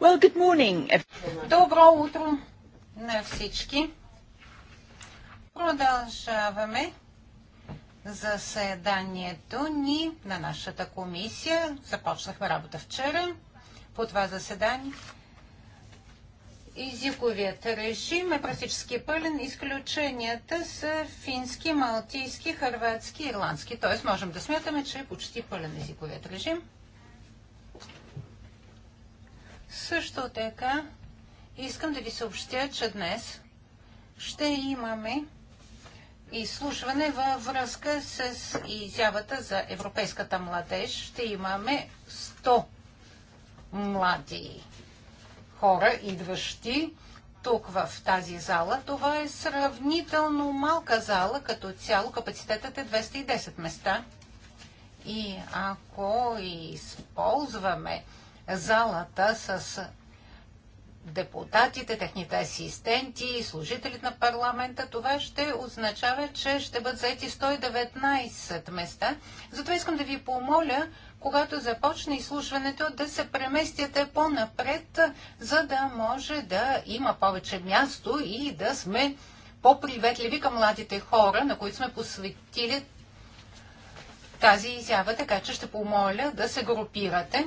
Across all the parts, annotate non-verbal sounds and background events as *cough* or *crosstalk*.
Well, good morning. Добро утро на всички. Продължаваме заседанието ни на нашата комисия. Започнахме работа вчера по това заседание. Езиковият режим е практически пълен. Изключенията са фински, малтийски, хърватски, ирландски. Тоест можем да смятаме, че е почти пълен езиковият режим. Също така искам да ви съобщя, че днес ще имаме изслушване във връзка с изявата за европейската младеж. Ще имаме 100 млади хора, идващи тук в тази зала. Това е сравнително малка зала, като цяло капацитетът е 210 места. И ако използваме залата с депутатите, техните асистенти и служителите на парламента, това ще означава, че ще бъдат заети 119 места. Затова искам да ви помоля, когато започне изслушването, да се преместите по-напред, за да може да има повече място и да сме по-приветливи към младите хора, на които сме посветили тази изява, така че ще помоля да се групирате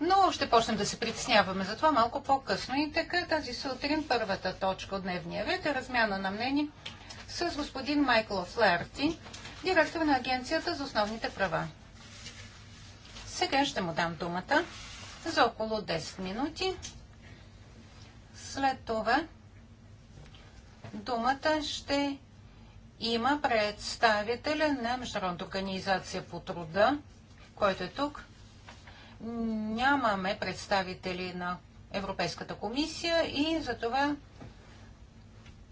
но ще почнем да се притесняваме за това малко по-късно. И така тази сутрин първата точка от дневния ред е размяна на мнение с господин Майкъл Флерти, директор на Агенцията за основните права. Сега ще му дам думата за около 10 минути. След това думата ще има представителя на Международната организация по труда, който е тук нямаме представители на Европейската комисия и за това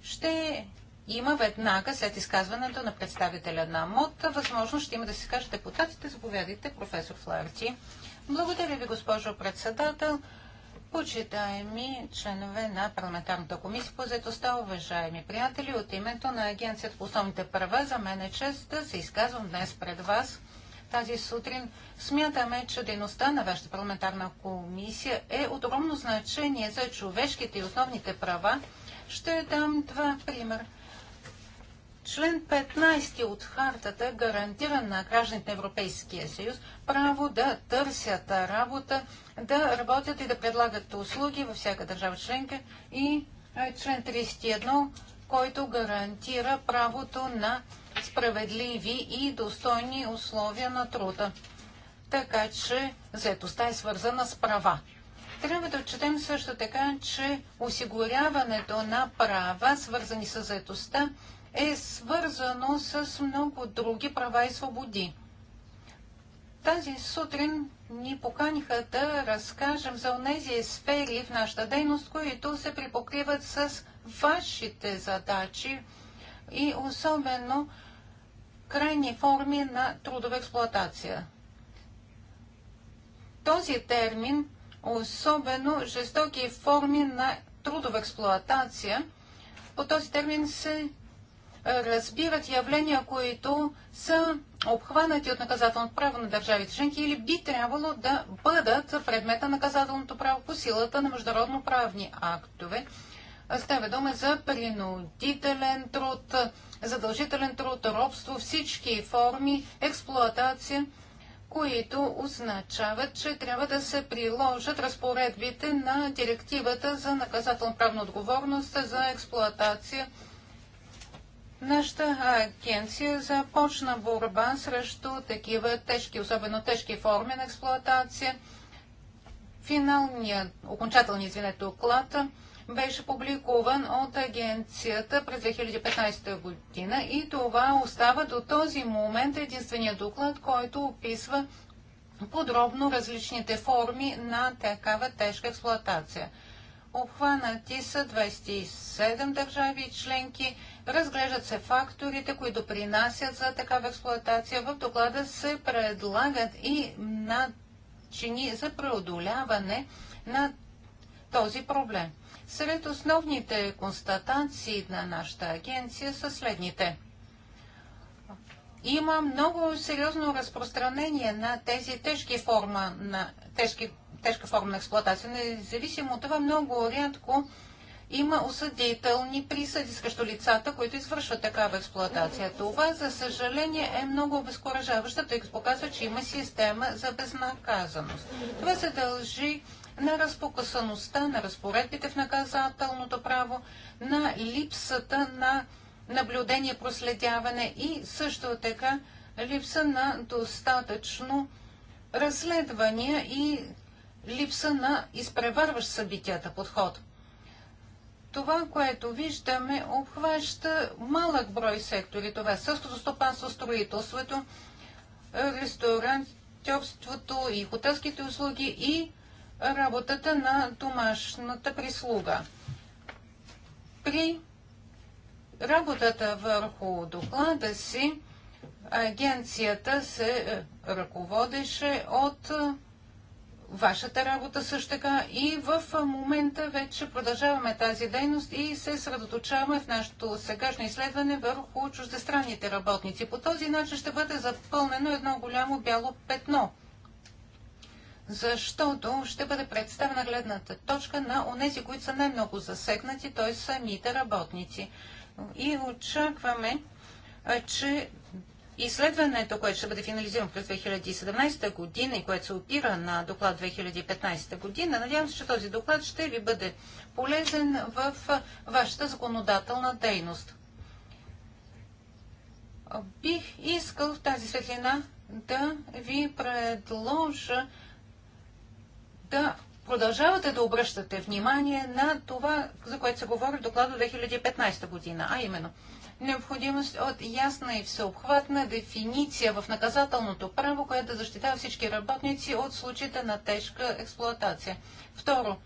ще има веднага след изказването на представителя на МОД. Възможно ще има да се каже депутатите. Заповядайте, професор Фларти. Благодаря ви, госпожо председател. Почитаеми членове на парламентарната комисия по заедостта, уважаеми приятели, от името на Агенцията по основните права за мен е чест да се изказвам днес пред вас – тази сутрин. Смятаме, че дейността на вашата парламентарна комисия е от огромно значение за човешките и основните права. Ще дам два пример. Член 15 от хартата гарантира на гражданите на Европейския съюз право да търсят работа, да работят и да предлагат услуги във всяка държава членка и член 31, който гарантира правото на справедливи и достойни условия на труда. Така че заетостта е свързана с права. Трябва да отчетем също така, че осигуряването на права, свързани с заетостта, е свързано с много други права и свободи. Тази сутрин ни поканиха да разкажем за онези сфери в нашата дейност, които се припокриват с вашите задачи и особено крайни форми на трудова експлоатация. Този термин, особено жестоки форми на трудова експлоатация, по този термин се разбират явления, които са обхванати от наказателното право на държавите членки или би трябвало да бъдат предмета на наказателното право по силата на международно правни актове Става дума за принудителен труд, задължителен труд, робство, всички форми експлоатация, които означават, че трябва да се приложат разпоредбите на директивата за наказателно-правна отговорност за експлоатация Нашата агенция започна борба срещу такива тежки, особено тежки форми на експлоатация. Финалният, окончателният извинете, оклад беше публикуван от агенцията през 2015 година и това остава до този момент единствения доклад, който описва подробно различните форми на такава тежка експлоатация. Обхванати са 27 държави и членки. Разглеждат се факторите, които принасят за такава експлоатация. В доклада се предлагат и начини за преодоляване на този проблем. Сред основните констатации на нашата агенция са следните. Има много сериозно разпространение на тези тежки форма на, тежки, тежка форма на експлуатация. Независимо от това, много рядко има осъдителни присъди срещу лицата, които извършват такава експлуатация. Това, за съжаление, е много обезкуражаващо, тъй като показва, че има система за безнаказаност. Това се дължи на разпокъсаността, на разпоредбите в наказателното право, на липсата на наблюдение, проследяване и също така липса на достатъчно разследвания и липса на изпреварващ събитията подход. Това, което виждаме, обхваща малък брой сектори. Това е сърското стопанство, строителството, ресторантьорството и хотелските услуги и работата на домашната прислуга. При работата върху доклада си агенцията се е, ръководеше от е, вашата работа също така и в е, момента вече продължаваме тази дейност и се средоточаваме в нашето сегашно изследване върху чуждестранните работници. По този начин ще бъде запълнено едно голямо бяло петно защото ще бъде представена гледната точка на онези, които са най-много засегнати, т.е. самите работници. И очакваме, че изследването, което ще бъде финализирано през 2017 година и което се опира на доклад 2015 година, надявам се, че този доклад ще ви бъде полезен в вашата законодателна дейност. Бих искал в тази светлина да ви предложа да продължавате да обръщате внимание на това, за което се говори в доклада 2015 година, а именно необходимост от ясна и всеобхватна дефиниция в наказателното право, което да защитава всички работници от случаите на тежка експлоатация. Второ,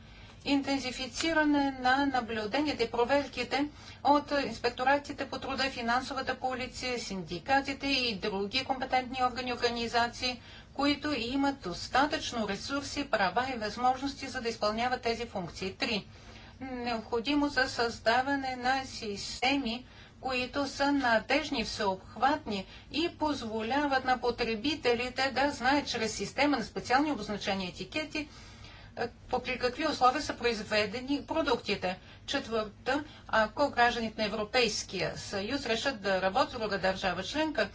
интензифициране на наблюденията и проверките от инспекторатите по труда, финансовата полиция, синдикатите и други компетентни органи и организации които имат достатъчно ресурси, права и възможности, за да изпълняват тези функции. Три. Необходимо за създаване на системи, които са надежни, всеобхватни и позволяват на потребителите да знаят чрез система на специални обозначени етикети е, при какви условия са произведени продуктите. Четвърта, ако гражданите на Европейския съюз решат да работят в друга държава членка,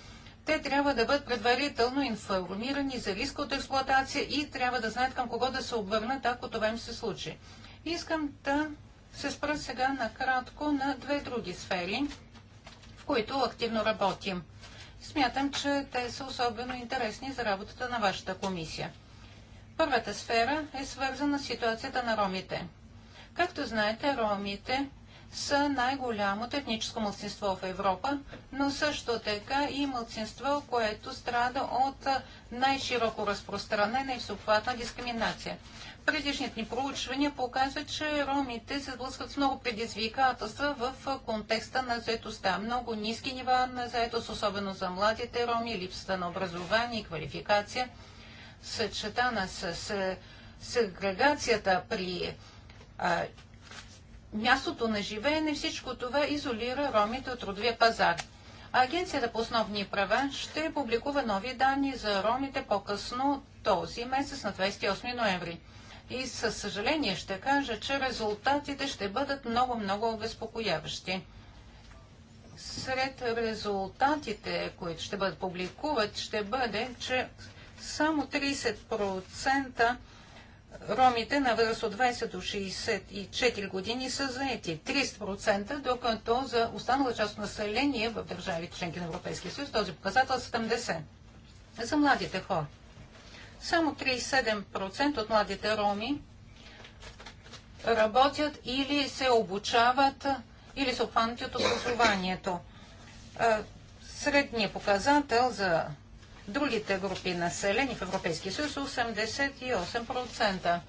те трябва да бъдат предварително информирани за риска от експлуатация и трябва да знаят към кого да се обърнат, ако това им се случи. Искам да се спра сега накратко на две други сфери, в които активно работим. Смятам, че те са особено интересни за работата на вашата комисия. Първата сфера е свързана с ситуацията на ромите. Както знаете, ромите са най-голямото етническо мълцинство в Европа, но също така и мълцинство, което страда от най-широко разпространена и всеобхватна дискриминация. Предишните ни проучвания показват, че ромите се сблъскват с много предизвикателства в контекста на заетостта. Много ниски нива на заетост, особено за младите роми, липсата на образование и квалификация, съчетана с сегрегацията при мястото на живеене, всичко това изолира ромите от родовия пазар. Агенцията по основни права ще публикува нови данни за ромите по-късно този месец на 28 ноември. И със съжаление ще кажа, че резултатите ще бъдат много-много обезпокояващи. Сред резултатите, които ще бъдат публикуват, ще бъде, че само 30% ромите на възраст от 20 до 64 години са заети 30%, докато за останала част от население в държавите членки на Европейския съюз този показател 70%. Е за младите хора. Само 37% от младите роми работят или се обучават, или са обхванати от образованието. Средният показател за другите групи населени в Европейския съюз 88%.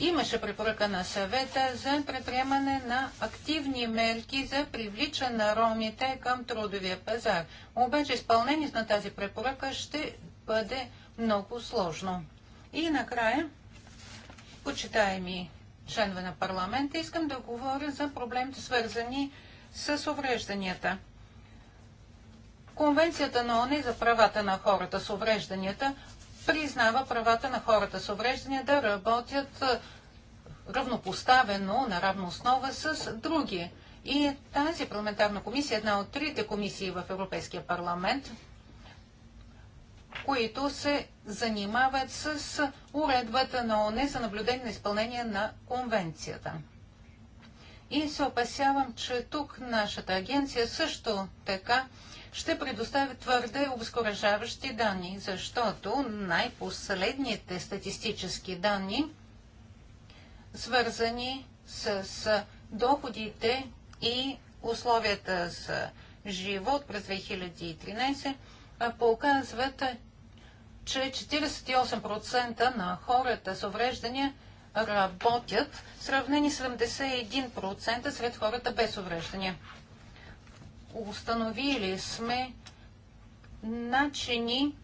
Имаше препоръка на съвета за предприемане на активни мерки за привличане на ромите към трудовия пазар. Обаче изпълнението на тази препоръка ще бъде много сложно. И накрая, почитаеми членове на парламента, искам да говоря за проблемите свързани с уврежданията. Конвенцията на ОНЕ за правата на хората с уврежданията признава правата на хората с увреждания да работят е, равнопоставено, на равна основа с други. И тази парламентарна комисия е една от трите комисии в Европейския парламент, които се занимават с уредбата на ОНЕ за наблюдение на изпълнение на конвенцията. И се опасявам, че тук нашата агенция също така ще предоставят твърде обскоръжаващи данни, защото най-последните статистически данни, свързани с, доходите и условията за живот през 2013, показват, че 48% на хората с увреждания работят, в сравнени с 71% сред хората без увреждания установили сме начини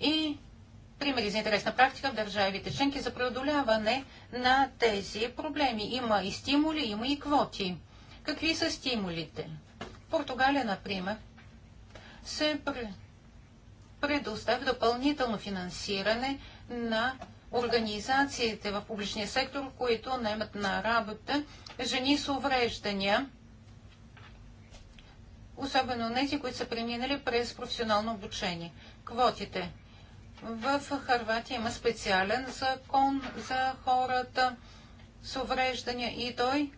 и примери за интересна практика в държавите членки за преодоляване на тези проблеми. Има и стимули, има и квоти. Какви са стимулите? В Португалия, например, се предоставя допълнително финансиране на организациите в публичния сектор, които наемат на работа жени с увреждания особено тези, които са преминали през професионално обучение. Квотите. В Харватия има специален закон за хората с увреждания и той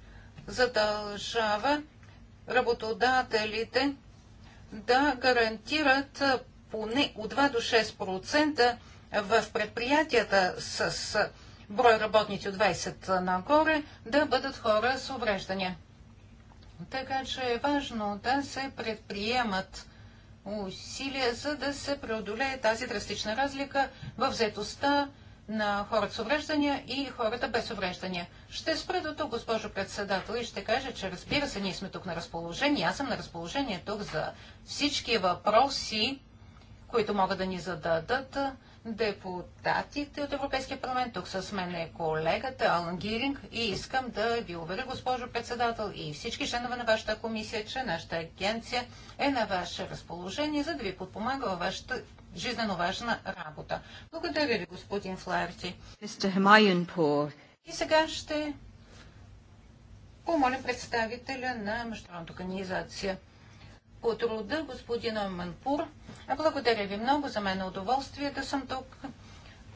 задължава работодателите да гарантират поне от 2 до 6% в предприятията с брой работници от 20 нагоре да бъдат хора с увреждания. Така че е важно да се предприемат усилия, за да се преодолее тази драстична разлика в взетостта на хората с увреждания и хората без увреждания. Ще спра до тук, госпожо председател, и ще кажа, че разбира се, ние сме тук на разположение. Аз съм на разположение тук за всички въпроси, които могат да ни зададат депутатите от Европейския парламент. Тук с мен е колегата Алан Гиринг и искам да ви уверя, госпожо председател и всички членове на вашата комисия, че нашата агенция е на ваше разположение, за да ви подпомага във вашата жизненно важна работа. Благодаря ви, господин Флаерти. И сега ще помолим представителя на Международната организация по труда, господин Манпур, благодаря ви много. За мен е удоволствие да съм тук.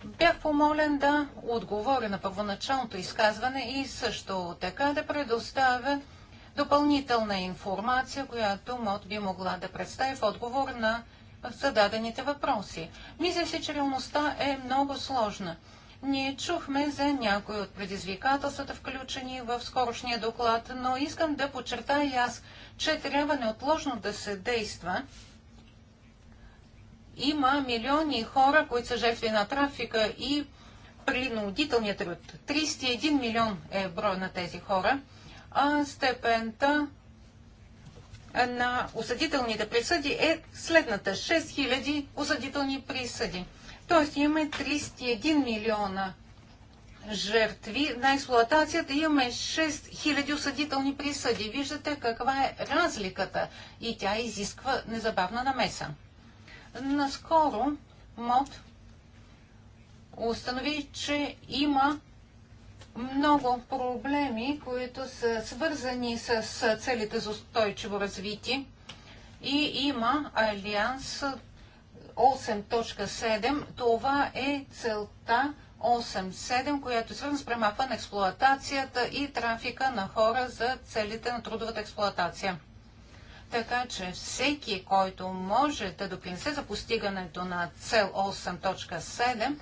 Бях помолен да отговоря на първоначалното изказване и също така да предоставя допълнителна информация, която МОД би могла да представи в отговор на зададените въпроси. Мисля си, че реалността е много сложна. Ние чухме за някои от предизвикателствата, включени в скорошния доклад, но искам да подчертая и аз, че трябва неотложно да се действа има милиони хора, които са жертви на трафика и принудителният труд. 31 милион е брой на тези хора, а степента на осъдителните присъди е следната 6000 осъдителни присъди. Тоест имаме 31 милиона жертви на експлуатацията имаме 6000 осъдителни присъди. Виждате каква е разликата и тя изисква незабавна намеса. Наскоро МОД установи, че има много проблеми, които са свързани с целите за устойчиво развитие и има Алианс 8.7. Това е целта 8.7, която е свързана с премахване на експлоатацията и трафика на хора за целите на трудовата експлоатация така че всеки, който може да допринесе за постигането на цел 8.7,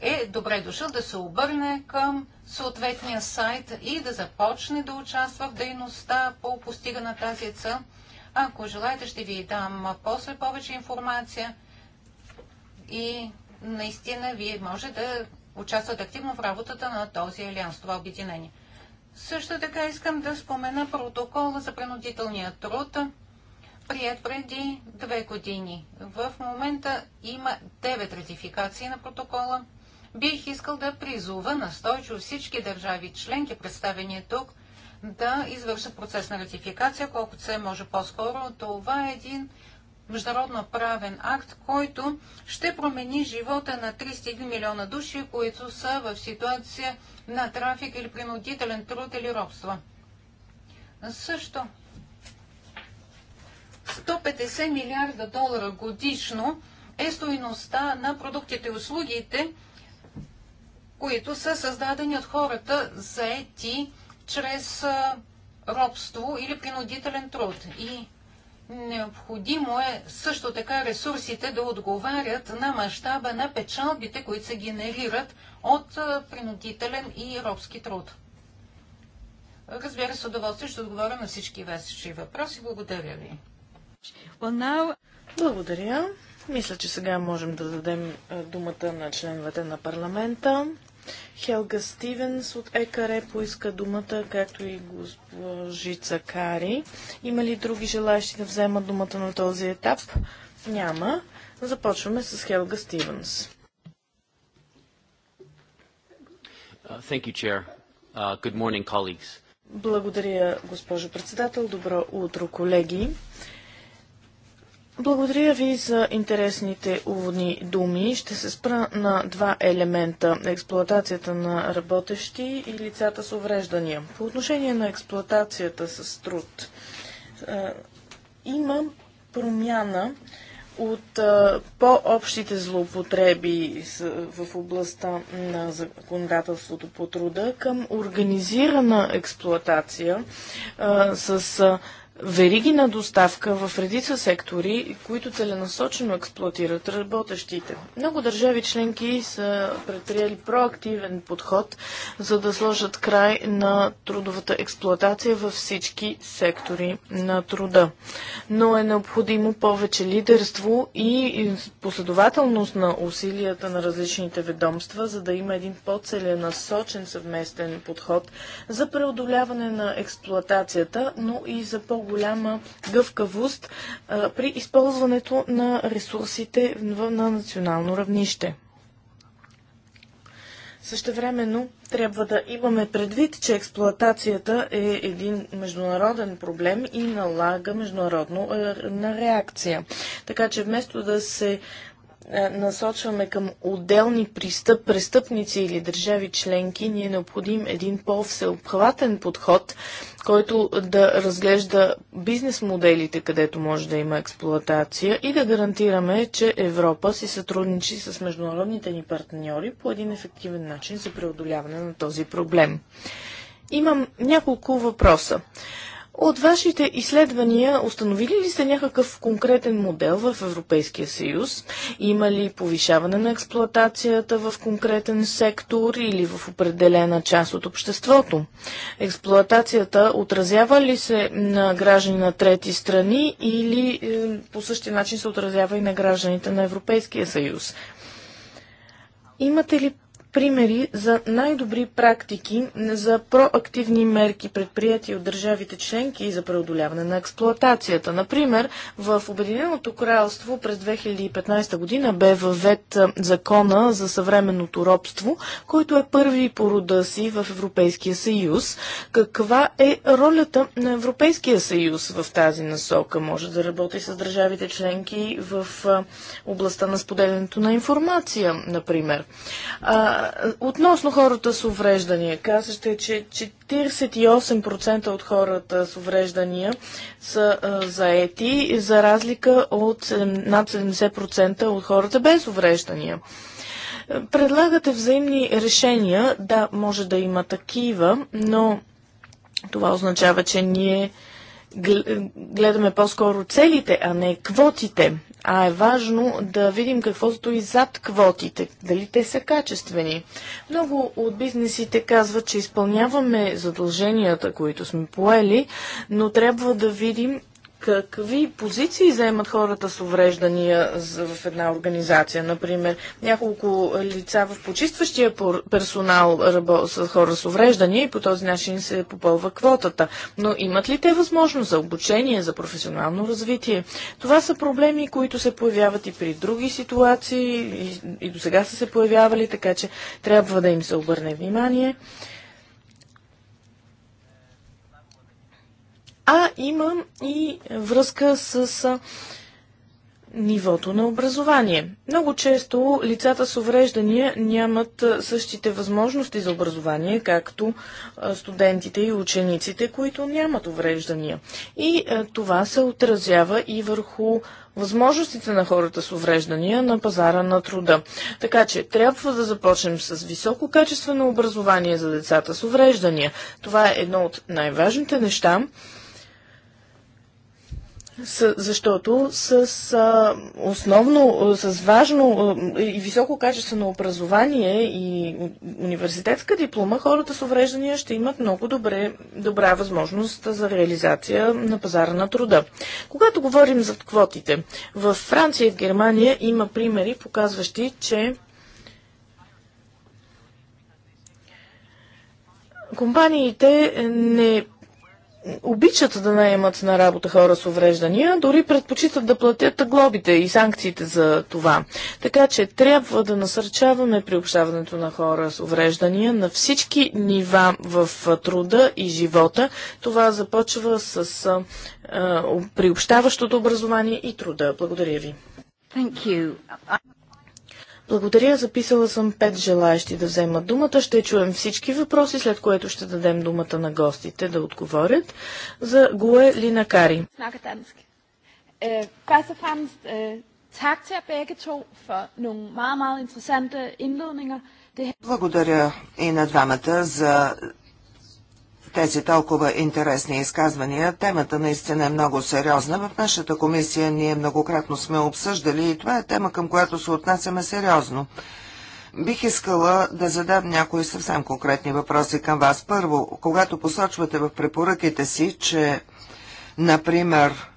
е добре дошъл да се обърне към съответния сайт и да започне да участва в дейността по постигане на тази цел. Ако желаете, ще ви дам после повече информация и наистина вие може да участвате активно в работата на този алианс, това е обединение. Също така искам да спомена протокола за принудителния труд, прият преди две години. В момента има 9 ратификации на протокола. Бих искал да призова настойчиво всички държави членки, представени тук, да извършат процес на ратификация, колкото се може по-скоро. Това е един международно правен акт, който ще промени живота на 31 милиона души, които са в ситуация на трафик или принудителен труд или робство. Също 150 милиарда долара годишно е стоиността на продуктите и услугите, които са създадени от хората заети чрез робство или принудителен труд. И Необходимо е също така ресурсите да отговарят на мащаба на печалбите, които се генерират от принудителен и робски труд. Разбира се, удоволствие ще отговоря на всички ваши въпроси. Благодаря ви. Well, now... Благодаря. Мисля, че сега можем да дадем думата на членовете на парламента. Хелга Стивенс от ЕКАРЕ поиска думата, както и госпожица Кари. Има ли други желаящи да вземат думата на този етап? Няма. Започваме с Хелга Стивенс. Uh, thank you, Chair. Uh, good morning, colleagues. Благодаря, госпожо председател. Добро утро, колеги. Благодаря ви за интересните уводни думи. Ще се спра на два елемента – експлоатацията на работещи и лицата с увреждания. По отношение на експлоатацията с труд, е, има промяна от е, по-общите злоупотреби в областта на законодателството по труда към организирана експлоатация е, с вериги на доставка в редица сектори, които целенасочено експлуатират работещите. Много държави членки са предприели проактивен подход, за да сложат край на трудовата експлуатация във всички сектори на труда. Но е необходимо повече лидерство и последователност на усилията на различните ведомства, за да има един по-целенасочен съвместен подход за преодоляване на експлуатацията, но и за по голяма гъвкавост а, при използването на ресурсите на национално равнище. Същевременно трябва да имаме предвид, че експлоатацията е един международен проблем и налага международна е, реакция. Така че вместо да се е, насочваме към отделни пристъп, престъпници или държави членки, ни е необходим един по-всеобхватен подход, който да разглежда бизнес моделите, където може да има експлоатация и да гарантираме, че Европа си сътрудничи с международните ни партньори по един ефективен начин за преодоляване на този проблем. Имам няколко въпроса. От вашите изследвания установили ли сте някакъв конкретен модел в Европейския съюз? Има ли повишаване на експлоатацията в конкретен сектор или в определена част от обществото? Експлоатацията отразява ли се на граждани на трети страни или е, по същия начин се отразява и на гражданите на Европейския съюз? Имате ли примери за най-добри практики за проактивни мерки, предприяти от държавите членки за преодоляване на експлоатацията. Например, в Обединеното кралство през 2015 година бе въвед закона за съвременното робство, който е първи по рода си в Европейския съюз. Каква е ролята на Европейския съюз в тази насока? Може да работи с държавите членки в областта на споделянето на информация, например. Относно хората с увреждания, казахте, че 48% от хората с увреждания са а, заети, за разлика от над 70% от хората без увреждания. Предлагате взаимни решения, да, може да има такива, но това означава, че ние гледаме по-скоро целите, а не квотите а е важно да видим какво стои зад квотите, дали те са качествени. Много от бизнесите казват, че изпълняваме задълженията, които сме поели, но трябва да видим какви позиции заемат хората с увреждания в една организация. Например, няколко лица в почистващия персонал с хора с увреждания и по този начин се попълва квотата. Но имат ли те възможност за обучение, за професионално развитие? Това са проблеми, които се появяват и при други ситуации и, и до сега са се появявали, така че трябва да им се обърне внимание. а има и връзка с нивото на образование. Много често лицата с увреждания нямат същите възможности за образование, както студентите и учениците, които нямат увреждания. И това се отразява и върху възможностите на хората с увреждания на пазара на труда. Така че трябва да започнем с високо качествено образование за децата с увреждания. Това е едно от най-важните неща, с, защото с а, основно, с важно а, и високо качествено образование и университетска диплома, хората с увреждания ще имат много добре, добра възможност за реализация на пазара на труда. Когато говорим за квотите, в Франция и в Германия има примери, показващи, че компаниите не обичат да наемат на работа хора с увреждания, дори предпочитат да платят глобите и санкциите за това. Така че трябва да насърчаваме приобщаването на хора с увреждания на всички нива в труда и живота. Това започва с а, а, приобщаващото образование и труда. Благодаря ви. Thank you. Благодаря, записала съм пет желаящи да вземат думата. Ще чуем всички въпроси, след което ще дадем думата на гостите да отговорят. За Гуе Лина Кари. Øh, øh, Благодаря и на двамата за тези толкова интересни изказвания. Темата наистина е много сериозна. В нашата комисия ние многократно сме обсъждали и това е тема, към която се отнасяме сериозно. Бих искала да задам някои съвсем конкретни въпроси към вас. Първо, когато посочвате в препоръките си, че, например,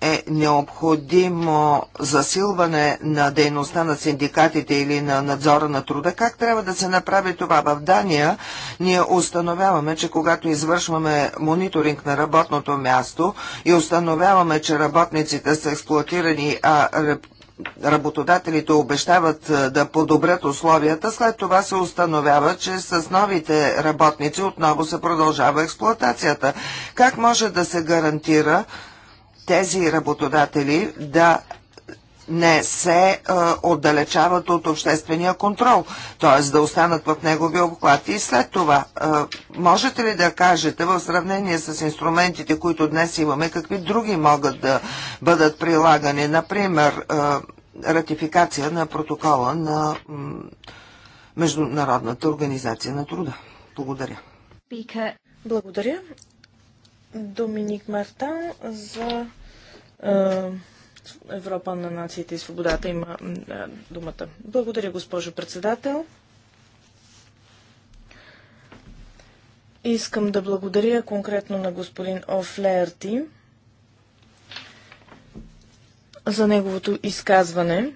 е необходимо засилване на дейността на синдикатите или на надзора на труда, как трябва да се направи това? В Дания ние установяваме, че когато извършваме мониторинг на работното място и установяваме, че работниците са експлуатирани, а работодателите обещават да подобрят условията, след това се установява, че с новите работници отново се продължава експлоатацията. Как може да се гарантира тези работодатели да не се а, отдалечават от обществения контрол, т.е. да останат в негови обхвати. И след това, а, можете ли да кажете в сравнение с инструментите, които днес имаме, какви други могат да бъдат прилагани? Например, а, ратификация на протокола на Международната организация на труда. Благодаря. Благодаря. Доминик Мартан за Европа на нациите и свободата има думата. Благодаря, госпожо председател. Искам да благодаря конкретно на господин Офлеерти за неговото изказване.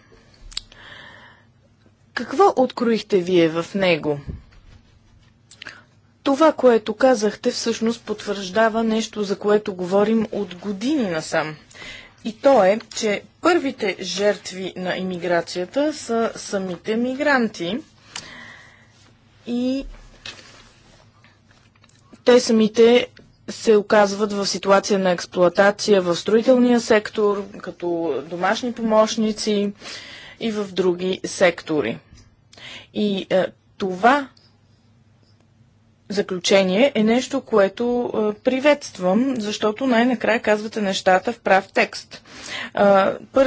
Какво откроихте вие в него? Това, което казахте, всъщност потвърждава нещо, за което говорим от години насам. И то е, че първите жертви на иммиграцията са самите мигранти. И те самите се оказват в ситуация на експлоатация в строителния сектор, като домашни помощници и в други сектори. И е, това заключение е нещо, което приветствам, защото най-накрая казвате нещата в прав текст.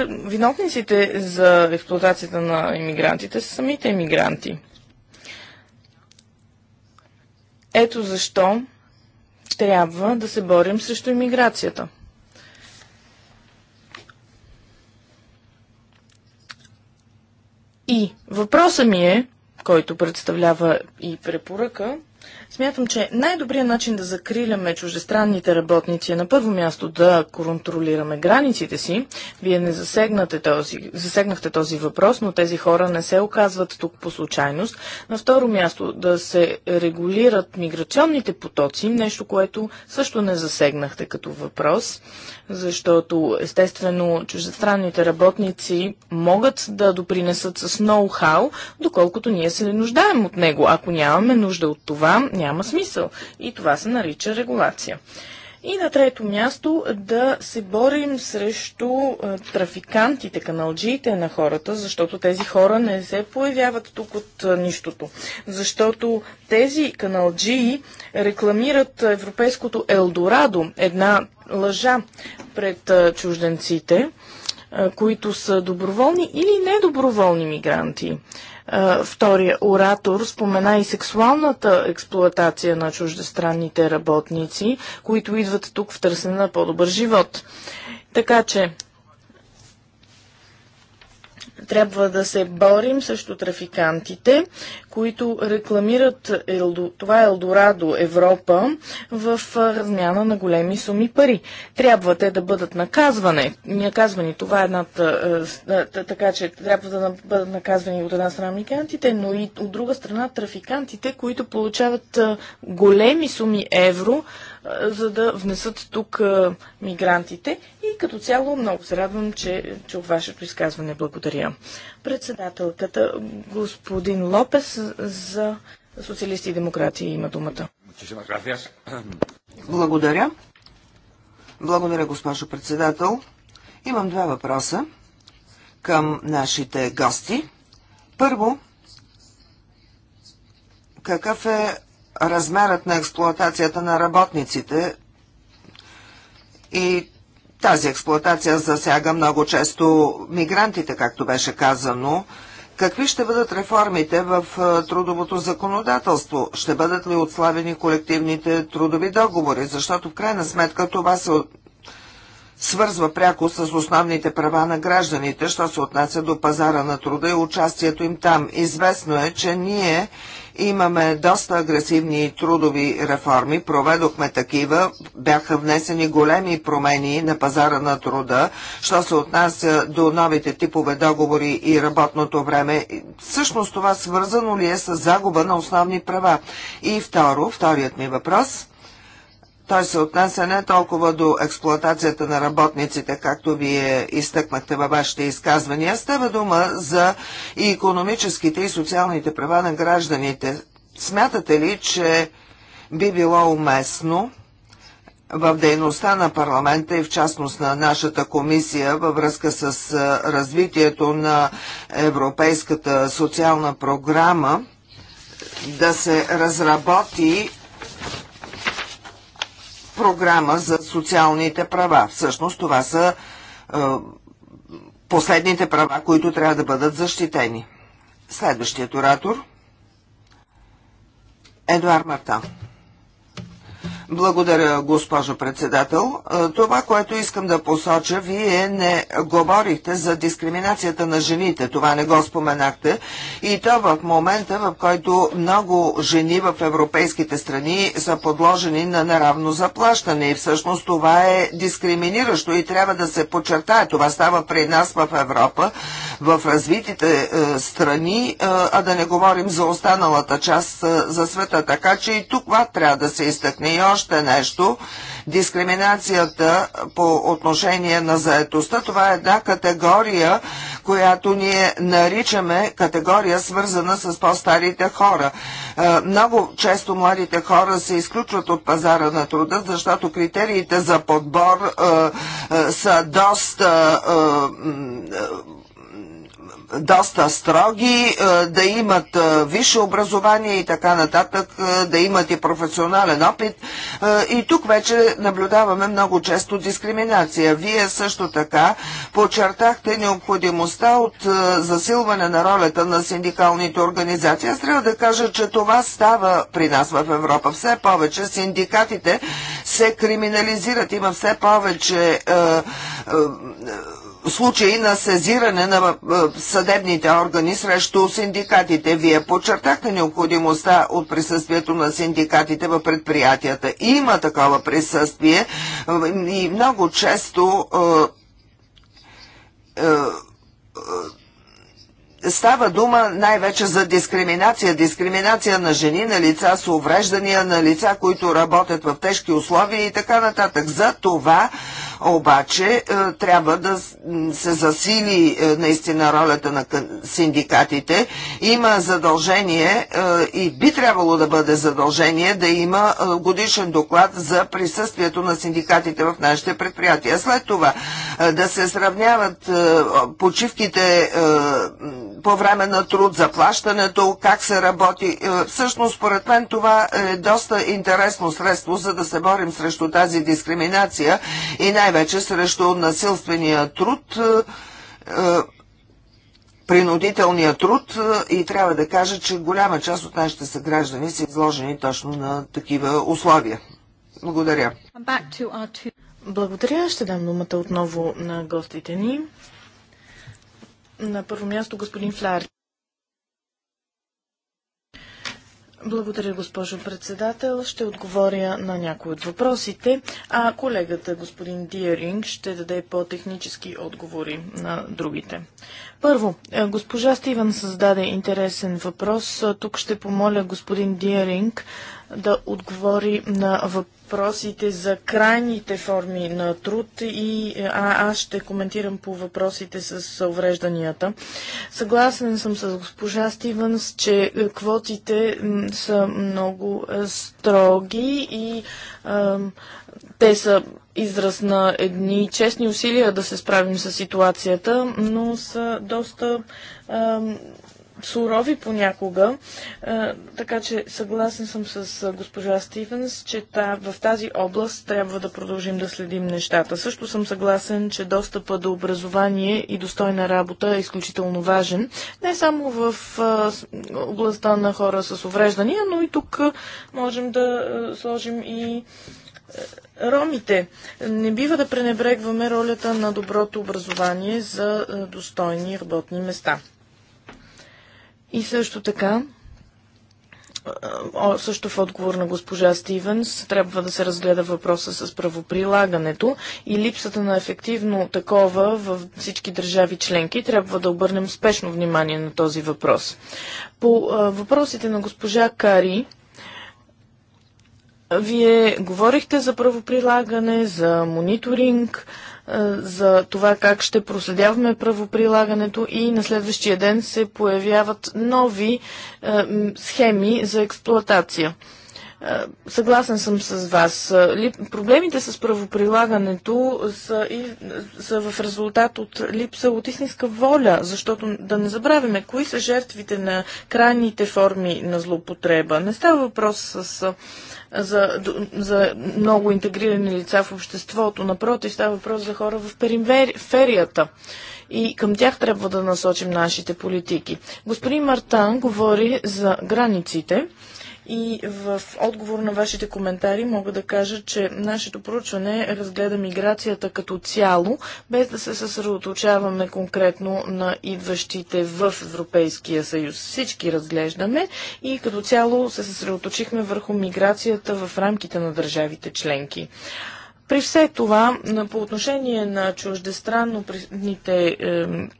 Виновниците за експлуатацията на иммигрантите са самите иммигранти. Ето защо трябва да се борим срещу иммиграцията. И въпросът ми е, който представлява и препоръка, Смятам, че най-добрият начин да закриляме чуждестранните работници е на първо място да контролираме границите си. Вие не засегнате този, засегнахте този въпрос, но тези хора не се оказват тук по случайност. На второ място да се регулират миграционните потоци, нещо, което също не засегнахте като въпрос защото естествено чуждестранните работници могат да допринесат с ноу-хау, доколкото ние се не нуждаем от него. Ако нямаме нужда от това, няма смисъл. И това се нарича регулация. И на трето място да се борим срещу трафикантите, каналджиите на хората, защото тези хора не се появяват тук от нищото. Защото тези каналджии рекламират европейското Елдорадо, една лъжа пред чужденците, които са доброволни или недоброволни мигранти. Е, втория оратор спомена и сексуалната експлоатация на чуждестранните работници, които идват тук в търсене на по-добър живот. Така че трябва да се борим срещу трафикантите, които рекламират това Елдорадо Европа в размяна на големи суми пари. Трябва те да бъдат наказвани. наказвани. Това е една така че трябва да бъдат наказвани от една страна мигрантите, но и от друга страна трафикантите, които получават големи суми евро за да внесат тук мигрантите. И като цяло много се радвам, че чух вашето изказване. Благодаря. Председателката господин Лопес за социалисти и демократи има думата. Благодаря. Благодаря, госпожо председател. Имам два въпроса към нашите гости. Първо, какъв е размерът на експлоатацията на работниците и тази експлоатация засяга много често мигрантите, както беше казано. Какви ще бъдат реформите в е, трудовото законодателство? Ще бъдат ли отслабени колективните трудови договори? Защото в крайна сметка това се свързва пряко с основните права на гражданите, що се отнася до пазара на труда и участието им там. Известно е, че ние Имаме доста агресивни трудови реформи, проведохме такива, бяха внесени големи промени на пазара на труда, що се отнася до новите типове договори и работното време. Всъщност това свързано ли е с загуба на основни права? И второ, вторият ми въпрос – той се отнася не толкова до експлоатацията на работниците, както вие изтъкнахте във вашите изказвания. Става дума за и економическите и социалните права на гражданите. Смятате ли, че би било уместно в дейността на парламента и в частност на нашата комисия във връзка с развитието на Европейската социална програма да се разработи програма за социалните права. Всъщност това са е, последните права, които трябва да бъдат защитени. Следващият оратор Едуард Мартан. Благодаря, госпожо председател. Е, това, което искам да посоча, вие не говорихте за дискриминацията на жените. Това не го споменахте. И то в момента, в който много жени в европейските страни са подложени на неравно заплащане. И всъщност това е дискриминиращо и трябва да се подчертае. Това става при нас в Европа, в развитите е, страни, е, а да не говорим за останалата част е, за света. Така че и тук това трябва да се изтъкне. И още още нещо. Дискриминацията по отношение на заетостта, това е една категория, която ние наричаме категория свързана с по-старите хора. Е, много често младите хора се изключват от пазара на труда, защото критериите за подбор е, е, са доста доста строги, е, да имат е, висше образование и така нататък, е, да имат и професионален опит. И тук вече наблюдаваме много често дискриминация. Вие също така подчертахте необходимостта от засилване на ролята на синдикалните организации. Аз трябва да кажа, че това става при нас в Европа. Все повече синдикатите се криминализират. Има все повече случаи на сезиране на съдебните органи срещу синдикатите. Вие подчертахте необходимостта от присъствието на синдикатите в предприятията. Има такова присъствие и много често Става дума най-вече за дискриминация. Дискриминация на жени, на лица с увреждания, на лица, които работят в тежки условия и така нататък. За това обаче е, трябва да се засили е, наистина ролята на синдикатите. Има задължение е, и би трябвало да бъде задължение да има годишен доклад за присъствието на синдикатите в нашите предприятия. След това да се сравняват почивките по време на труд, заплащането, как се работи. Всъщност, според мен, това е доста интересно средство, за да се борим срещу тази дискриминация и най най-вече срещу насилствения труд, е, е, принудителния труд е, и трябва да кажа, че голяма част от нашите съграждани са изложени точно на такива условия. Благодаря. Благодаря. Ще дам думата отново на гостите ни. На първо място господин Флар. Благодаря, госпожо председател. Ще отговоря на някои от въпросите, а колегата господин Диеринг ще даде по-технически отговори на другите. Първо, е, госпожа Стиван създаде интересен въпрос. Тук ще помоля господин Диеринг да отговори на въпроса въпросите за крайните форми на труд и е, а, аз ще коментирам по въпросите с уврежданията. Съгласен съм с госпожа Стивенс, че е, квотите са много е, строги и а, те са израз на едни честни усилия да се справим с ситуацията, но са доста а, сурови понякога, така че съгласен съм с госпожа Стивенс, че в тази област трябва да продължим да следим нещата. Също съм съгласен, че достъпа до образование и достойна работа е изключително важен, не само в областта на хора с увреждания, но и тук можем да сложим и Ромите. Не бива да пренебрегваме ролята на доброто образование за достойни работни места. И също така, също в отговор на госпожа Стивенс, трябва да се разгледа въпроса с правоприлагането и липсата на ефективно такова в всички държави членки. Трябва да обърнем спешно внимание на този въпрос. По въпросите на госпожа Кари, вие говорихте за правоприлагане, за мониторинг, е, за това как ще проследяваме правоприлагането и на следващия ден се появяват нови е, схеми за експлоатация. Е, съгласен съм с вас. Е, проблемите с правоприлагането са, и, са в резултат от липса от истинска воля, защото да не забравяме кои са жертвите на крайните форми на злоупотреба. Не става въпрос с, е, за, за много интегрирани лица в обществото, напротив, става въпрос за хора в периферията и към тях трябва да насочим нашите политики. Господин Мартан говори за границите и в отговор на вашите коментари мога да кажа, че нашето проучване разгледа миграцията като цяло, без да се съсредоточаваме конкретно на идващите в Европейския съюз. Всички разглеждаме и като цяло се съсредоточихме върху миграцията в рамките на държавите членки. При все това, по отношение на чуждестранните е,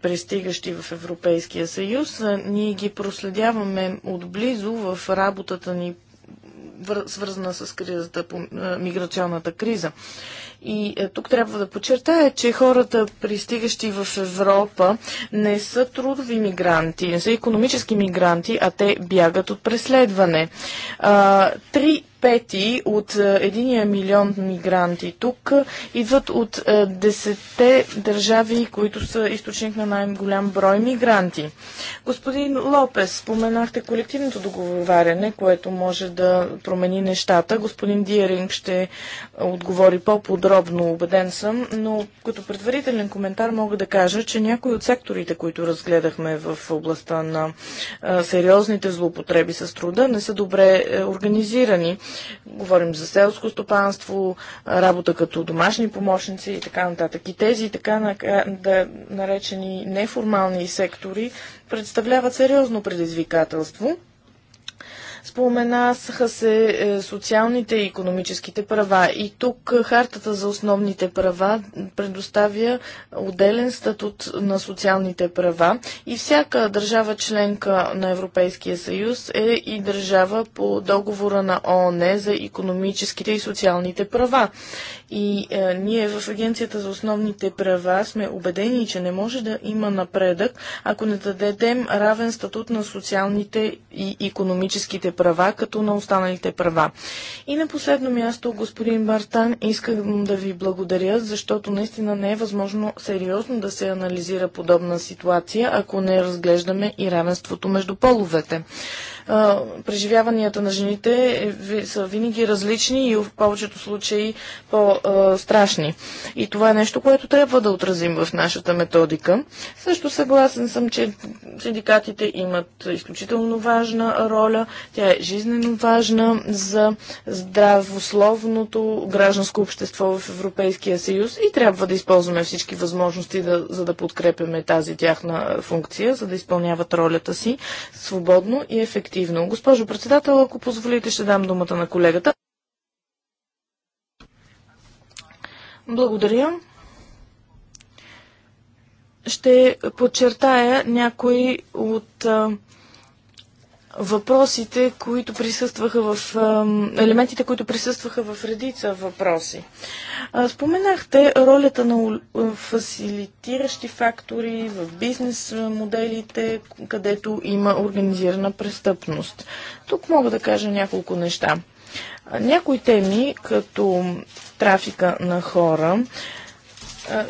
пристигащи в Европейския съюз, е, ние ги проследяваме отблизо в работата ни свързана с кризата, е, миграционната криза. И е, тук трябва да подчертая, че хората, пристигащи в Европа, не са трудови мигранти, не са економически мигранти, а те бягат от преследване. три пети от е, единия милион мигранти тук е, идват от десете държави, които са източник на най-голям брой мигранти. Господин Лопес, споменахте колективното договаряне, което може да промени нещата. Господин Диеринг ще отговори по подобно подробно, убеден съм, но като предварителен коментар мога да кажа, че някои от секторите, които разгледахме в областта на сериозните злоупотреби с труда, не са добре е, организирани. Говорим за селско стопанство, работа като домашни помощници и така нататък. И тези така наречени неформални сектори представляват сериозно предизвикателство – Споменаха се е, социалните и економическите права. И тук е, Хартата за основните права предоставя отделен статут на социалните права и всяка държава членка на Европейския съюз е и държава по договора на ООН за економическите и социалните права. И е, ние в Агенцията за основните права сме убедени, че не може да има напредък, ако не дадем равен статут на социалните и економическите права, като на останалите права. И на последно място, господин Бартан, искам да ви благодаря, защото наистина не е възможно сериозно да се анализира подобна ситуация, ако не разглеждаме и равенството между половете преживяванията на жените е са винаги различни и в повечето случаи по-страшни. И това е нещо, което трябва да отразим в нашата методика. Също съгласен съм, че синдикатите имат изключително важна роля. Тя е жизненно важна за здравословното гражданско общество в Европейския съюз и трябва да използваме всички възможности, да, за да подкрепяме тази тяхна функция, за да изпълняват ролята си свободно и ефективно ефективно Госпожо председател, ако позволите, ще дам думата на колегата. Благодаря. Ще подчертая някои от а, въпросите, които присъстваха в елементите, които присъстваха в редица въпроси. Споменахте ролята на фасилитиращи фактори в бизнес моделите, където има организирана престъпност. Тук мога да кажа няколко неща. Някои теми, като трафика на хора,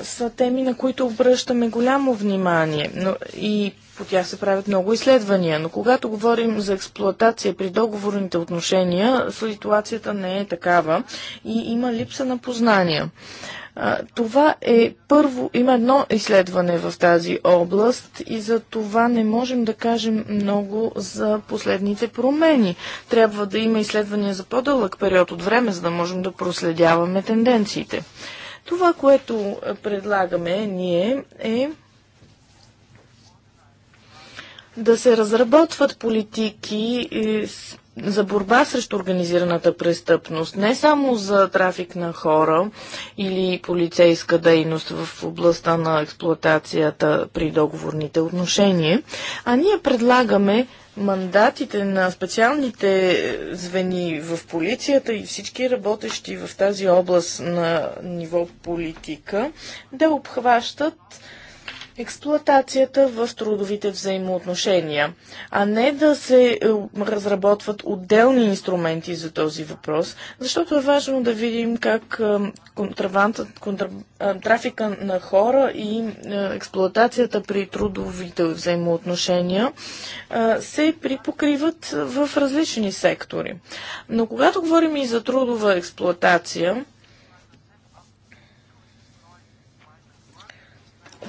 са теми, на които обръщаме голямо внимание. Но и по тях се правят много изследвания, но когато говорим за експлоатация при договорните отношения, ситуацията не е такава и има липса на познания. Това е първо, има едно изследване в тази област и за това не можем да кажем много за последните промени. Трябва да има изследвания за по-дълъг период от време, за да можем да проследяваме тенденциите. Това, което предлагаме ние е да се разработват политики е, за борба срещу организираната престъпност, не само за трафик на хора или полицейска дейност в областта на експлоатацията при договорните отношения, а ние предлагаме мандатите на специалните е, звени в полицията и всички работещи в тази област на ниво политика да обхващат експлоатацията в трудовите взаимоотношения, а не да се е, разработват отделни инструменти за този въпрос, защото е важно да видим как е, контр... Е, трафика на хора и експлоатацията при трудовите взаимоотношения се припокриват в различни сектори. Но когато говорим и за трудова експлоатация,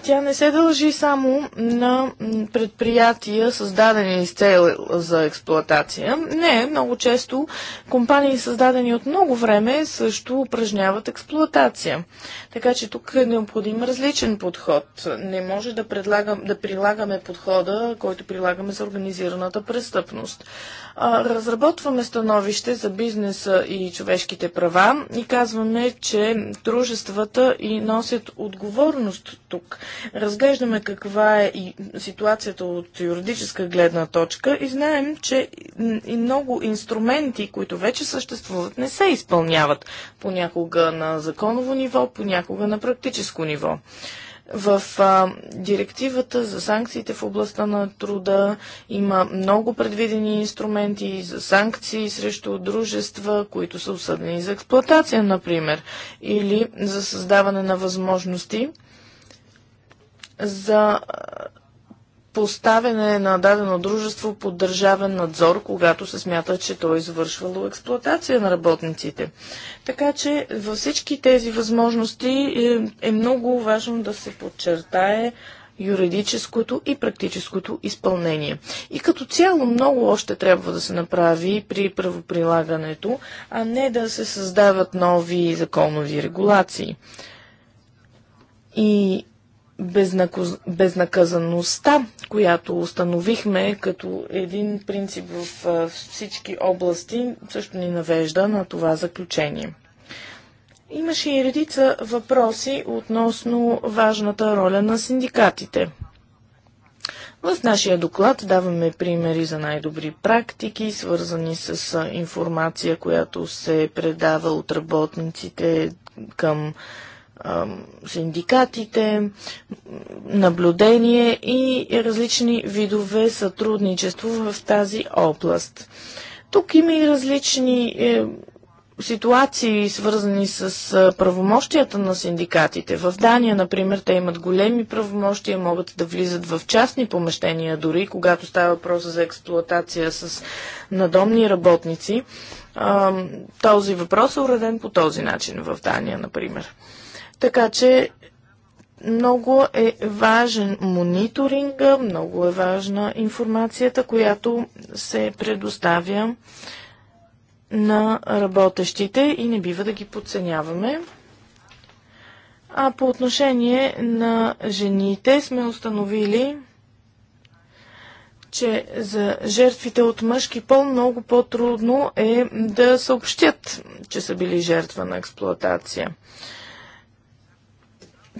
Тя не се дължи само на предприятия, създадени с цел за експлоатация. Не, много често компании, създадени от много време, също упражняват експлоатация. Така че тук е необходим различен подход. Не може да, предлагам, да прилагаме подхода, който прилагаме за организираната престъпност. Разработваме становище за бизнеса и човешките права и казваме, че дружествата и носят отговорност тук. Разглеждаме каква е и ситуацията от юридическа гледна точка и знаем, че и много инструменти, които вече съществуват, не се изпълняват понякога на законово ниво, понякога понякога на практическо ниво. В а, директивата за санкциите в областта на труда има много предвидени инструменти за санкции срещу дружества, които са осъдени за експлоатация, например, или за създаване на възможности за поставяне на дадено дружество под държавен надзор, когато се смята, че то е извършвало експлоатация на работниците. Така че във всички тези възможности е, е много важно да се подчертае юридическото и практическото изпълнение. И като цяло много още трябва да се направи при правоприлагането, а не да се създават нови законови регулации. И безнаказ... безнаказаността, която установихме като един принцип в всички области, също ни навежда на това заключение. Имаше и редица въпроси относно важната роля на синдикатите. В нашия доклад даваме примери за най-добри практики, свързани с информация, която се предава от работниците към синдикатите, наблюдение и различни видове сътрудничество в тази област. Тук има и различни е, ситуации, свързани с правомощията на синдикатите. В Дания, например, те имат големи правомощия, могат да влизат в частни помещения, дори когато става въпрос за експлуатация с надомни работници. този въпрос е уреден по този начин в Дания, например. Така че много е важен мониторинга, много е важна информацията, която се предоставя на работещите и не бива да ги подценяваме. А по отношение на жените сме установили, че за жертвите от мъжки пол много по-трудно е да съобщят, че са били жертва на експлоатация.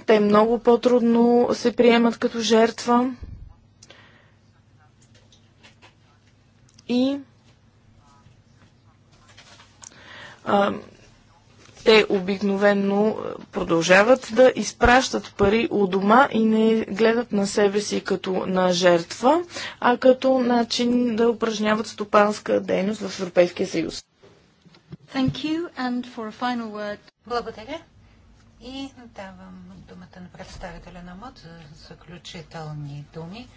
Те много по-трудно се приемат като жертва. И а, те обикновенно продължават да изпращат пари у дома и не гледат на себе си като на жертва, а като начин да упражняват стопанска дейност в Европейския съюз. Благодаря. И давам думата на представителя на МОД за заключителни думи.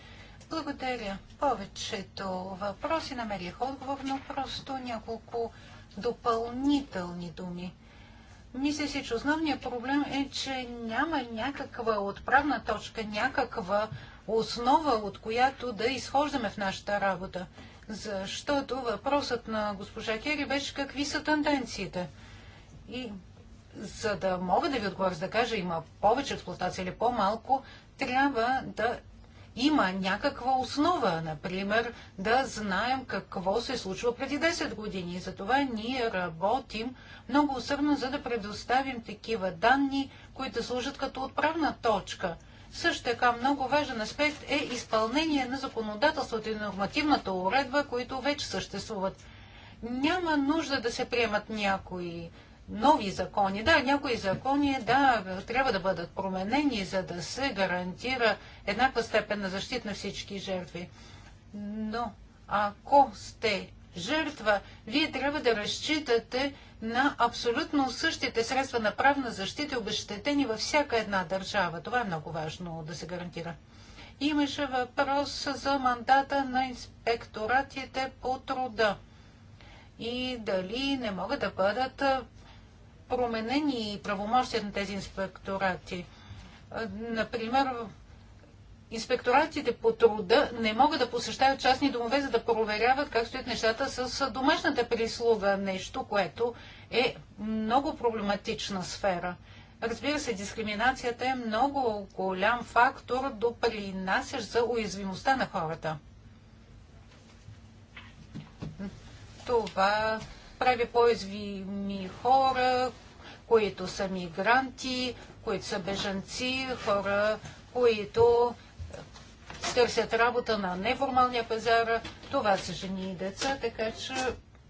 Благодаря. Повечето въпроси намерих отговор, но просто няколко допълнителни думи. Мисля си, че основният проблем е, че няма някаква отправна точка, някаква основа, от която да изхождаме в нашата работа. Защото въпросът на госпожа Кери беше какви са тенденциите. И за да мога да ви отговоря, за да кажа има повече експлуатация или по-малко, трябва да има някаква основа, например, да знаем какво се случва преди 10 години. Затова ние работим много усърдно, за да предоставим такива данни, които служат като отправна точка. Също така много важен аспект е изпълнение на законодателството и нормативната уредба, които вече съществуват. Няма нужда да се приемат някои нови закони. Да, някои закони да, трябва да бъдат променени, за да се гарантира еднаква степен на защита на всички жертви. Но ако сте жертва, вие трябва да разчитате на абсолютно същите средства на правна защита и обещетени във всяка една държава. Това е много важно да се гарантира. Имаше въпрос за мандата на инспекторатите по труда и дали не могат да бъдат променени правомощия на тези инспекторати. Например, инспекторатите по труда не могат да посещават частни домове, за да проверяват как стоят нещата с домашната прислуга. Нещо, което е много проблематична сфера. Разбира се, дискриминацията е много голям фактор, допринасящ за уязвимостта на хората. Това прави по-извими хора, които са мигранти, които са бежанци, хора, които е, търсят работа на неформалния пазар. Това са жени и деца, така че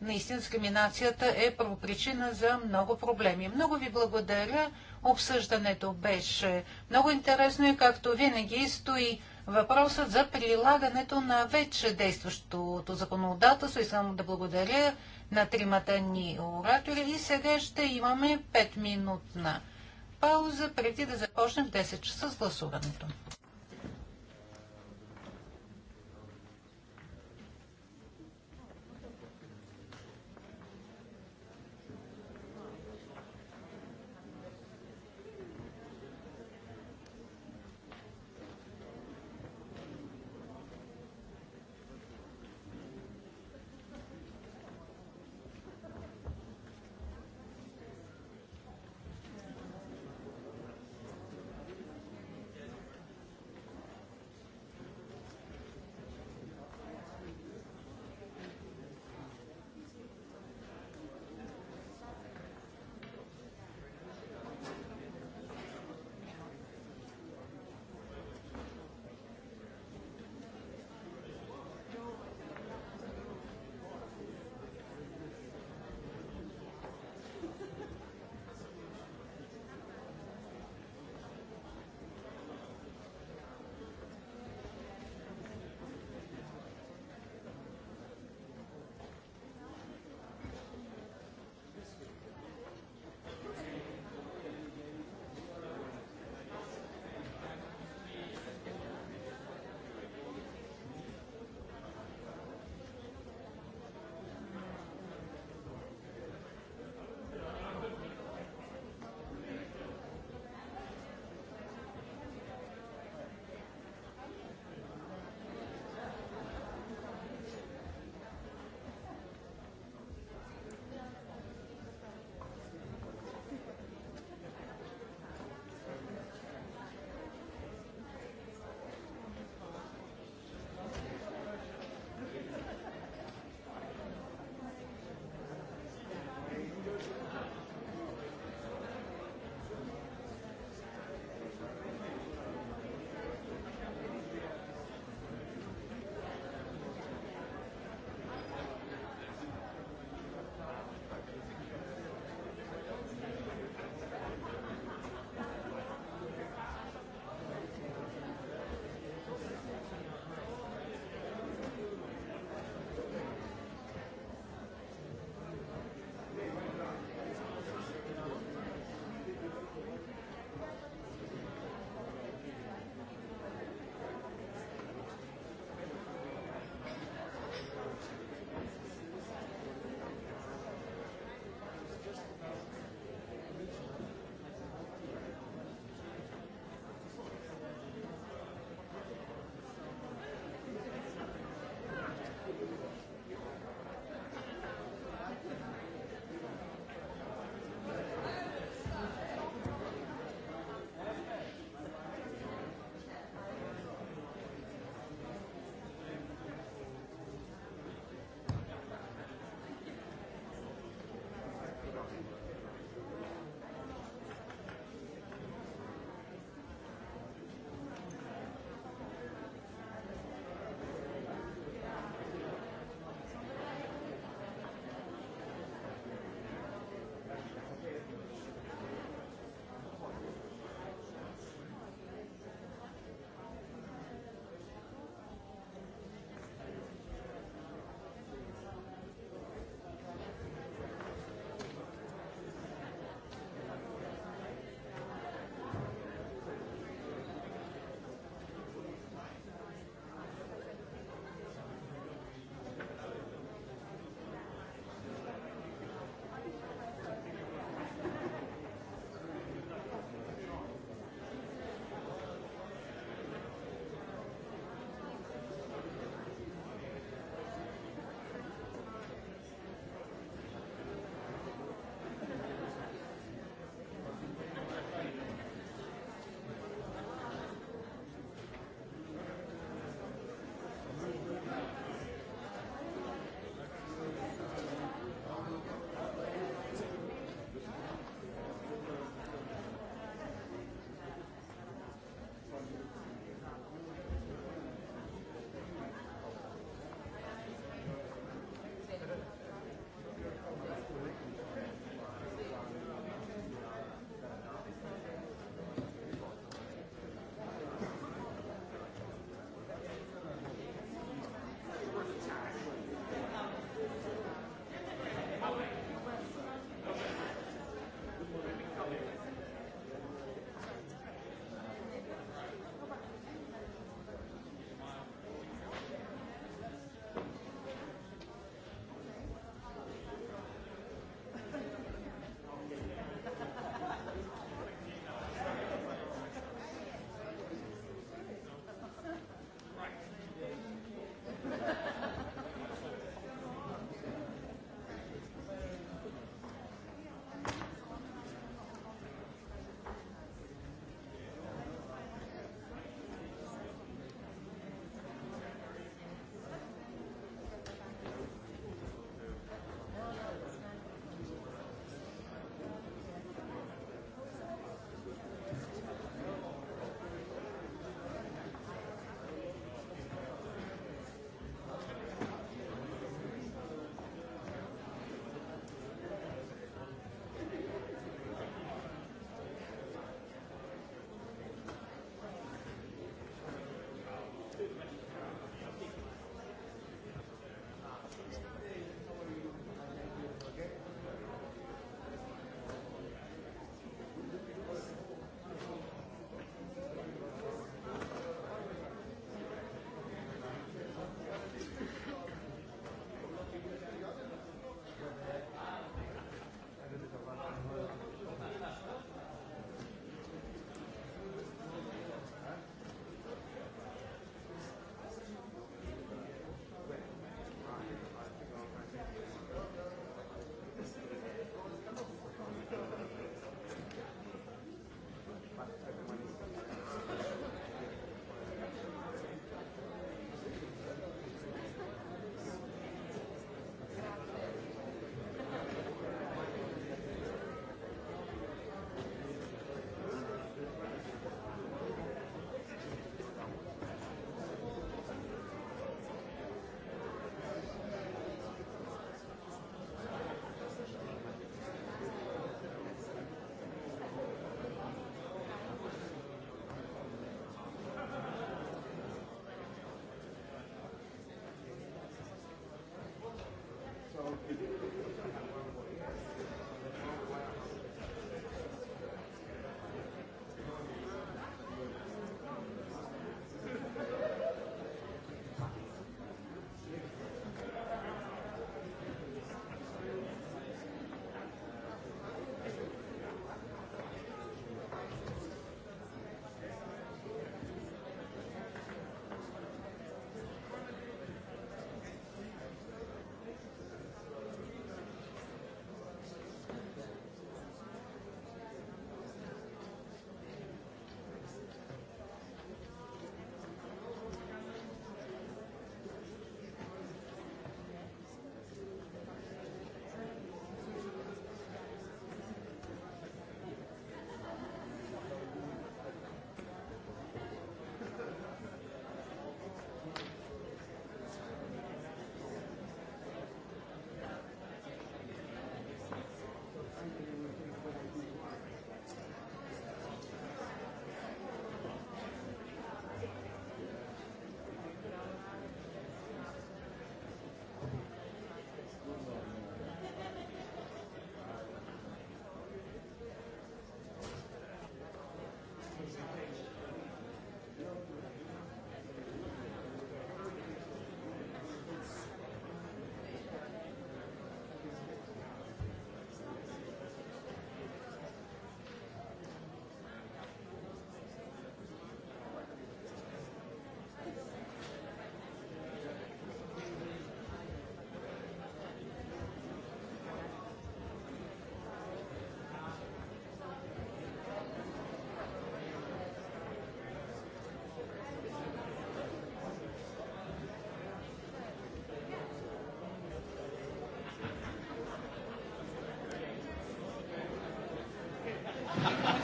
наистина дискриминацията е първопричина за много проблеми. Много ви благодаря. Обсъждането беше много интересно и както винаги стои въпросът за прилагането на вече действащото законодателство. Искам да благодаря на тримата ни оратори и сега ще имаме 5-минутна пауза преди да започнем в 10 часа с гласуването.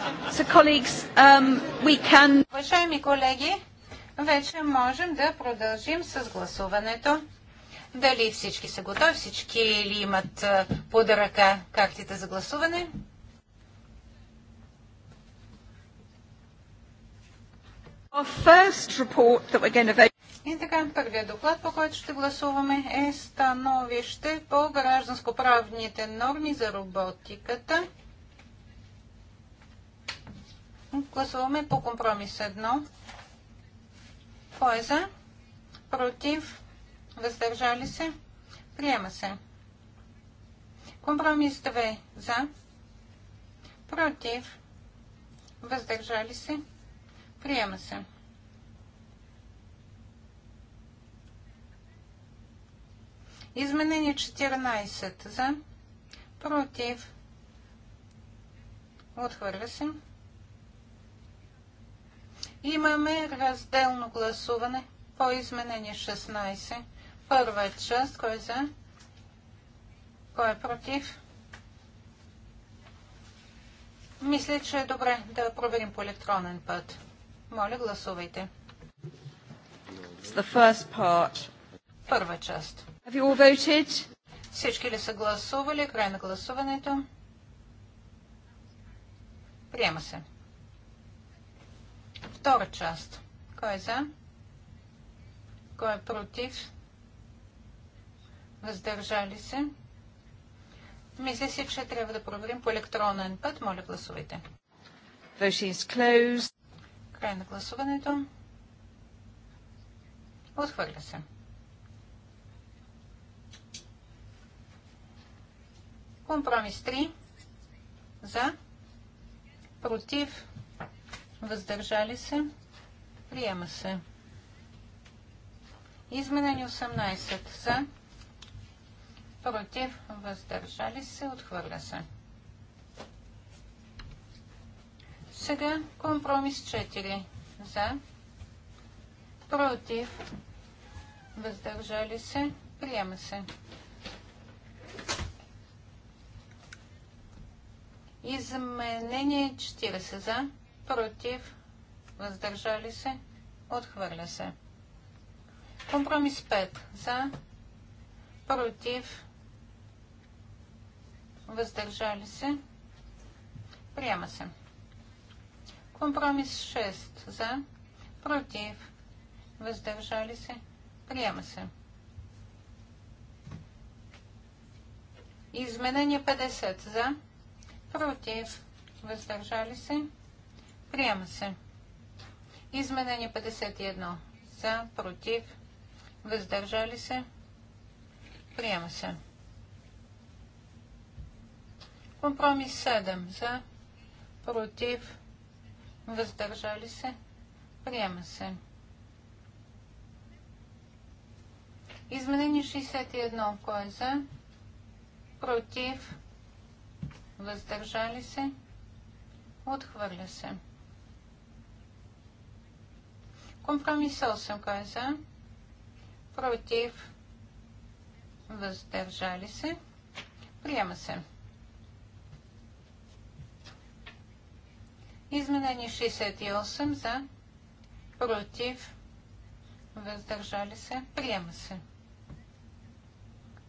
Um, Уважаеми колеги, вече можем да продължим с гласуването. Дали всички са готови, всички ли имат под ръка картите за гласуване? И така, първият доклад, по който ще гласуваме, е становище по гражданско-правните норми за роботиката. Гласуваме по компромис 1. Кой е за? Против? Въздържали се? Приема се. Компромис 2. За? Против? Въздържали се? Приема се. Изменение 14. За? Против? Отхвърля се. Имаме разделно гласуване по изменение 16. Първа е част, кой е за? Кой е против? Мисля, че е добре да проверим по електронен път. Моля, гласувайте. Първа част. Всички ли са гласували? Край на гласуването. Приема се. Втора част. Кой е за? Кой е против? Въздържали се? Мисля си, че трябва да проверим по електронен път. Моля, гласувайте. Край на гласуването. Отхвърля се. Компромис 3. За. Против въздържали се, приема се. Изменени 18 за, против, въздържали се, отхвърля се. Сега компромис 4 за, против, въздържали се, приема се. Изменение 40 за, против, въздържали се, отхвърля се. Компромис 5 за, против, въздържали се, приема се. Компромис 6 за, против, въздържали се, приема се. Изменение 50 за, против, въздържали се, Приема се. Изменение 51. За, против, въздържали се. Приема се. Компромис 7. За, против, въздържали се. Приема се. Изменение 61. Кой е за? Против. Въздържали се. Отхвърля се. Компромис 8. Кой е за? Против. Въздържали се. Приема се. Изменение 68 за. Против. Въздържали се. Приема се.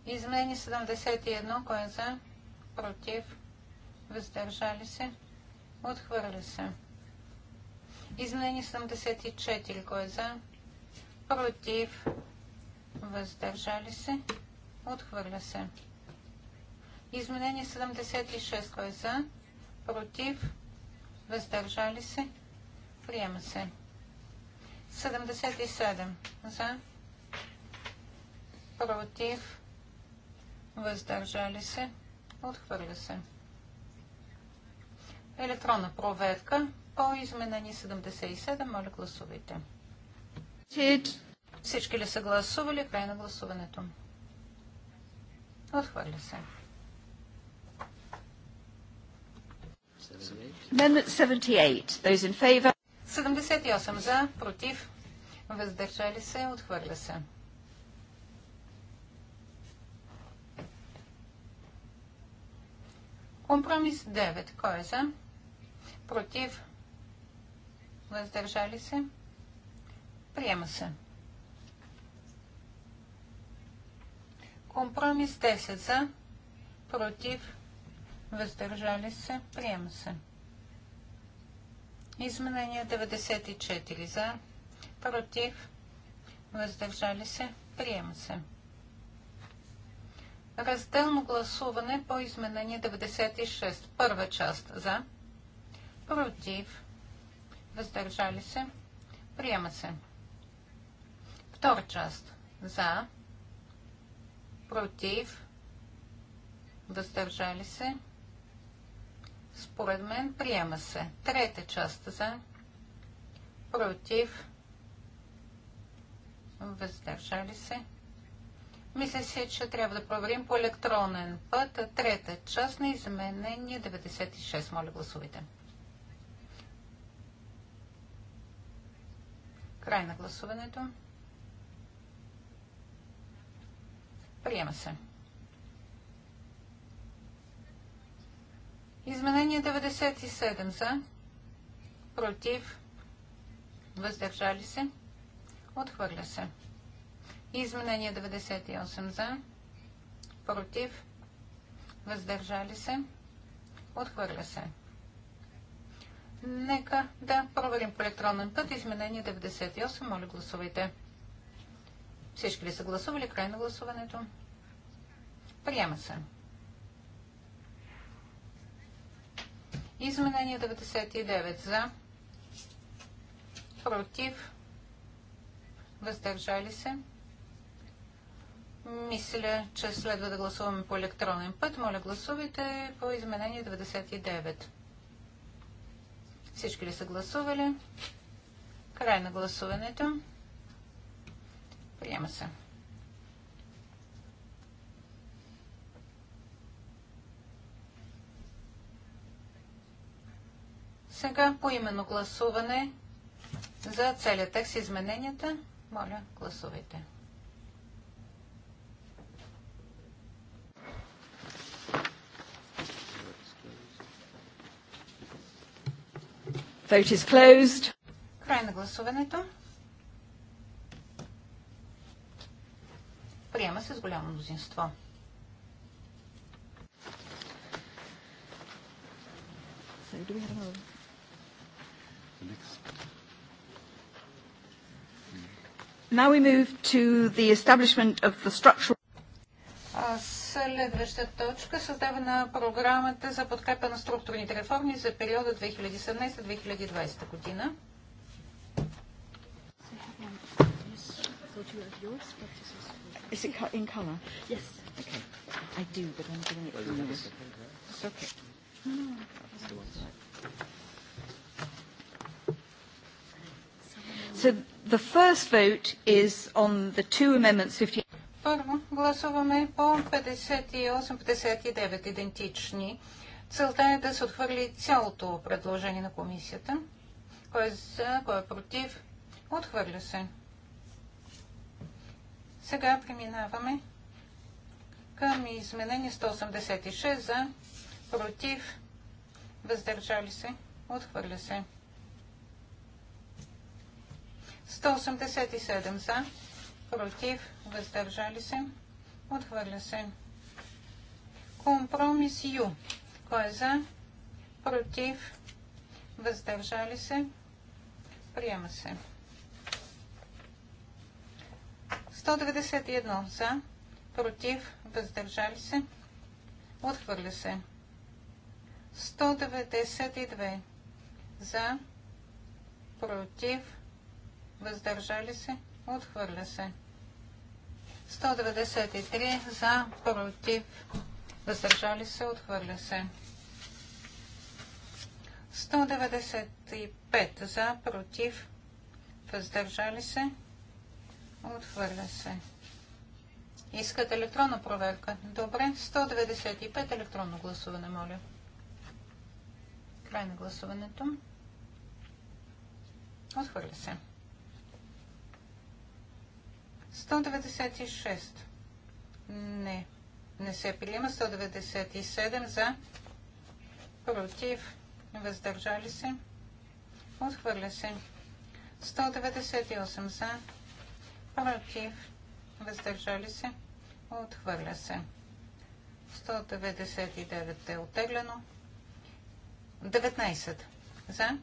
Изменение 71, кое за, против, въздържали се, отхвърля се. Изменение 74. Кой е за? Против. Въздържали се. Отхвърля се. Изменение 76. Кой е за? Против. Въздържали се. Приема се. 77. За. Против. Въздържали се. Отхвърля се. Електронна проверка по изменени 77. Моля, гласувайте. Всички ли са гласували? Край на гласуването. Отхвърля се. 78. 78 за, против, въздържали се, отхвърля се. Компромис 9. Кой е за? Против, въздържали се, приема се. Компромис 10 за, против, въздържали се, приема се. Изменение 94 за, против, въздържали се, приема се. Разделно гласуване по изменение 96. Първа част за, против, въздържали се, приема се. Втора част за, против, въздържали се, според мен приема се. Трета част за, против, въздържали се. Мисля се, че трябва да проверим по електронен път трета част на изменение 96. Моля гласувайте. Край на гласуването. Приема се. Изменение 97 за, против, въздържали се, отхвърля се. Изменение 98 за, против, въздържали се, отхвърля се. Нека да проверим по електронен път. Изменение 98. Моля, гласувайте. Всички ли са гласували? Край на гласуването. Приема се. Изменение 99 за. Против. Въздържали се. Мисля, че следва да гласуваме по електронен път. Моля, гласувайте по изменение 99. Всички ли са гласували? Край на гласуването. Приема се. Сега по именно гласуване за целият текст измененията. Моля, гласувайте. Vote is closed. Край на гласуването. Приема се с голямо мнозинство. Now we move to the establishment of the structural... Uh, Следваща точка създава на програмата за подкрепа на структурните реформи за периода 2017-2020 година. Is it in colour? Yes. Okay. I do, but I'm doing it for you. It's okay. No, no. So the first vote is on the two amendments 50. Първо гласуваме по 58-59 идентични. Целта е да се отхвърли цялото предложение на комисията. Кой е за, кой е против? Отхвърля се. Сега преминаваме към изменение 186 за, против, въздържали се, отхвърля се. 187 за, против, въздържали се, отхвърля се. Компромис Ю. Кой е за? Против, въздържали се, приема се. 191 за, против, въздържали се, отхвърля се. 192 за, против, въздържали се, Отхвърля се. 193 за, против, въздържали се, отхвърля се. 195 за, против, въздържали се, отхвърля се. Искат електронна проверка. Добре, 195 електронно гласуване, моля. Край на гласуването. Отхвърля се. 196. Не. Не се приема. 197 за. Против. Въздържали се. Отхвърля се. 198 за. Против. Въздържали се. Отхвърля се. 199 е отеглено. 19 за.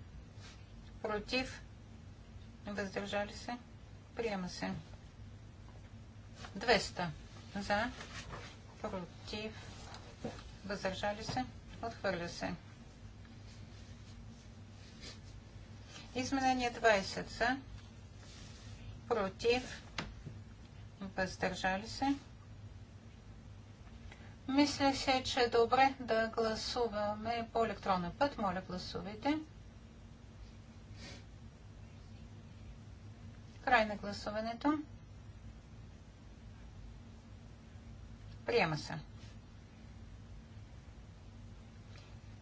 Против. Въздържали се. Приема се. 200 за, против, въздържали се, отхвърля се. Изменение 20 за, против, въздържали се. Мисля се, че е добре да гласуваме по електронен път. Моля, гласувайте. Край на гласуването. Приема се.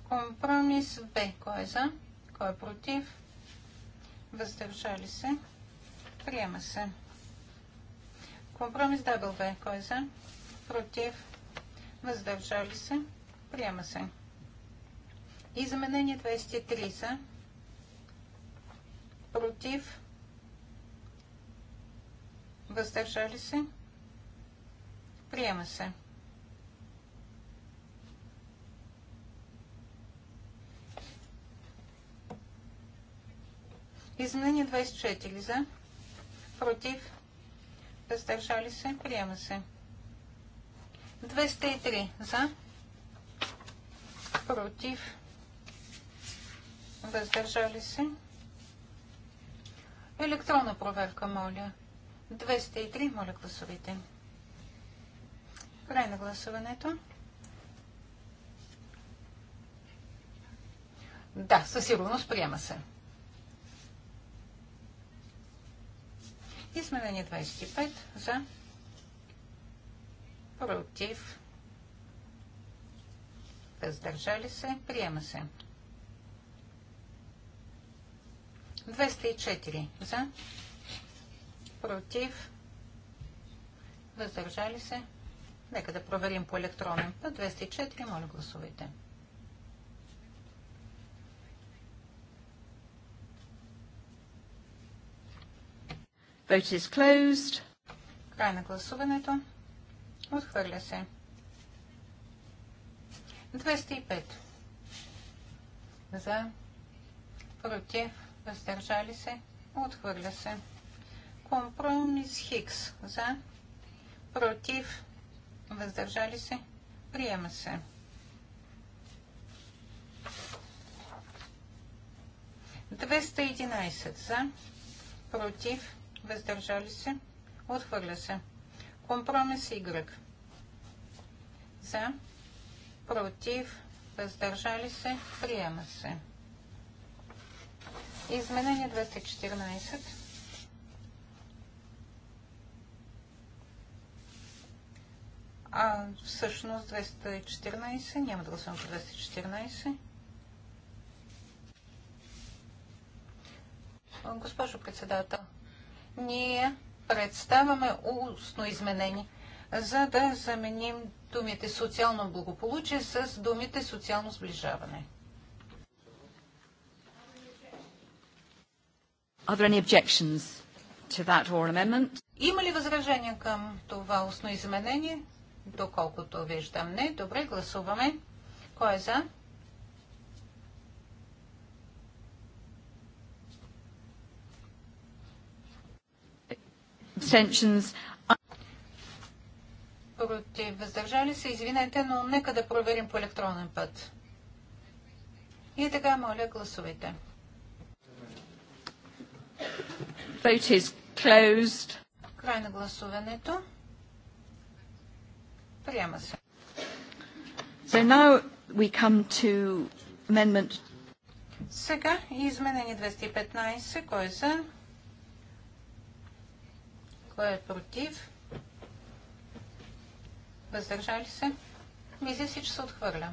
Компромис Б. Кой е за? Кой е против? Въздържали се. Приема се. Компромис ДБ, Кой е за? Против? Въздържали се. Приема се. Изменение 23 са Против? Въздържали се. Приема се. Изменение 24 за. Против. Въздържали се. Приема се. 203 за. Против. Въздържали се. Електронна проверка, моля. 203, моля гласовите. 203. Край на гласуването. Да, със сигурност приема се. Изменение 25 за против въздържали се, приема се. 204 за против въздържали се, Нека да проверим по електронен път. 204, моля гласувайте. Vote is closed. Край на гласуването. Отхвърля се. 205. За. Против. Въздържали се. Отхвърля се. Компромис Хикс. За. Против въздържали се, приема се. Двеста единайсет за, против, въздържали се, отхвърля се. Компромис Y. За, против, въздържали се, приема се. Изменение 214. А всъщност 214, няма да гласувам по 214. Госпожо председател, ние представяме устно изменение, за да заменим думите социално благополучие с думите социално сближаване. Are there any objections to that amendment? Има ли възражения към това устно изменение? доколкото виждам. Не, добре, гласуваме. Кой е за? Против. Въздържали се, извинете, но нека да проверим по електронен път. И така, моля, гласувайте. Vote is closed. Край на гласуването. Приема се. So now we come to amendment. Сега изменение 215. Кой е за? Кой е против? Въздържали се? Мисля си, че се отхвърля.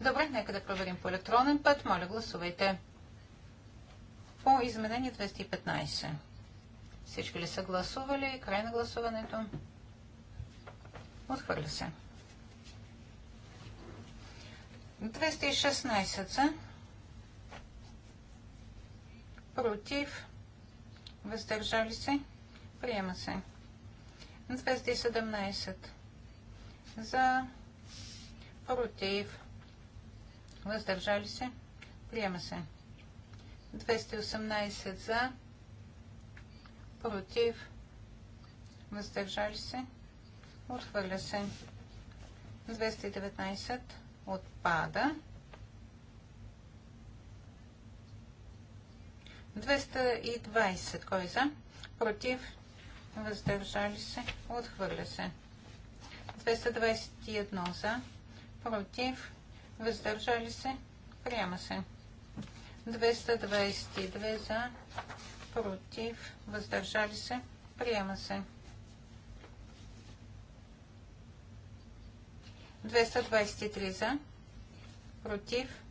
Добре, нека да проверим по електронен път. Моля, гласувайте. По изменение 215. Всички ли са гласували? Край на гласуването. Отхвърля се. 216 са. Против. Въздържали се. Приема се. 217 за. Против. Въздържали се. Приема се. 218 за против, въздържали се, отхвърля се. 219 отпада. 220 кой е за? Против, въздържали се, отхвърля се. 221 за, против, въздържали се, приема се. 222 за, против, въздържали се, приема се. 223 за, против,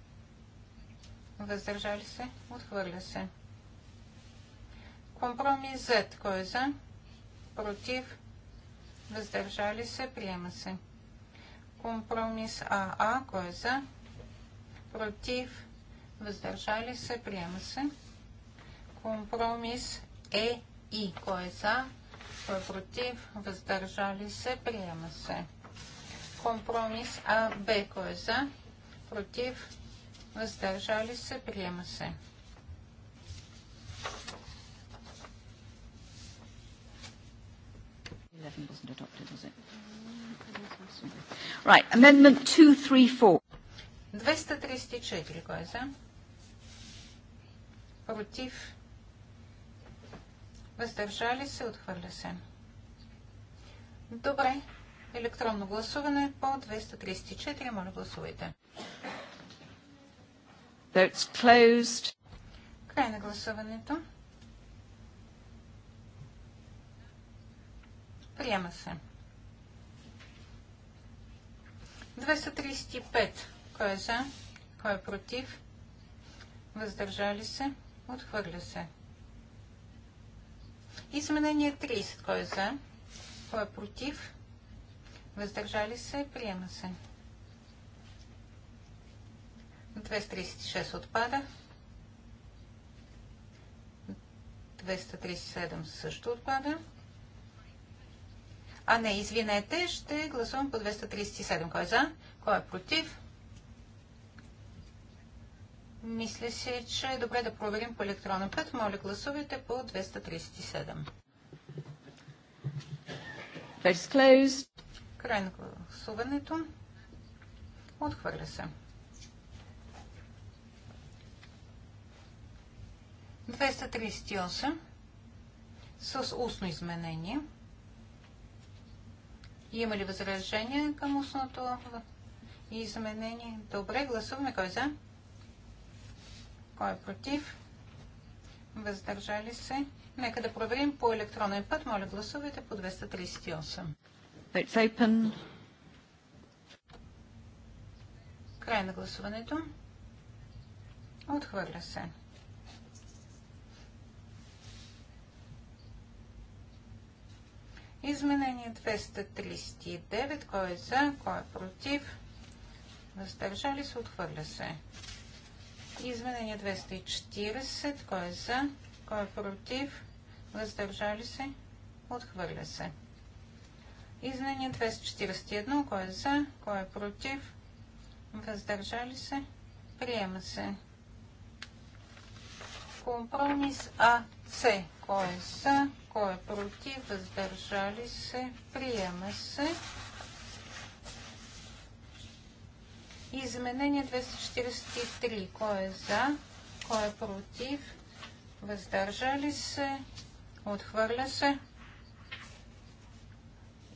въздържали се, отхвърля се. Компромис Z, кой е за, против, въздържали се, приема се. Компромис АА, кой е за, против, въздържали се, приема се. Компромис Е и. Кой е за? Кой е против? Въздържали се? Приема се. Компромис А, Б. Кой е за? Против? Въздържали се? Приема се. Adopted, right, amendment 234. 234, кой е за? Против? въздържали се, отхвърля се. Добре. Електронно гласуване по 234. Моля, гласувайте. Votes closed. Край на гласуването. Приема се. 235. Кой е за? Кой е против? Въздържали се? Отхвърля се. Изменение 30. Кой е за? Кой е против? Въздържали се? Приема се. 236 отпада. 237 също отпада. А не, извинете, ще гласувам по 237. Кой е за? Кой е против? Мисля си, че е добре да проверим по електронен път. Моля, гласувайте по 237. Край на гласуването. Отхвърля се. 238 с устно изменение. Има ли възражение към устното изменение? Добре, гласуваме кой е за. Кой е против? Въздържали се? Нека да проверим по електронен път. Моля, гласувайте по 238. Край на гласуването. Отхвърля се. Изменение 239. Кой е за? Кой е против? Въздържали се? Отхвърля се. Изменение 240. Кой е за? Кой е против? Въздържали се? Отхвърля се. Изменение 241. Кой е за? Кой е против? Въздържали се? Приема се. Компромис АЦ. Кой е за? Кой е против? Въздържали се? Приема се. Изменение 243. Кой е за? Кой е против? Въздържали се? Отхвърля се?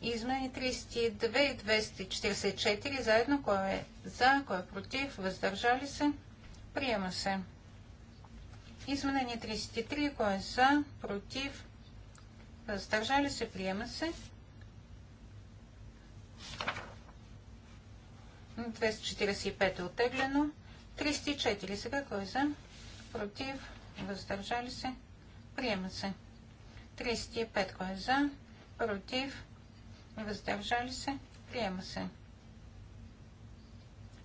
Измени 32 и 244 заедно. Кой е за, кой е против, въздържали се. Приема се. Изменение 33. Кой е за, против, въздържали се. Приема се. 245 е оттеглено. 304 сега кой е за? Против. Въздържали се. Приема се. 35 кой е за? Против. Въздържали се. Приема се.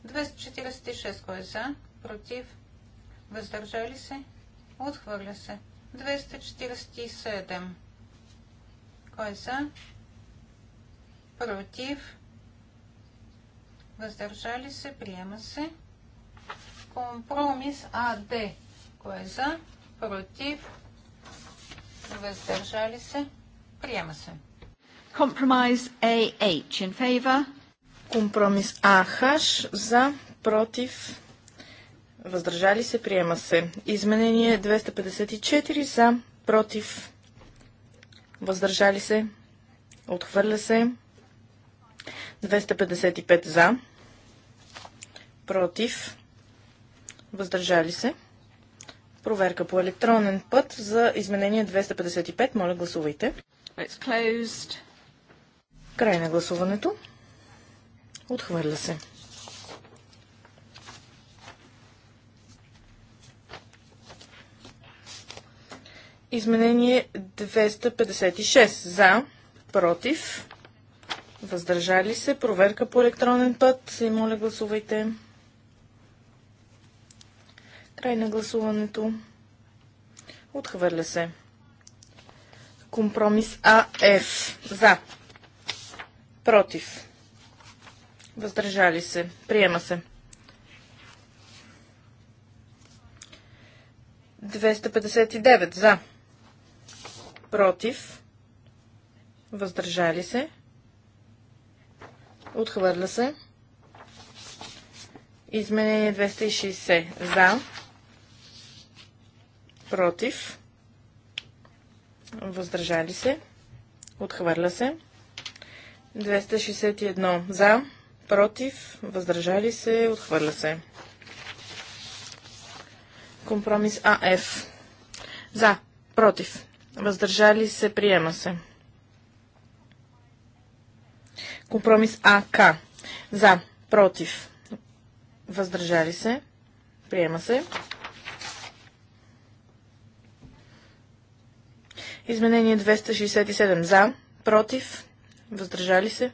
246 кой е за? Против. Въздържали се. Отхвърля се. 247. Кой е за? Против въздържали се, приема се. Компромис АД, кой е за, против, въздържали се, приема се. Компромис АХ. in favor. Компромис АХ за, против, въздържали се, приема се. Изменение 254 за, против, въздържали се, отхвърля се. 255 за, против, въздържали се. Проверка по електронен път за изменение 255. Моля, гласувайте. Край на гласуването. Отхвърля се. Изменение 256 за, против, Въздържали се. Проверка по електронен път. И моля гласувайте. Край на гласуването. Отхвърля се. Компромис АФ. За. Против. Въздържали се. Приема се. 259 за. Против. Въздържали се. Отхвърля се. Изменение 260. За. Против. Въздържали се. Отхвърля се. 261. За. Против. Въздържали се. Отхвърля се. Компромис АФ. За. Против. Въздържали се. Приема се. Компромис АК. За. Против. Въздържали се. Приема се. Изменение 267 за, против, въздържали се,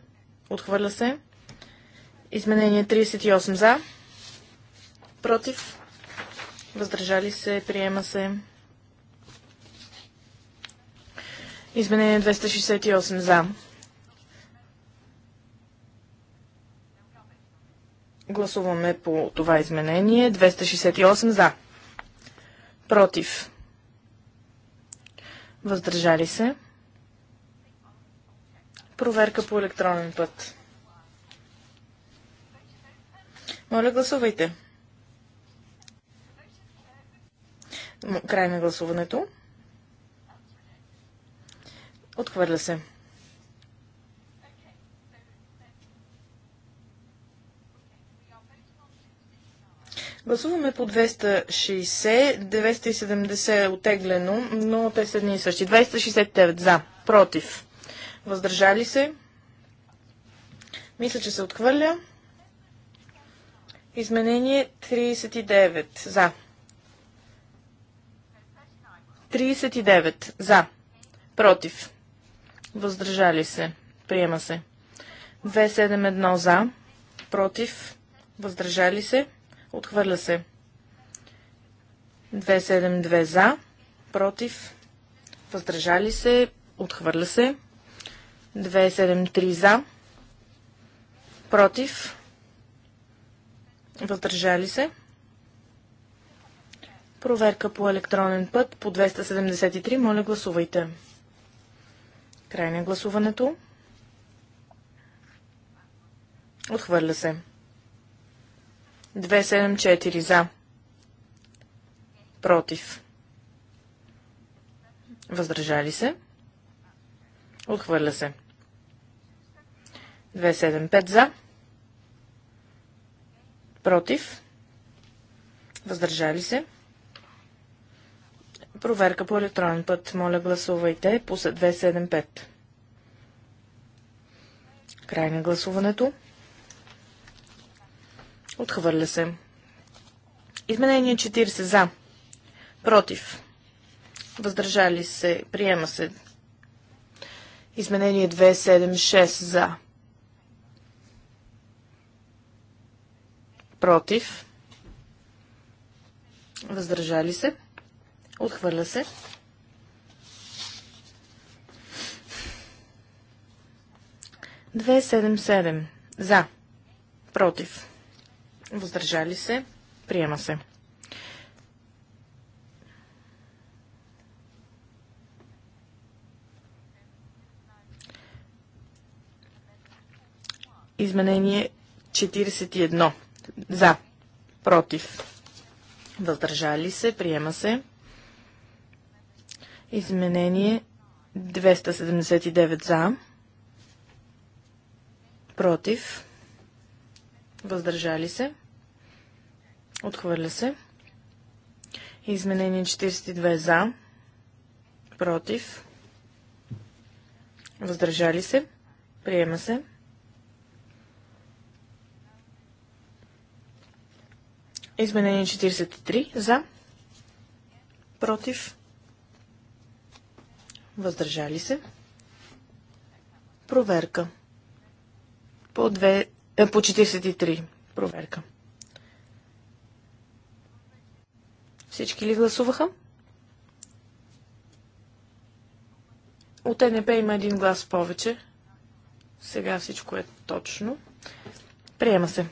отхвърля се. Изменение 38 за, против, въздържали се, приема се. Изменение 268 за, Гласуваме по това изменение. 268 за. Против. Въздържали се. Проверка по електронен път. Моля, гласувайте. Край на гласуването. Отхвърля се. Гласуваме по 260, 970 е отеглено, но те са едни и същи. 269 за, против, въздържали се. Мисля, че се отхвърля. Изменение 39 за. 39 за. Против. Въздържали се. Приема се. 271 за. Против. Въздържали се. Отхвърля се. 272 за, против, въздържали се, отхвърля се. 273 за, против, въздържали се. Проверка по електронен път по 273. Моля, гласувайте. Край на гласуването. Отхвърля се. 274 за. Против. Въздържали се. Отхвърля се. 275 за. Против. Въздържали се. Проверка по електронен път. Моля гласувайте по 275. Край на гласуването. Отхвърля се. Изменение 40 за. Против. Въздържали се. Приема се. Изменение 276 за. Против. Въздържали се. Отхвърля се. Две седем седем. За. Против. Въздържали се. Приема се. Изменение 41. За. Против. Въздържали се. Приема се. Изменение 279 за. Против. Въздържали се. Отхвърля се. Изменение 42 за. Против. Въздържали се. Приема се. Изменение 43 за. Против. Въздържали се. Проверка. По, 2, е, по 43. Проверка. Всички ли гласуваха? От НП има един глас повече. Сега всичко е точно. Приема се.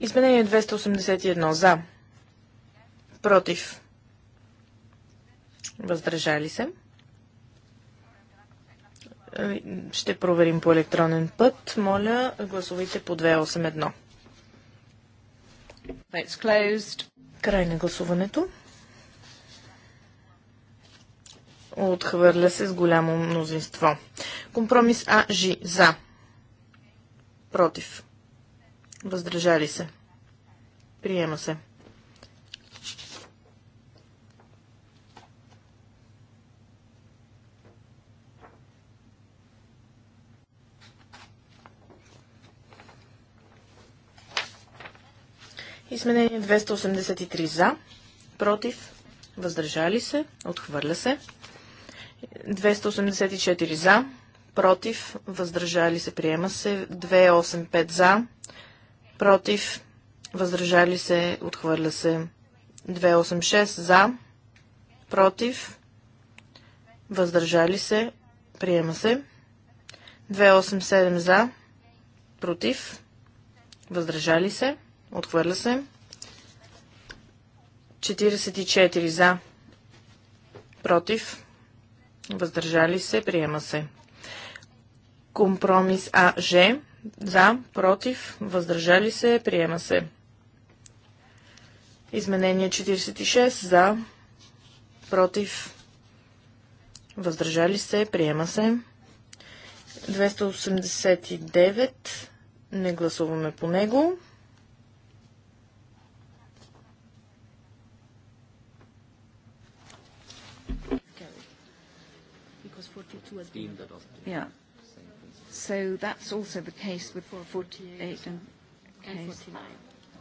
Изменение 281. За. Против. Въздържали се. Ще проверим по електронен път. Моля, гласувайте по 281. Край на гласуването. Отхвърля се с голямо мнозинство. Компромис АЖ за. Против. Въздържали се. Приема се. Изменение 283 за, против, въздържали се, отхвърля се. 284 за, против, въздържали се, приема се. 285 за, против, въздържали се, отхвърля се. 286 за, против, въздържали се, приема се. 287 за, против, въздържали се. Отхвърля се. 44 за. Против. Въздържали се. Приема се. Компромис АЖ. За. Против. Въздържали се. Приема се. Изменение 46 за. Против. Въздържали се. Приема се. 289. Не гласуваме по него. scheme that yeah. So that's also the case with 48 and, and 49.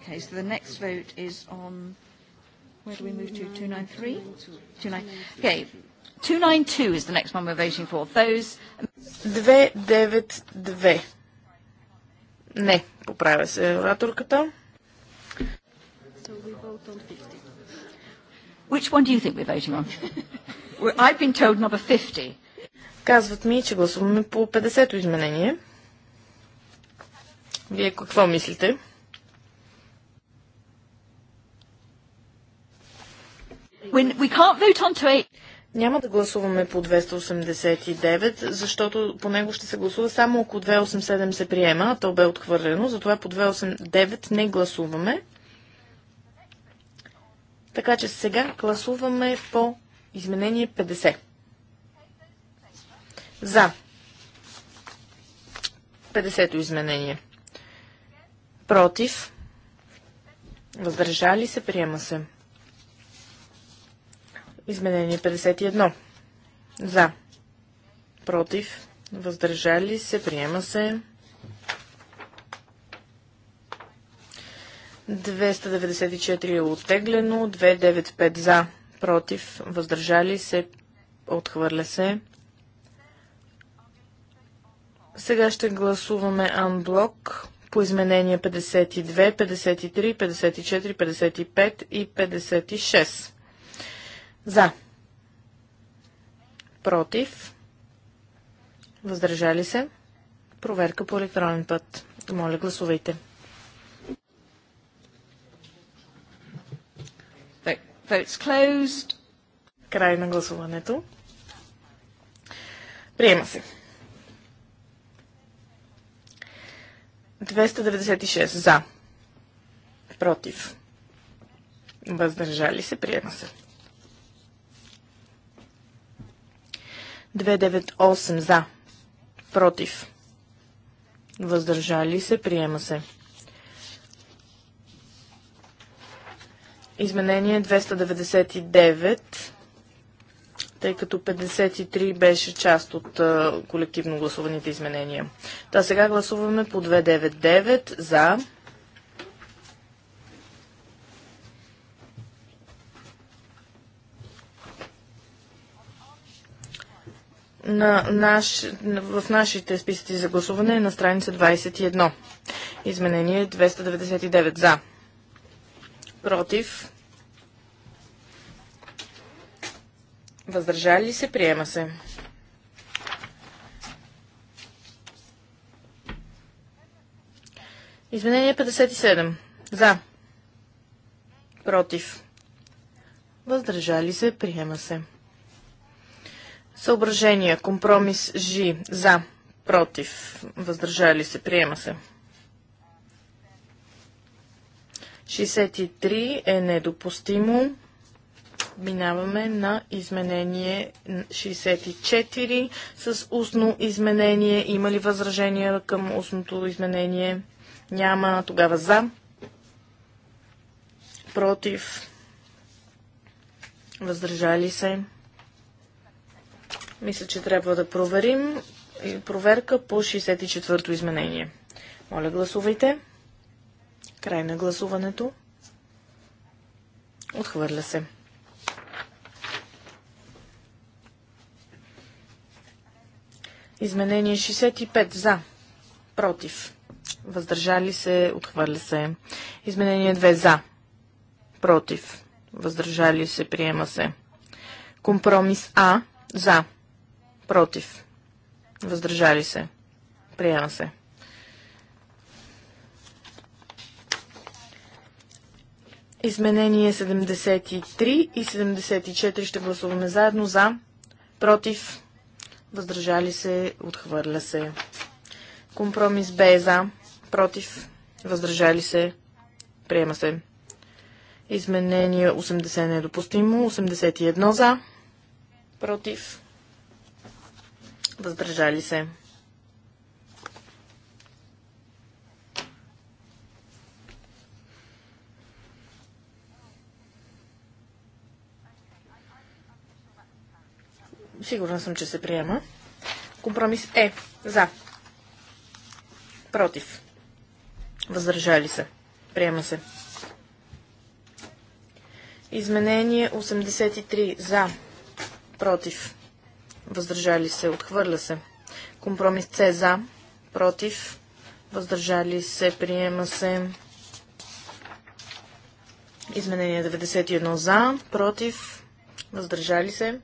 Okay, so the next vote is on, where do we move to, 293? 292. Okay, 292 is the next one we're voting for. Those... 292. Не, поправя се ораторката. So we vote on 50. Which one do you think we're voting on? I've been told number 50. Казват ми, че гласуваме по 50-то изменение. Вие какво мислите? Няма да гласуваме по 289, защото по него ще се гласува само ако 287 се приема, а то бе отхвърлено, затова по 289 не гласуваме. Така че сега гласуваме по изменение 50. За. 50-то изменение. Против. Въздържали се. Приема се. Изменение 51. За. Против. Въздържали се. Приема се. 294 е оттеглено. 295 за. Против. Въздържали се. Отхвърля се. Сега ще гласуваме анблок по изменения 52, 53, 54, 55 и 56. За. Против. Въздържали се. Проверка по електронен път. Моля, гласувайте. Votes closed. Край на гласуването. Приема се. 296 за. Против. Въздържали се. Приема се. 298 за. Против. Въздържали се. Приема се. Изменение 299 тъй като 53 беше част от а, колективно гласуваните изменения. Та сега гласуваме по 299 за. На наш, в нашите списъци за гласуване е на страница 21. Изменение 299 за. Против. Въздържали се, приема се. Изменение 57. За. Против. Въздържали се, приема се. Съображения. Компромис Ж. За. Против. Въздържали се, приема се. 63 е недопустимо. Минаваме на изменение 64 с устно изменение. Има ли възражения към устното изменение? Няма. Тогава за. Против. Въздържали се. Мисля, че трябва да проверим проверка по 64-то изменение. Моля, гласувайте. Край на гласуването. Отхвърля се. Изменение 65 за. Против. Въздържали се. Отхвърля се. Изменение 2 за. Против. Въздържали се. Приема се. Компромис А. За. Против. Въздържали се. Приема се. Изменение 73 и 74 ще гласуваме заедно за, против, въздържали се, отхвърля се. Компромис Б за, против, въздържали се, приема се. Изменение 80 е недопустимо, 81 за, против, въздържали се. Сигурна съм, че се приема. Компромис Е. За. Против. Въздържали се. Приема се. Изменение 83. За. Против. Въздържали се. Отхвърля се. Компромис С. За. Против. Въздържали се. Приема се. Изменение 91. За. Против. Въздържали се.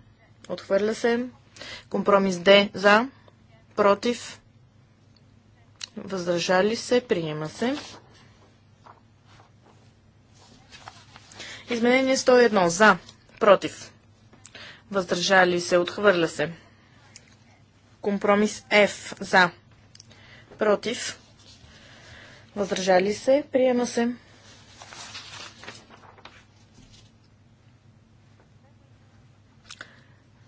Отхвърля се. Компромис Д за. Против. Въздържали се. Приема се. Изменение 101. За. Против. Въздържали се. Отхвърля се. Компромис F. За. Против. Въздържали се. Приема се.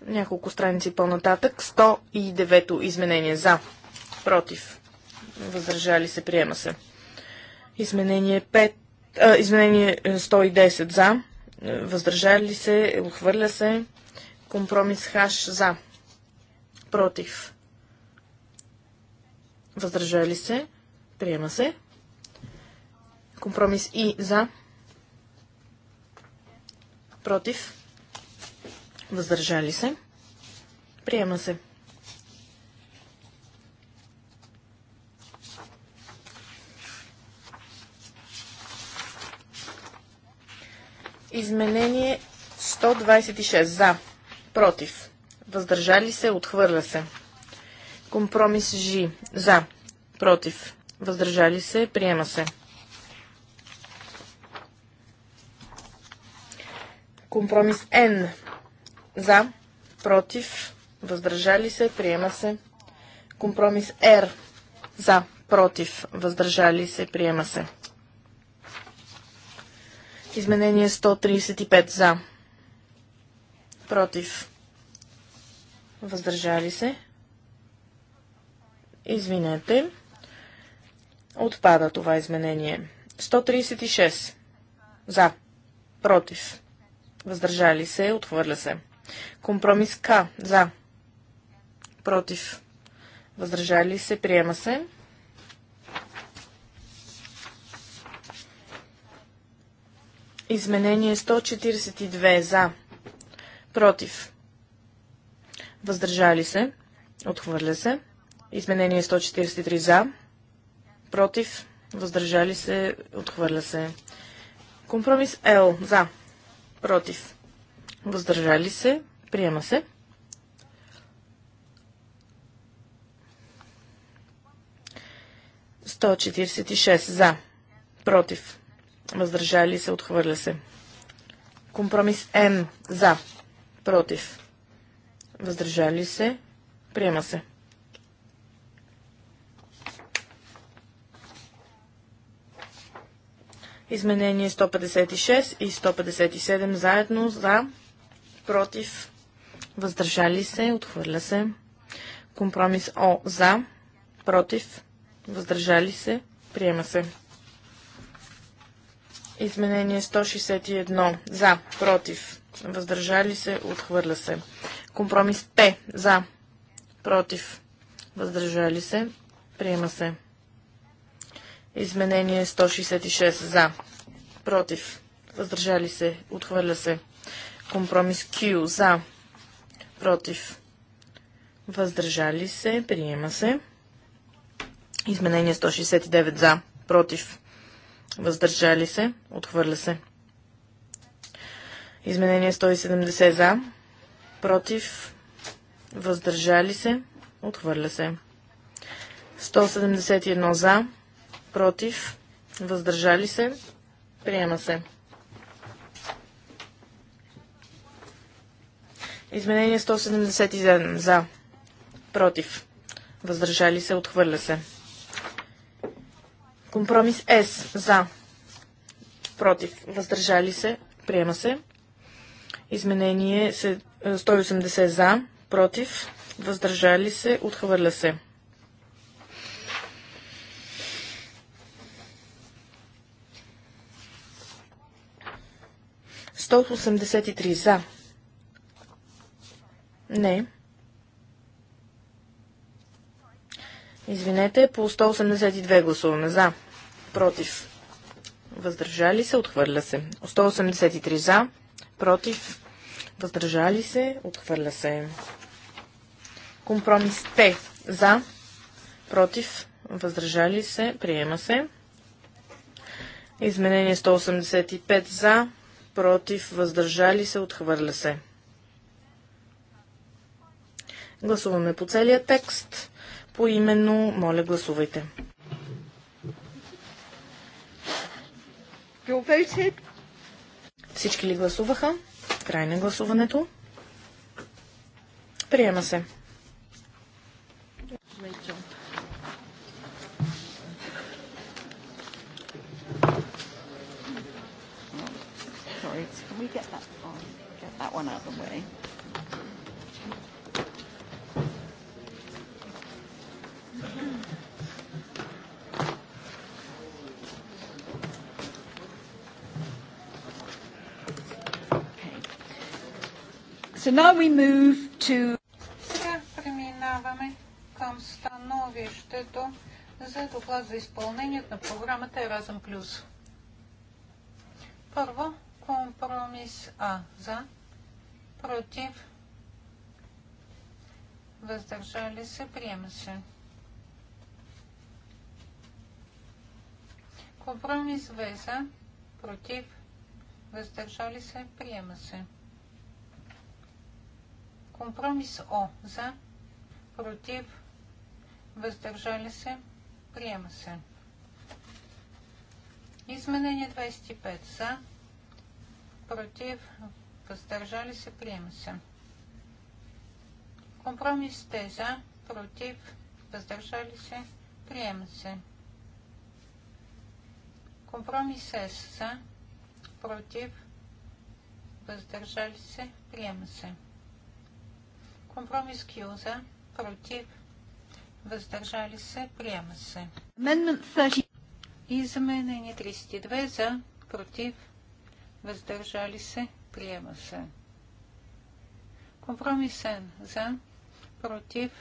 Няколко страници по-нататък. 109 изменение за. Против. Въздържали се. Приема се. Изменение 5. А, изменение 110 е, за. Въздържали се. Отхвърля се. Компромис хаш за. Против. Въздържали се. Приема се. Компромис и за. Против. Въздържали се. Приема се. Изменение 126. За. Против. Въздържали се. Отхвърля се. Компромис Ж. За. Против. Въздържали се. Приема се. Компромис Н. За, против, въздържали се, приема се. Компромис Р. За, против, въздържали се, приема се. Изменение 135 за. Против. Въздържали се. Извинете. Отпада това изменение. 136. За. Против. Въздържали се. Отхвърля се. Компромис К. За. Против. Въздържали се. Приема се. Изменение 142. За. Против. Въздържали се. Отхвърля се. Изменение 143. За. Против. Въздържали се. Отхвърля се. Компромис Л. За. Против. Въздържали се. Приема се. 146 за. Против. Въздържали се. Отхвърля се. Компромис М. За. Против. Въздържали се. Приема се. Изменение 156 и 157 заедно за против, въздържали се, отхвърля се. Компромис О за, против, въздържали се, приема се. Изменение 161 за, против, въздържали се, отхвърля се. Компромис П за, против, въздържали се, приема се. Изменение 166 за, против, въздържали се, отхвърля се. Компромис Q за, против, въздържали се, приема се. Изменение 169 за, против, въздържали се, отхвърля се. Изменение 170 за, против, въздържали се, отхвърля се. 171 за, против, въздържали се, приема се. Изменение 177 за. Против. Въздържали се. Отхвърля се. Компромис С. За. Против. Въздържали се. Приема се. Изменение 180 е, за. Против. Въздържали се. Отхвърля се. 83 за, не. Извинете, по 182 гласуваме за. Против. Въздържали се, отхвърля се. 183 за. Против. Въздържали се, отхвърля се. Компромис Т. За. Против. Въздържали се, приема се. Изменение 185 за. Против. Въздържали се, отхвърля се. Гласуваме по целия текст. По именно, моля, гласувайте. Всички ли гласуваха? Край на гласуването. Приема се. can we get that, on, get that one out of the way? So now we move to... Сега преминаваме към становището за доклад за изпълнението на програмата Еразъм Плюс. Първо, компромис А за, против, въздържали се, приема се. Компромис В за, против, въздържали се, приема се. Компромис О. За. Против. Въздържали се. Приема се. Изменение 25. За. Против. Въздържали се. Приема се. Компромис Т. За. Против. Въздържали се. Приема се. Компромис С. За. Против. Въздържали се. Приема се. Компромис Кюза. за, против, въздържали се, приема се. Изменение 32 за, против, въздържали се, приема се. Компромисен за, против,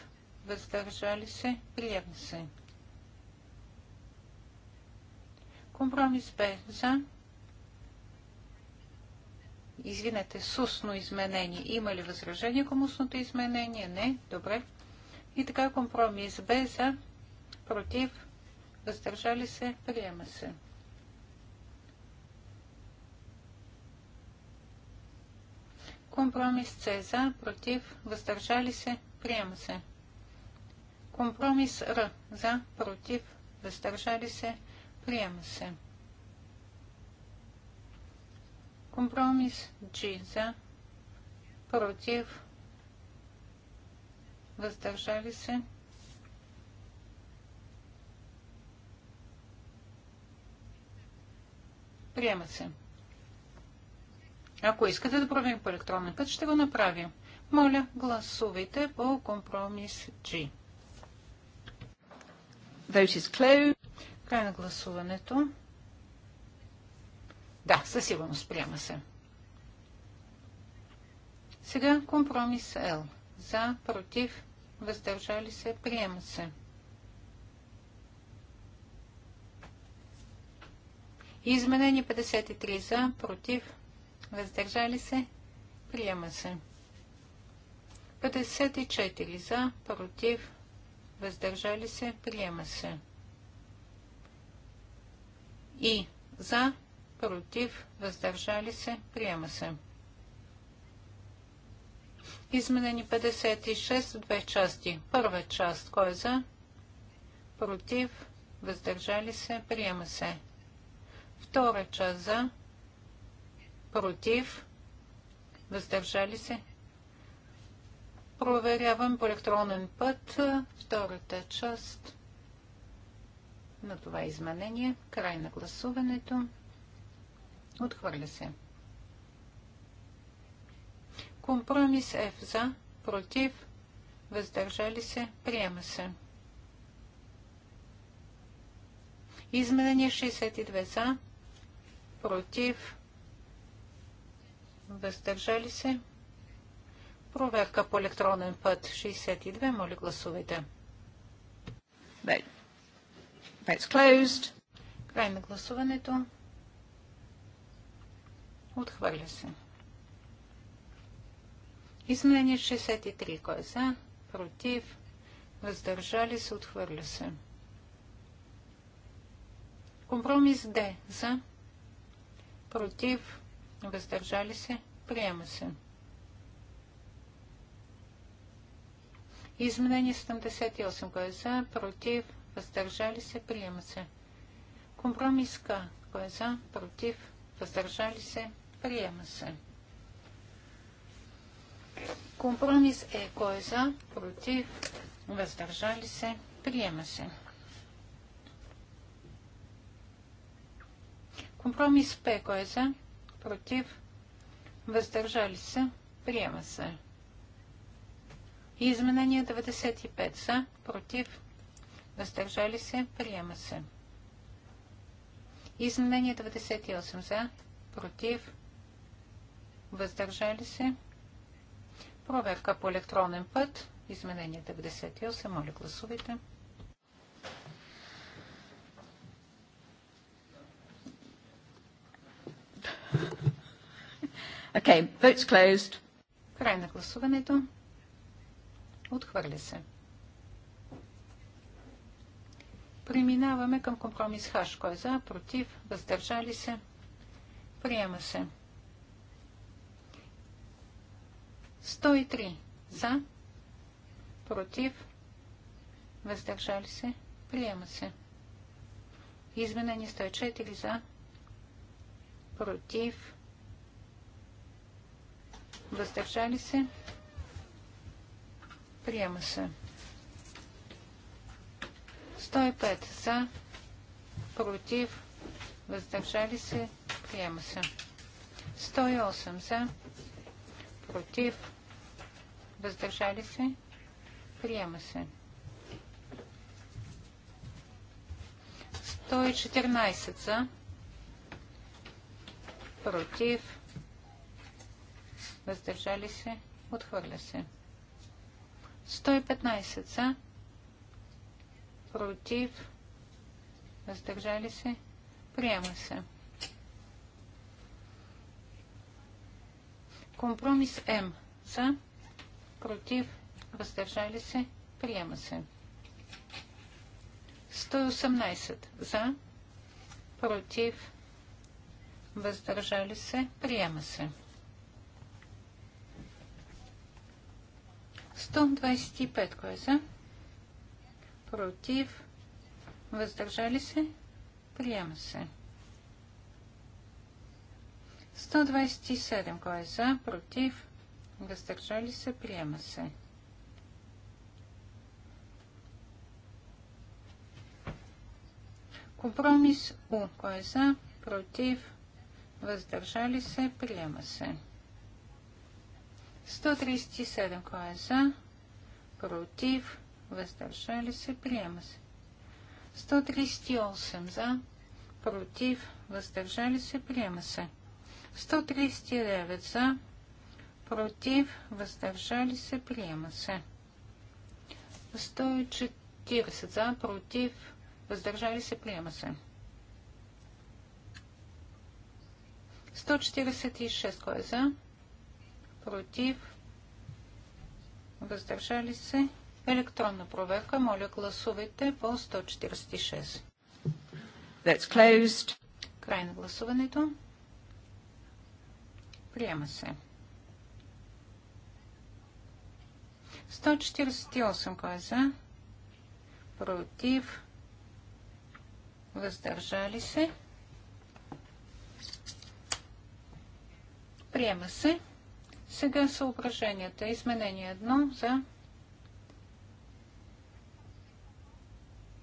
въздържали се, приема се. Компромис Б за, Извинете, с устно изменение. Има ли възражение към устното изменение? Не. Добре. И така компромис Б за, против, въздържали се, приема се. Компромис С за, против, въздържали се, приема се. Компромис Р за, против, въздържали се, приема се. Компромис G за, против, въздържали се. Приема се. Ако искате да проверим по електронен път, ще го направим. Моля, гласувайте по компромис G. Vote is closed. Край на гласуването. Да, със сигурност приема се. Сега компромис L. За, против, въздържали се, приема се. Изменени 53 за, против, въздържали се, приема се. 54 за, против, въздържали се, приема се. И за, против, въздържали се, приема се. Изменени 56 в две части. Първа част, кой е за? Против, въздържали се, приема се. Втора част за, против, въздържали се. Проверявам по електронен път втората част на това изменение. Край на гласуването. Отхвърля се. Компромис F за, против, въздържали се, приема се. Изменение 62 за, против, въздържали се. Проверка по електронен път 62. Моля, гласувайте. Край на гласуването. Отхвърля се. Изменение 63. Кой е за? Против. Въздържали се. Отхвърля се. Компромис Д. За. Против. Въздържали се. Приема се. Изменение 78. Кой е за? Против. Въздържали се. Приема се. Компромис К. Кой е за? Против. Въздържали се. Приема се. Компромис е кой е за, против, въздържали се, приема се. Компромис П кой е за, против, въздържали се, приема се. Изменение 95 са, против, въздържали се, приема се. Изменение 98 за, против, въздържали се. Проверка по електронен път. Изменение 98. Моля, гласувайте. Okay, vote's closed. Край на гласуването. Отхвърля се. Преминаваме към компромис Хаш. Кой е за? Против? Въздържали се? Приема се. 103 за, против, въздържали се, приема се. Изменение 104 за, против, въздържали се, приема се. 105 за, против, въздържали се, приема се. 108 за, против, въздържали се, приема се. 114 за, против, въздържали се, отхвърля се. 115 за, против, въздържали се, приема се. Компромис М за, против, въздържали се, приема се. 118 за, против, въздържали се, приема се. 125, кой е за? Против, въздържали се, приема се. 127, кой е за? Против, въздържали се, приема се. Компромис У. Кой е за? Против? Въздържали се? Приема се. 137. Кой е за? Против? Въздържали се? Приема се. 138. За? Против? Въздържали се? Приема се. 139. За? против, въздържали се, приема се. 140 за, против, въздържали се, приема се. 146, кой е за? Против, въздържали се. Електронна проверка, моля гласувайте по 146. That's closed. Край на гласуването. Приема се. 148 кой е за? Против. Въздържали се. Приема се. Сега съображенията. Изменение 1 за.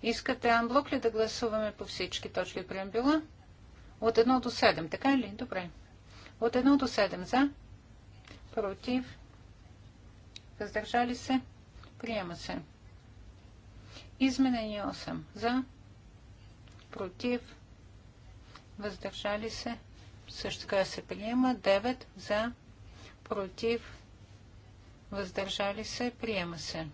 Искате анблок ли да гласуваме по всички точки от преамбюла? От 1 до 7, така ли? Добре. От 1 до 7 за. Против въздържали се, приема се. Изменение 8 за, против, въздържали се, също така се приема. 9 за, против, въздържали се, приема се.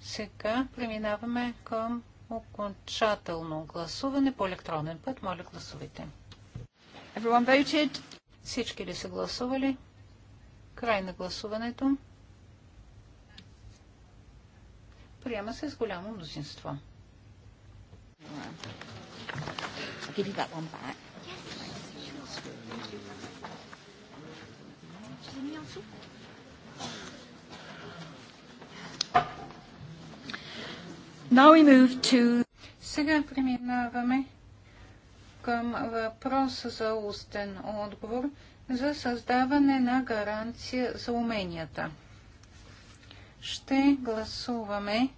Сега преминаваме към окончателно гласуване по електронен път. Моля, гласувайте. Всички ли са гласували? Край на гласуването. Приема се с голямо мнозинство. Сега преминаваме към въпроса за устен отговор за създаване на гаранция за уменията. Ще гласуваме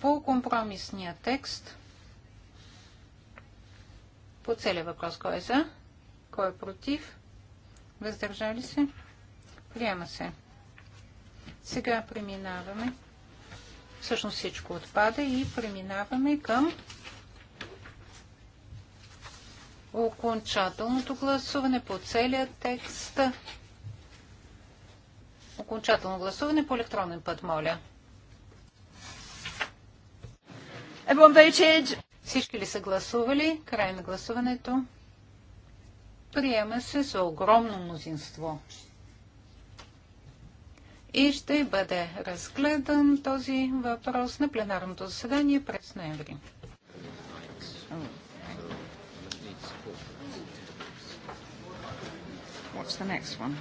по компромисния текст. По целия въпрос кой е за, кой е против, въздържали се, приема се. Сега преминаваме. Всъщност всичко отпада и преминаваме към окончателното гласуване по целия текст. Окончателно гласуване по електронен път, моля. Всички ли са гласували? Край на гласуването. Приема се за огромно мнозинство. И ще бъде разгледан този въпрос на пленарното заседание през ноември. What's the next one?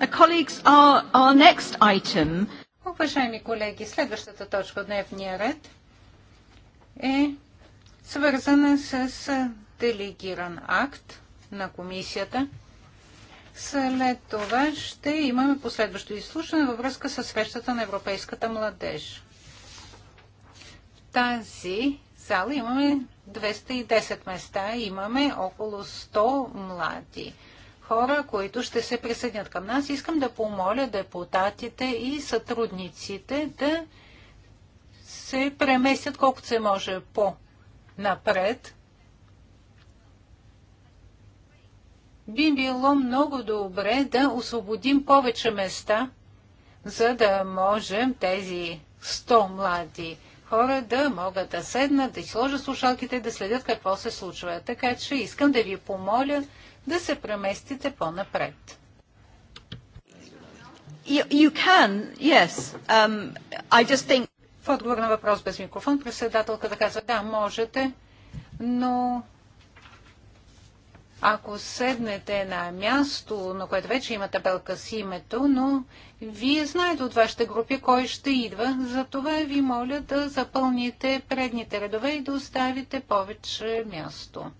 Uh, our, Уважаеми колеги, следващата точка от дневния ред е свързана с делегиран акт на комисията. След това ще имаме последващо изслушване във връзка с срещата на Европейската младеж. В тази зала имаме 210 места, имаме около 100 млади хора, които ще се присъединят към нас. Искам да помоля депутатите и сътрудниците да се преместят колкото се може по-напред. Би било много добре да освободим повече места, за да можем тези 100 млади хора да могат да седнат, да изложат слушалките, да следят какво се случва. Така че искам да ви помоля да се преместите по-напред. You, can, yes. Um, I just think... В отговор на въпрос без микрофон, председателката казва, да, можете, но ако седнете на място, на което вече има табелка с името, но вие знаете от вашите групи кой ще идва, затова ви моля да запълните предните редове и да оставите повече място.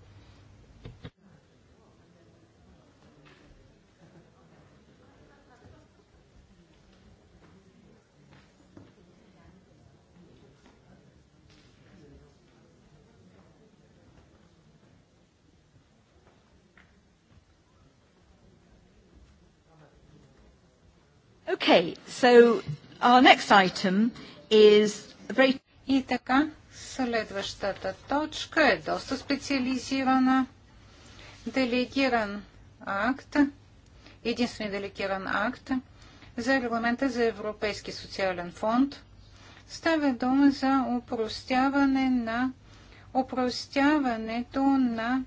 Okay, so our next item is very... И така, следващата точка е доста специализирана. Делегиран акт, единствен делегиран акт за регламента за Европейски социален фонд. Става дума за упростяване на упростяването на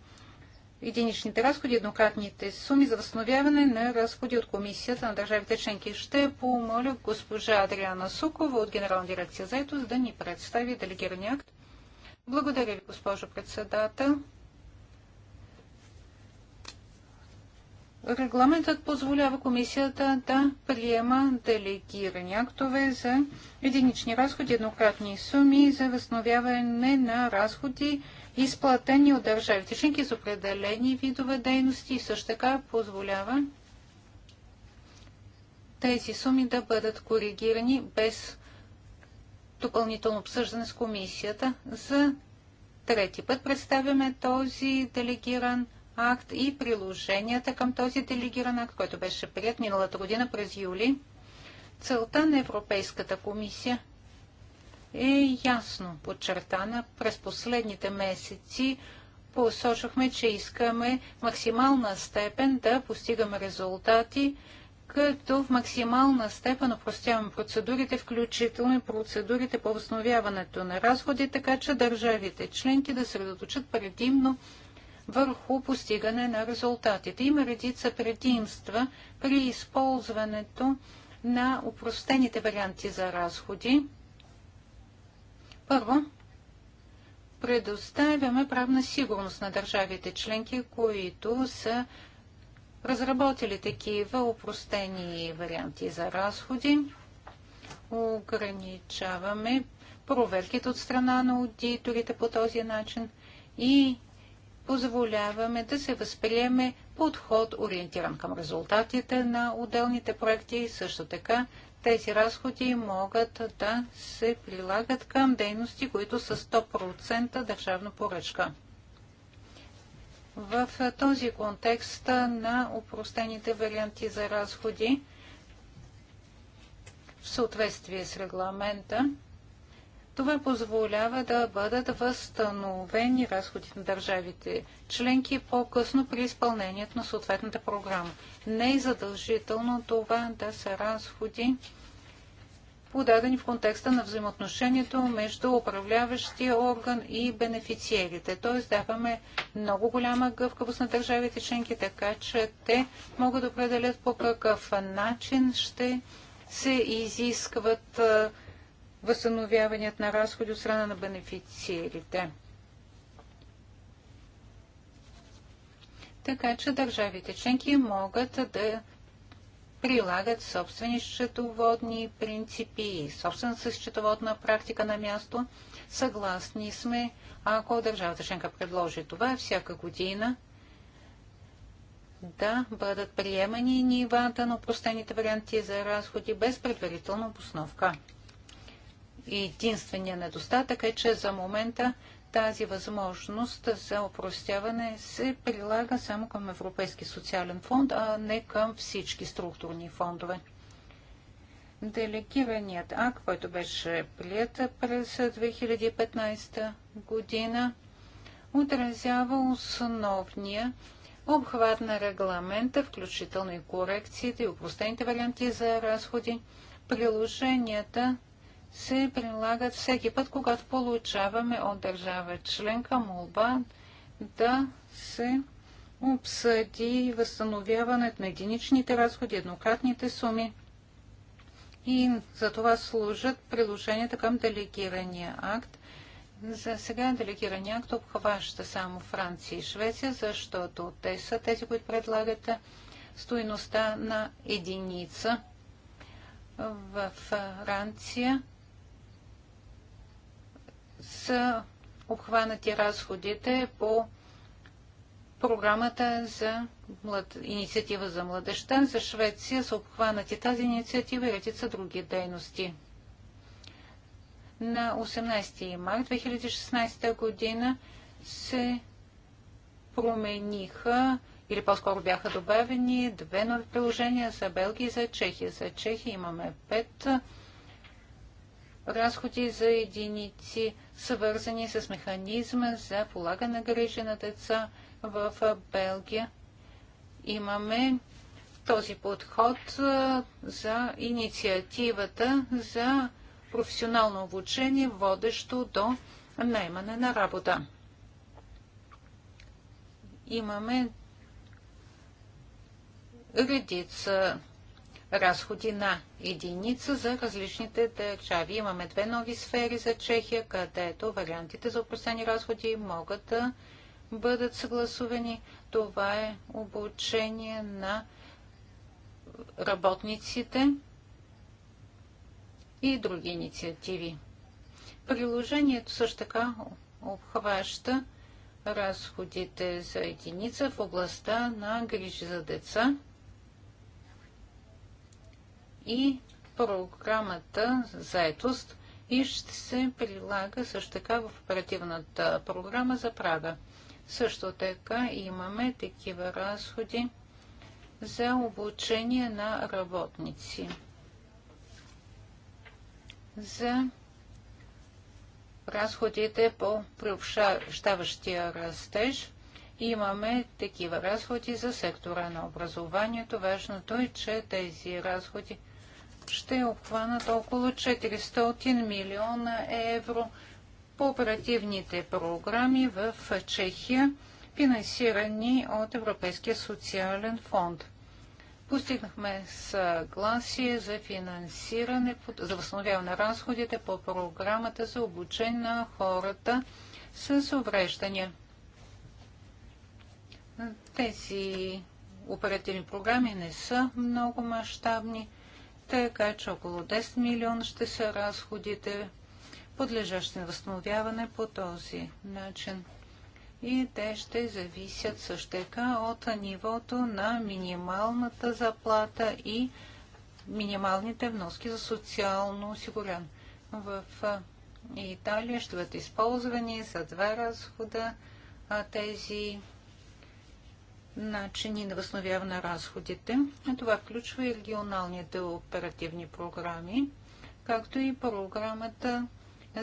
единичните разходи, еднократните суми за възстановяване на разходи от комисията на държавите членки. Ще помоля госпожа Адриана Сукова от Генерална дирекция за ето, да ни представи делегирания акт. Благодаря ви, госпожо председател. Регламентът позволява комисията да приема делегирани актове за единични разходи, еднократни суми за възстановяване на разходи изплатени от държавите членки за определени видове дейности и също така позволява тези суми да бъдат коригирани без допълнително обсъждане с комисията. За трети път представяме този делегиран акт и приложенията към този делегиран акт, който беше прият миналата година през юли. Целта на Европейската комисия е ясно подчертана. През последните месеци посочвахме, че искаме в максимална степен да постигаме резултати, като в максимална степен упростяваме процедурите, включително и процедурите по възстановяването на разходи, така че държавите членки да средоточат предимно върху постигане на резултатите. Има редица предимства при използването на упростените варианти за разходи. Първо, предоставяме правна сигурност на държавите членки, които са разработили такива упростени варианти за разходи. Ограничаваме проверките от страна на аудиторите по този начин и позволяваме да се възприеме подход, ориентиран към резултатите на отделните проекти. и Също така тези разходи могат да се прилагат към дейности, които са 100% държавна поръчка. В този контекст на упростените варианти за разходи в съответствие с регламента това позволява да бъдат възстановени разходите на държавите членки по-късно при изпълнението на съответната програма. Не е задължително това да са разходи, подадени в контекста на взаимоотношението между управляващия орган и бенефициерите. Т.е. даваме много голяма гъвкавост на държавите членки, така че те могат да определят по какъв начин ще се изискват възстановяваният на разходи от страна на бенефициерите. Така че държавите членки могат да прилагат собствени счетоводни принципи и собствената счетоводна практика на място. Съгласни сме, ако държавата членка предложи това всяка година, да бъдат приемани нивата на упростените варианти за разходи без предварителна обосновка единствения недостатък е, че за момента тази възможност за опростяване се прилага само към Европейски социален фонд, а не към всички структурни фондове. Делегираният акт, който беше прият през 2015 година, отразява основния обхват на регламента, включително и корекциите и упростените варианти за разходи. Приложенията се прилагат всеки път, когато получаваме от държава членка молба да се обсъди възстановяването на единичните разходи, еднократните суми. И за това служат приложенията към делегирания акт. За сега делегирания акт обхваща само Франция и Швеция, защото те са тези, които предлагат стоиността на единица. В Франция са обхванати разходите по програмата за млад... инициатива за младеща. За Швеция са обхванати тази инициатива и редица други дейности. На 18 март 2016 година се промениха или по-скоро бяха добавени две нови приложения за Белгия и за Чехия. За Чехия имаме пет разходи за единици свързани с механизма за полагане на грижа на деца в Белгия. Имаме този подход за инициативата за професионално обучение, водещо до наймане на работа. Имаме редица разходи на единица за различните държави. Имаме две нови сфери за Чехия, където вариантите за упростени разходи могат да бъдат съгласувани. Това е обучение на работниците и други инициативи. Приложението също така обхваща разходите за единица в областта на грижи за деца – и програмата заетост и ще се прилага също така в оперативната програма за Прага. Също така имаме такива разходи за обучение на работници. За разходите по приобщаващия растеж имаме такива разходи за сектора на образованието. Важното е, че тези разходи ще е обхванат около 400 милиона евро по оперативните програми в Чехия, финансирани от Европейския социален фонд. Постигнахме съгласие за финансиране, за възстановяване на разходите по програмата за обучение на хората с увреждания. Тези оперативни програми не са много мащабни така че около 10 милиона ще са разходите, подлежащи на възстановяване по този начин. И те ще зависят също така от нивото на минималната заплата и минималните вноски за социално осигурен. В Италия ще бъдат използвани за два разхода а тези начини на възстановяване на разходите. Това включва и регионалните оперативни програми, както и програмата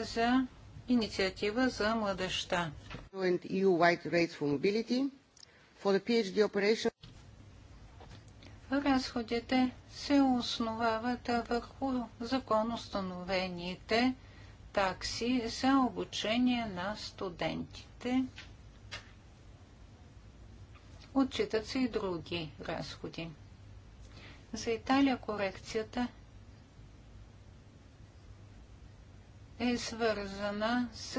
за инициатива за младеща. E разходите се основават върху законоустановените такси за обучение на студентите Отчитат се и други разходи. За Италия корекцията е свързана с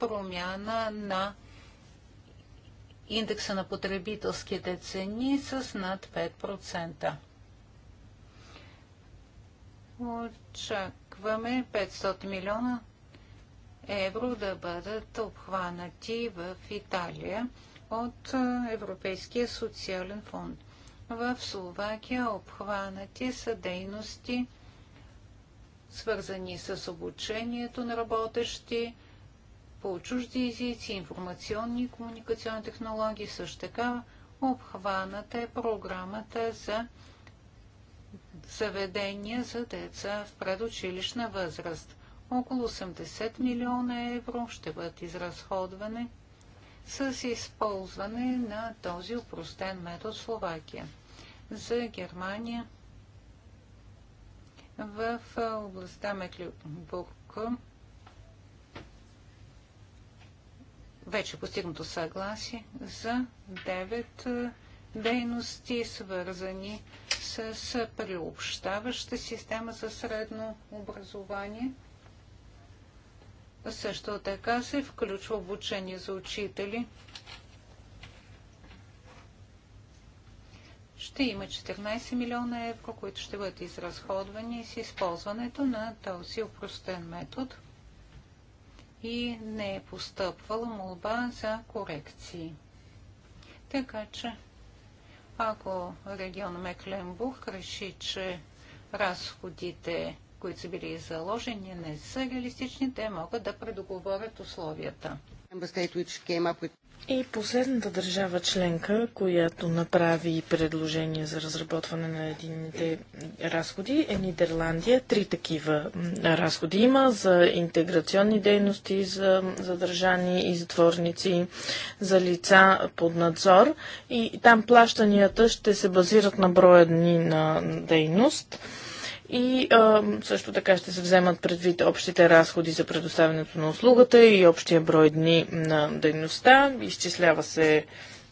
промяна на индекса на потребителските цени с над 5%. Очакваме 500 милиона евро да бъдат обхванати в Италия от Европейския социален фонд. В Словакия обхванати са дейности, свързани с обучението на работещи по чужди езици, информационни и комуникационни технологии. Също така обхваната е програмата за заведения за деца в предучилищна възраст. Около 80 милиона евро ще бъдат изразходвани с използване на този упростен метод в Словакия. За Германия в областта Меклюбург вече постигнато съгласие за 9 дейности, свързани с приобщаваща система за средно образование – също така се включва обучение за учители. Ще има 14 милиона евро, които ще бъдат изразходвани с използването на този упростен метод и не е постъпвала молба за корекции. Така че, ако регион Мекленбург реши, че разходите които са били заложени, не са реалистични, те могат да предоговорят условията. И последната държава членка, която направи предложение за разработване на едините разходи е Нидерландия. Три такива разходи има за интеграционни дейности, за задържани и затворници, за лица под надзор. И там плащанията ще се базират на броя дни на дейност и а, също така ще се вземат предвид общите разходи за предоставянето на услугата и общия брой дни на дейността. Изчислява се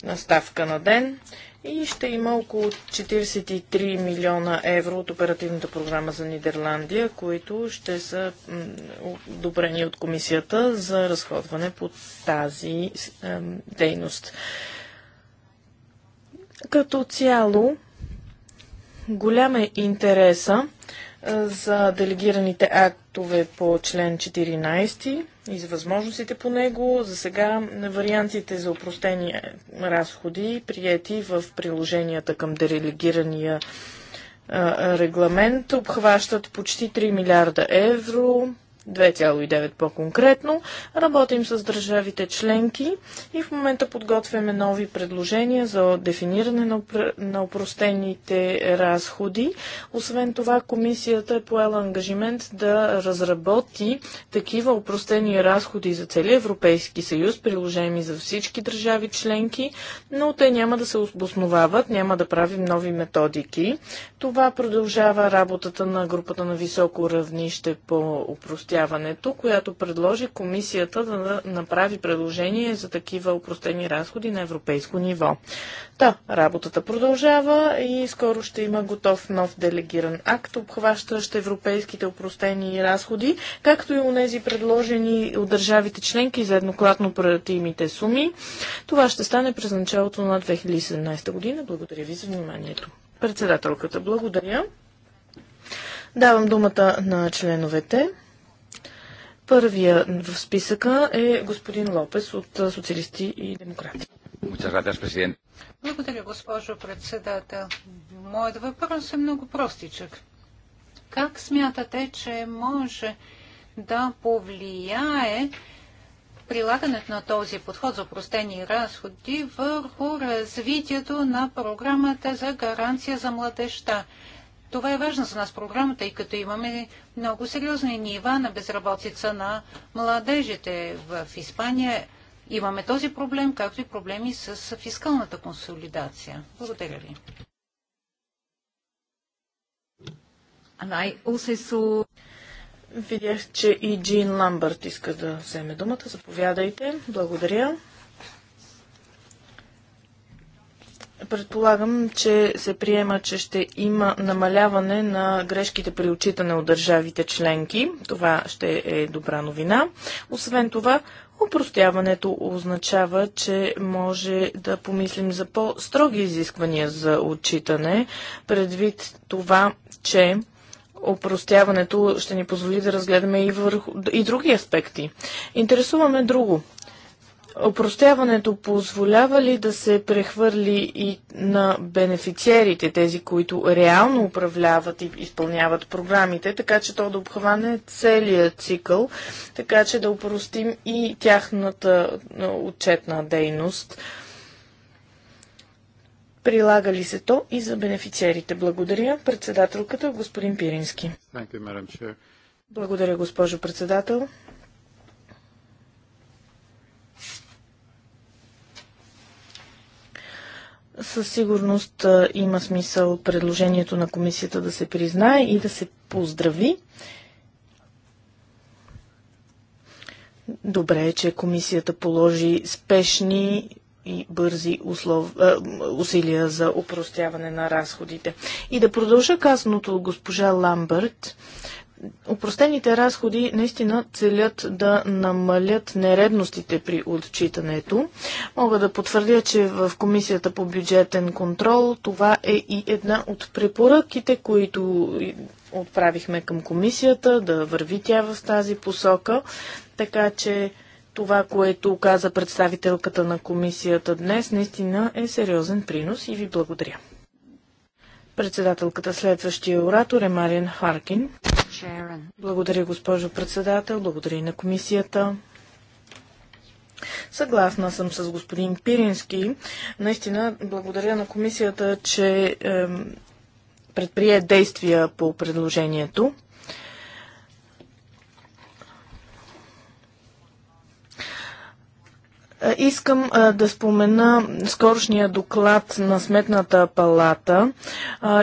на ставка на ден и ще има около 43 милиона евро от оперативната програма за Нидерландия, които ще са одобрени от комисията за разходване по тази дейност. Като цяло, Голям е интереса за делегираните актове по член 14 и за възможностите по него. За сега вариантите за упростени разходи, прияти в приложенията към делегирания регламент, обхващат почти 3 милиарда евро, 2,9 по-конкретно. Работим с държавите членки и в момента подготвяме нови предложения за дефиниране на, опр... на упростените разходи. Освен това, комисията е поела ангажимент да разработи такива упростени разходи за целия Европейски съюз, приложени за всички държави членки, но те няма да се обосновават, няма да правим нови методики. Това продължава работата на групата на високо равнище по упростяване опростяването, която предложи комисията да направи предложение за такива упростени разходи на европейско ниво. Та, работата продължава и скоро ще има готов нов делегиран акт, обхващащ европейските упростени разходи, както и нези предложени от държавите членки за еднократно пратимите суми. Това ще стане през началото на 2017 година. Благодаря ви за вниманието. Председателката, благодаря. Давам думата на членовете. Първия в списъка е господин Лопес от Социалисти и Демократи. Благодаря, госпожо председател. Моят въпрос е много простичък. Как смятате, че може да повлияе прилагането на този подход за простени разходи върху развитието на програмата за гаранция за младеща? Това е важно за нас програмата, тъй като имаме много сериозни нива на безработица на младежите в Испания. Имаме този проблем, както и проблеми с фискалната консолидация. Благодаря ви. Видях, че и Джин Ламбърт иска да вземе думата. Заповядайте. Благодаря. Предполагам, че се приема, че ще има намаляване на грешките при отчитане от държавите членки. Това ще е добра новина. Освен това, упростяването означава, че може да помислим за по-строги изисквания за отчитане, предвид това, че упростяването ще ни позволи да разгледаме и, върху, и други аспекти. Интересуваме друго. Опростяването позволява ли да се прехвърли и на бенефициерите, тези, които реално управляват и изпълняват програмите, така че то да обхване целият цикъл, така че да опростим и тяхната отчетна дейност? Прилага ли се то и за бенефициерите? Благодаря. Председателката господин Пирински. Благодаря, госпожо председател. Със сигурност има смисъл предложението на комисията да се признае и да се поздрави. Добре е, че комисията положи спешни и бързи услов... усилия за упростяване на разходите. И да продължа казаното от госпожа Ламбърт, Опростените разходи наистина целят да намалят нередностите при отчитането. Мога да потвърдя, че в Комисията по бюджетен контрол това е и една от препоръките, които отправихме към Комисията, да върви тя в тази посока. Така че това, което каза представителката на Комисията днес, наистина е сериозен принос и ви благодаря. Председателката следващия оратор е Марин Харкин. Благодаря, госпожо председател. Благодаря и на комисията. Съгласна съм с господин Пирински. Наистина, благодаря на комисията, че е, предприе действия по предложението. Искам да спомена скорошния доклад на Сметната палата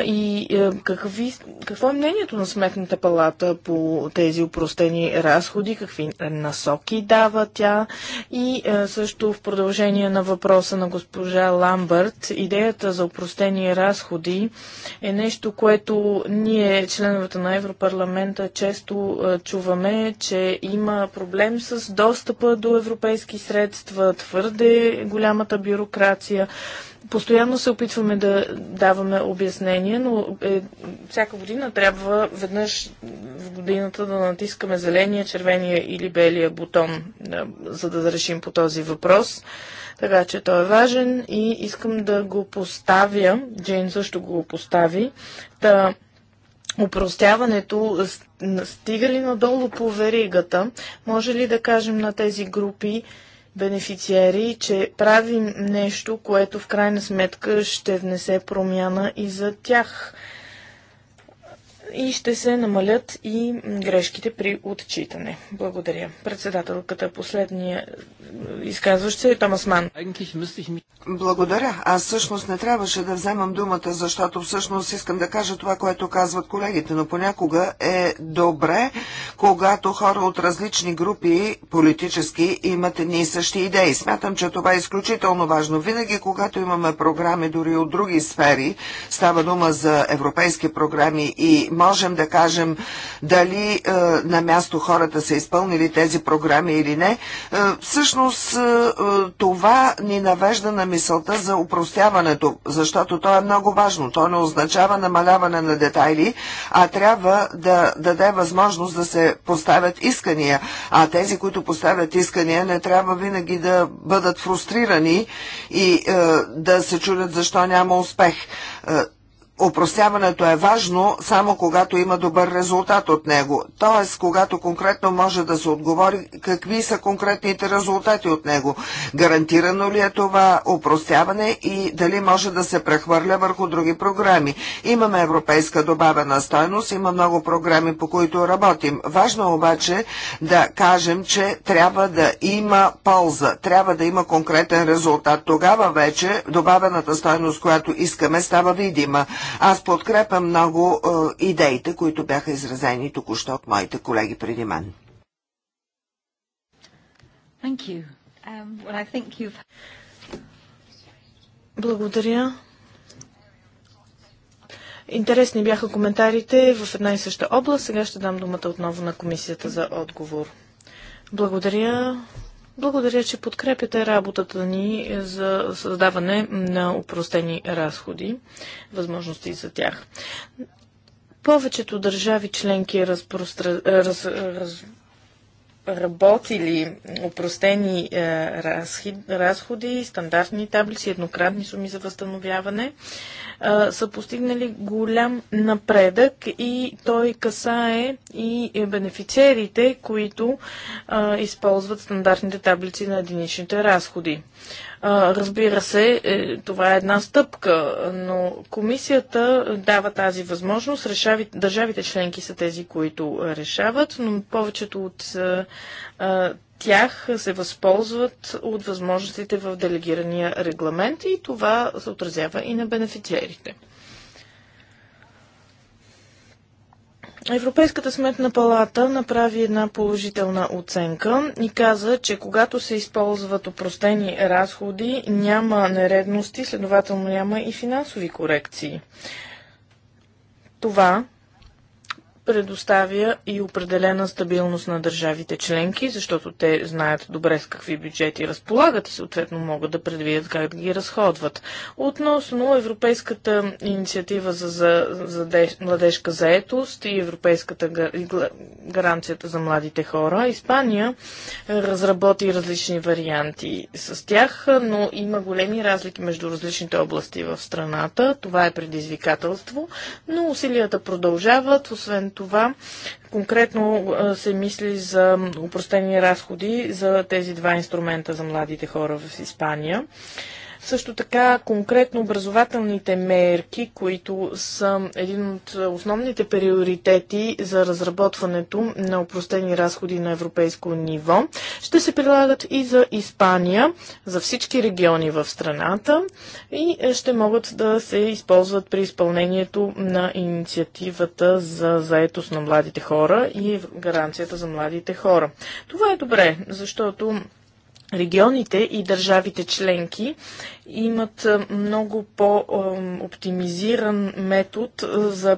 и е, какви, какво е мнението на Сметната палата по тези упростени разходи, какви насоки дава тя и е, също в продължение на въпроса на госпожа Ламбърт, идеята за упростени разходи е нещо, което ние, членовете на Европарламента, често е, чуваме, че има проблем с достъпа до европейски средства, твърде голямата бюрокрация. Постоянно се опитваме да даваме обяснение, но е, всяка година трябва веднъж в годината да натискаме зеления, червения или белия бутон, е, за да решим по този въпрос. Така че той е важен и искам да го поставя. Джейн също го постави. Да упростяването стига ли надолу по веригата? Може ли да кажем на тези групи, бенефициери, че правим нещо, което в крайна сметка ще внесе промяна и за тях и ще се намалят и грешките при отчитане. Благодаря. Председателката последния е, изказващ се е Томас Ман. Благодаря. Аз всъщност не трябваше да вземам думата, защото всъщност искам да кажа това, което казват колегите, но понякога е добре, когато хора от различни групи политически имат едни и същи идеи. Смятам, че това е изключително важно. Винаги, когато имаме програми дори от други сфери, става дума за европейски програми и можем да кажем дали е, на място хората са изпълнили тези програми или не, е, всъщност е, е, това ни навежда на мисълта за упростяването, защото то е много важно. То не означава намаляване на детайли, а трябва да даде възможност да се поставят искания. А тези, които поставят искания, не трябва винаги да бъдат фрустрирани и е, да се чудят защо няма успех. Е, Опростяването е важно само когато има добър резултат от него, т.е. когато конкретно може да се отговори какви са конкретните резултати от него, гарантирано ли е това опростяване и дали може да се прехвърля върху други програми. Имаме европейска добавена стойност, има много програми, по които работим. Важно обаче да кажем, че трябва да има полза, трябва да има конкретен резултат. Тогава вече добавената стойност, която искаме, става видима. Аз подкрепям много е, идеите, които бяха изразени току-що от моите колеги преди мен. Um, well, Благодаря. Интересни бяха коментарите в една и съща област. Сега ще дам думата отново на комисията за отговор. Благодаря. Благодаря, че подкрепяте работата ни за създаване на упростени разходи, възможности за тях. Повечето държави членки разпростр... раз... Раз... работили упростени е, разхи... разходи, стандартни таблици, еднократни суми за възстановяване са постигнали голям напредък и той касае и бенефициерите, които а, използват стандартните таблици на единичните разходи. разбира се, е, това е една стъпка, но комисията дава тази възможност. Решави, държавите членки са тези, които решават, но повечето от тях се възползват от възможностите в делегирания регламент и това се отразява и на бенефициерите. Европейската сметна палата направи една положителна оценка и каза, че когато се използват опростени разходи, няма нередности, следователно няма и финансови корекции. Това предоставя и определена стабилност на държавите членки, защото те знаят добре с какви бюджети разполагат и съответно могат да предвидят как да ги разходват. Относно Европейската инициатива за, за, за деш, младежка заетост и Европейската гаранцията за младите хора, Испания разработи различни варианти с тях, но има големи разлики между различните области в страната. Това е предизвикателство, но усилията продължават. Освен това конкретно се мисли за упростени разходи за тези два инструмента за младите хора в Испания. Също така конкретно образователните мерки, които са един от основните приоритети за разработването на упростени разходи на европейско ниво, ще се прилагат и за Испания, за всички региони в страната и ще могат да се използват при изпълнението на инициативата за заетост на младите хора и гаранцията за младите хора. Това е добре, защото регионите и държавите членки имат много по-оптимизиран метод за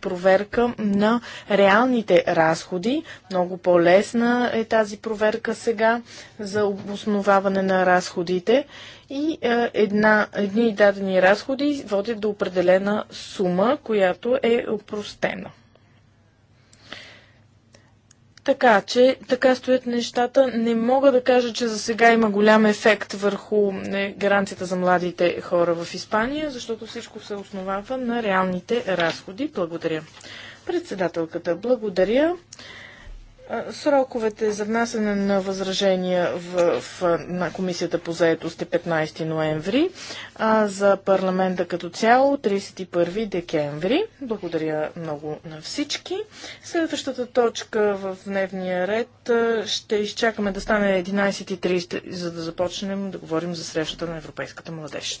проверка на реалните разходи. Много по-лесна е тази проверка сега за обосноваване на разходите и една, едни дадени разходи водят до определена сума, която е опростена. Така че, така стоят нещата. Не мога да кажа, че за сега има голям ефект върху е, гаранцията за младите хора в Испания, защото всичко се основава на реалните разходи. Благодаря. Председателката, благодаря. Сроковете за внасяне на възражения в, в, на Комисията по заетост е 15 ноември, а за парламента като цяло 31 декември. Благодаря много на всички. Следващата точка в дневния ред ще изчакаме да стане 11.30, за да започнем да говорим за срещата на Европейската младеж.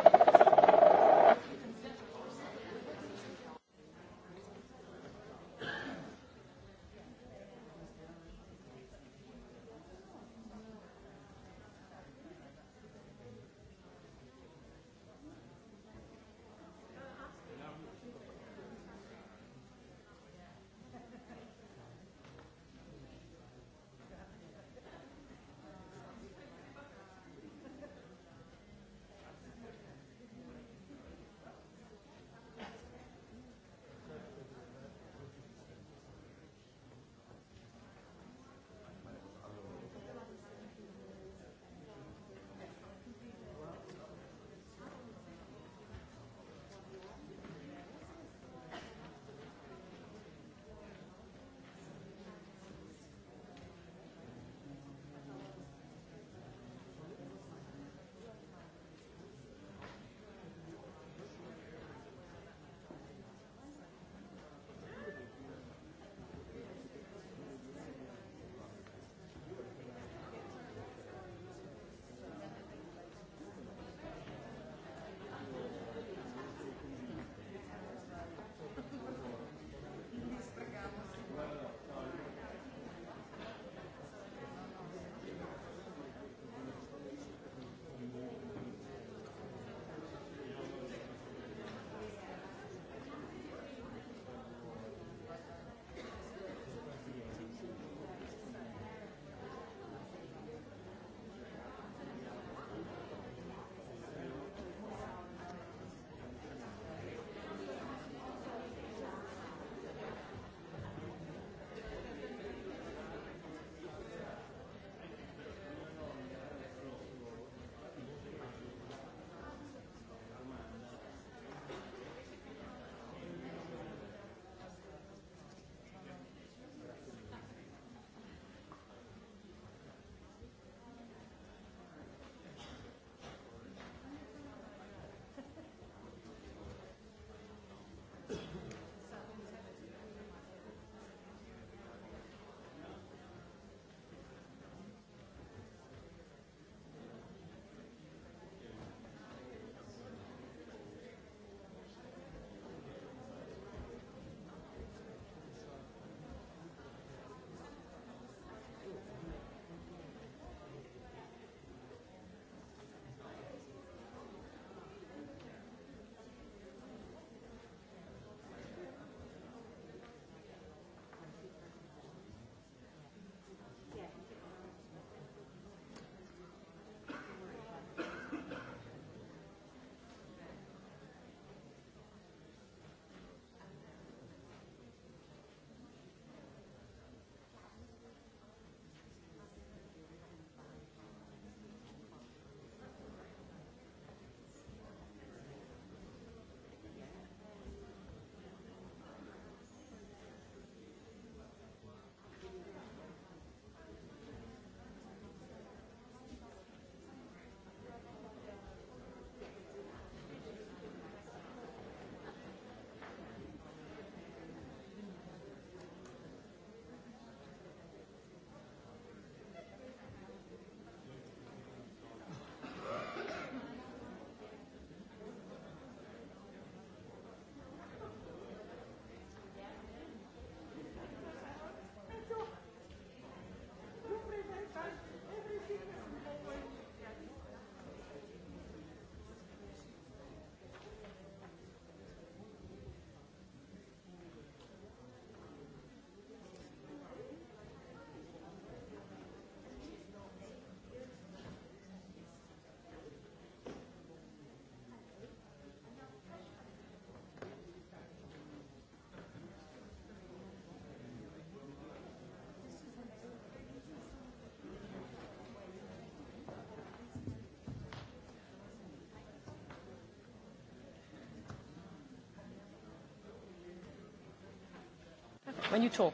when you talk.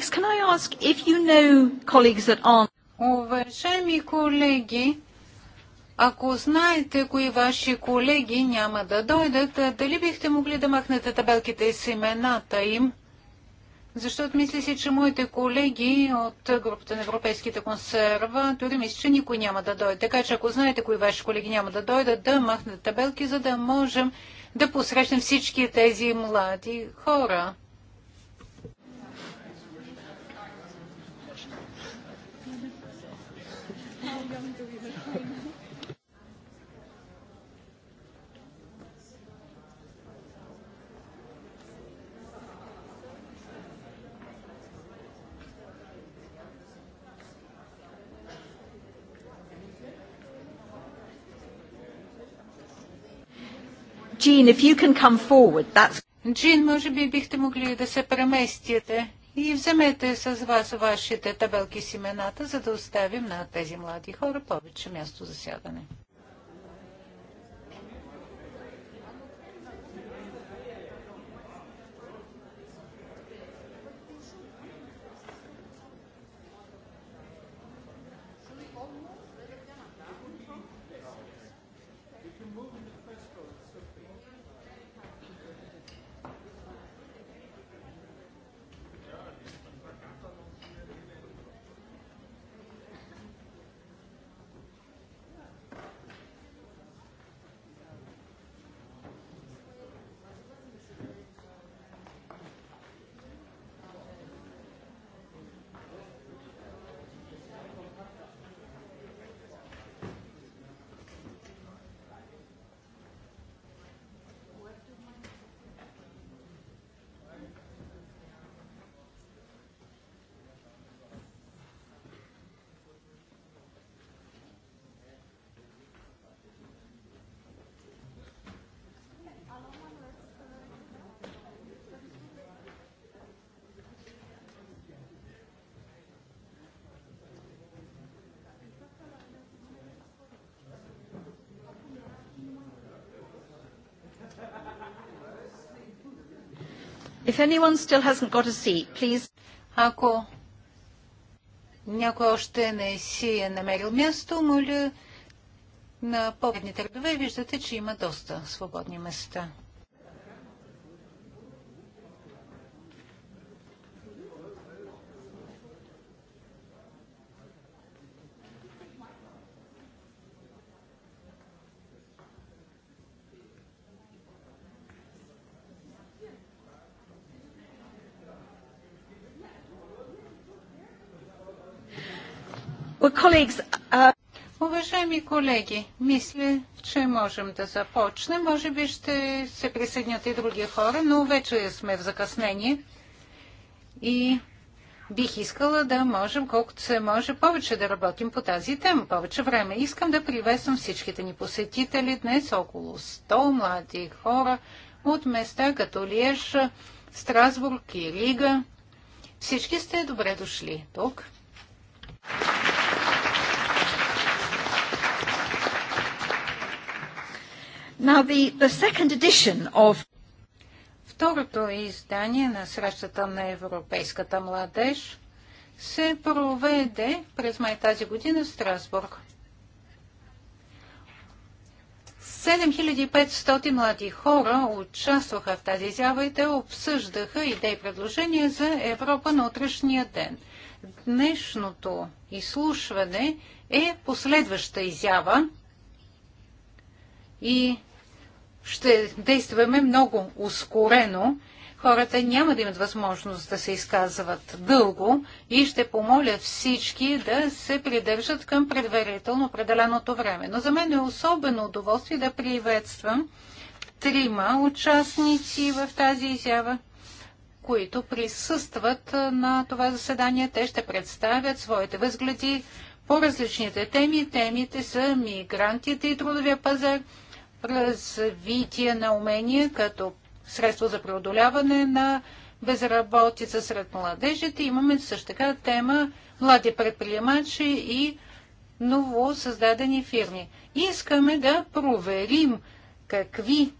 colleagues, can I ask if you know colleagues that aren't? Уважаеми колеги, ако знаете кои ваши колеги няма да дойдат, дали бихте могли да махнете табелките с имената им? Защото мисля си, че моите колеги от групата на европейските консерватори, мисля, че никой няма да дойде. Така че ако знаете кои ваши колеги няма да дойдат, да махнете табелки, за да можем да посрещнем всички тези млади хора. Jean, if you can come forward, that's... Джин, може би бихте могли да се преместите и вземете с вас вашите табелки с имената, за да оставим на тези млади хора повече място за сядане. If anyone still hasn't got a seat, please. Ако някой още не си е намерил място, моля на поведните редове виждате, че има доста свободни места. Uh, Уважаеми колеги, мисля, че можем да започнем. Може би ще се присъединят и други хора, но вече сме в закъснение и бих искала да можем, колкото се може, повече да работим по тази тема, повече време. Искам да приветствам всичките ни посетители днес, около 100 млади хора от места като Лиеж, Страсбург и Рига. Всички сте добре дошли тук. Thank you. Now the, the second edition of Второто издание на срещата на европейската младеж се проведе през май тази година в Страсбург. 7500 млади хора участваха в тази изява и те обсъждаха идеи и предложения за Европа на утрешния ден. Днешното изслушване е последваща изява и ще действаме много ускорено. Хората няма да имат възможност да се изказват дълго и ще помоля всички да се придържат към предварително определеното време. Но за мен е особено удоволствие да приветствам трима участници в тази изява, които присъстват на това заседание. Те ще представят своите възгледи по различните теми. Темите са мигрантите и трудовия пазар – развитие на умения като средство за преодоляване на безработица сред младежите. Имаме също така тема млади предприемачи и ново създадени фирми. Искаме да проверим какви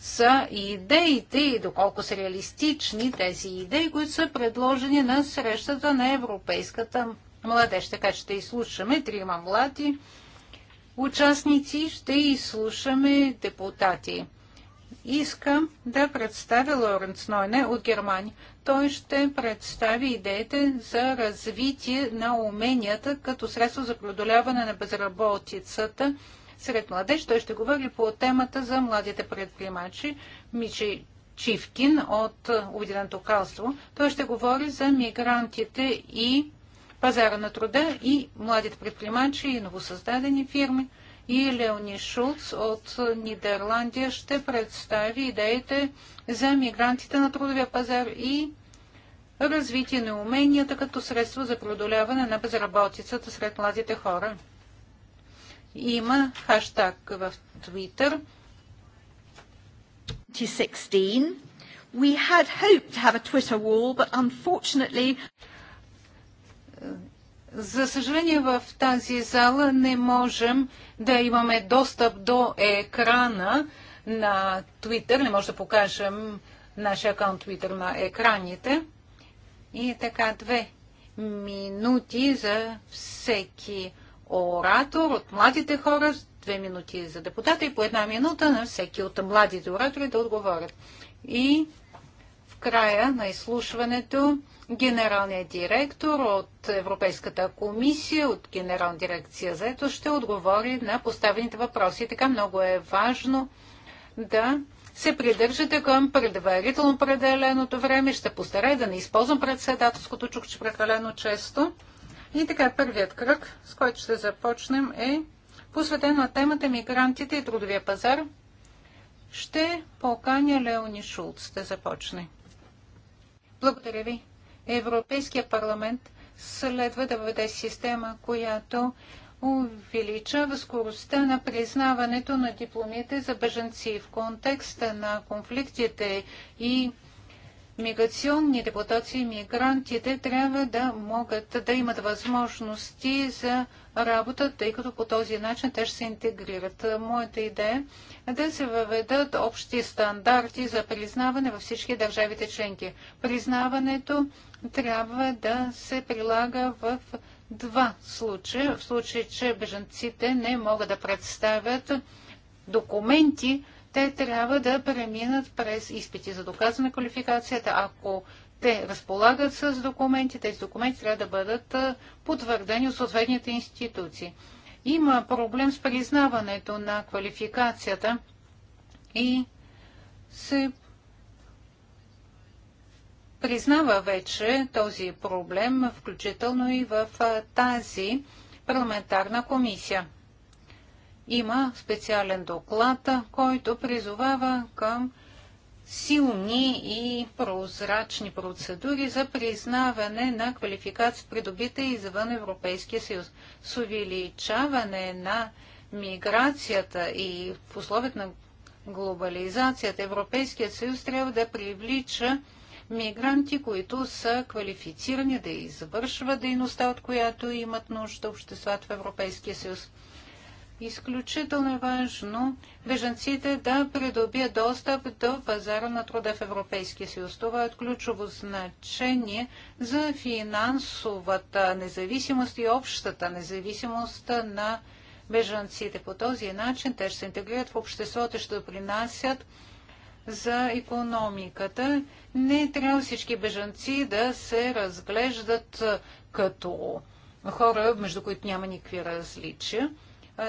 са идеите и доколко са реалистични тези идеи, които са предложени на срещата на Европейската младеж. Така че ще изслушаме трима млади участници, ще изслушаме депутати. Искам да представя Лоренц Нойне от Германия. Той ще представи идеите за развитие на уменията като средство за преодоляване на безработицата сред младеж. Той ще говори по темата за младите предприемачи. Мичи Чивкин от Обединеното кралство. Той ще говори за мигрантите и пазара на труда и младите предприемачи и новосъздадени фирми. И Леони Шулц от Нидерландия ще представи идеите за мигрантите на трудовия пазар и развитие на уменията като средство за преодоляване на безработицата сред младите хора. Има хаштаг в Твитър. 2016. We had hoped to have a Twitter wall, but unfortunately... За съжаление в тази зала не можем да имаме достъп до екрана на Twitter. Не може да покажем нашия акаунт Twitter на екраните. И е така две минути за всеки оратор от младите хора, две минути за депутата и по една минута на всеки от младите оратори да отговорят. И в края на изслушването Генералният директор от Европейската комисия, от Генерална дирекция за ето ще отговори на поставените въпроси. Така много е важно да се придържате към предварително определеното време. Ще постарай да не използвам председателското чукче прекалено често. И така, първият кръг, с който ще започнем, е посветен на темата мигрантите и трудовия пазар. Ще поканя Леони Шулц да започне. Благодаря ви. Европейския парламент следва да въведе система, която увеличава скоростта на признаването на дипломите за беженци в контекста на конфликтите и миграционни депутации, мигрантите трябва да могат да имат възможности за работа, тъй като по този начин те ще се интегрират. Моята идея е да се въведат общи стандарти за признаване във всички държавите членки. Признаването трябва да се прилага в два случая. В случай, че бежанците не могат да представят документи, те трябва да преминат през изпити за доказване квалификацията. Ако те разполагат с документи, тези документи трябва да бъдат потвърдени от съответните институции. Има проблем с признаването на квалификацията и се признава вече този проблем, включително и в тази парламентарна комисия. Има специален доклад, който призовава към силни и прозрачни процедури за признаване на квалификация, придобита извън Европейския съюз. С увеличаване на миграцията и в условията на глобализацията Европейският съюз трябва да привлича мигранти, които са квалифицирани да извършват дейността, от която имат нужда обществата в Европейския съюз. Изключително е важно беженците да придобият достъп до пазара на труда в Европейския съюз. Това е от ключово значение за финансовата независимост и общата независимост на беженците. По този начин те ще се интегрират в обществото и ще допринасят за економиката. Не трябва всички бежанци да се разглеждат като хора, между които няма никакви различия.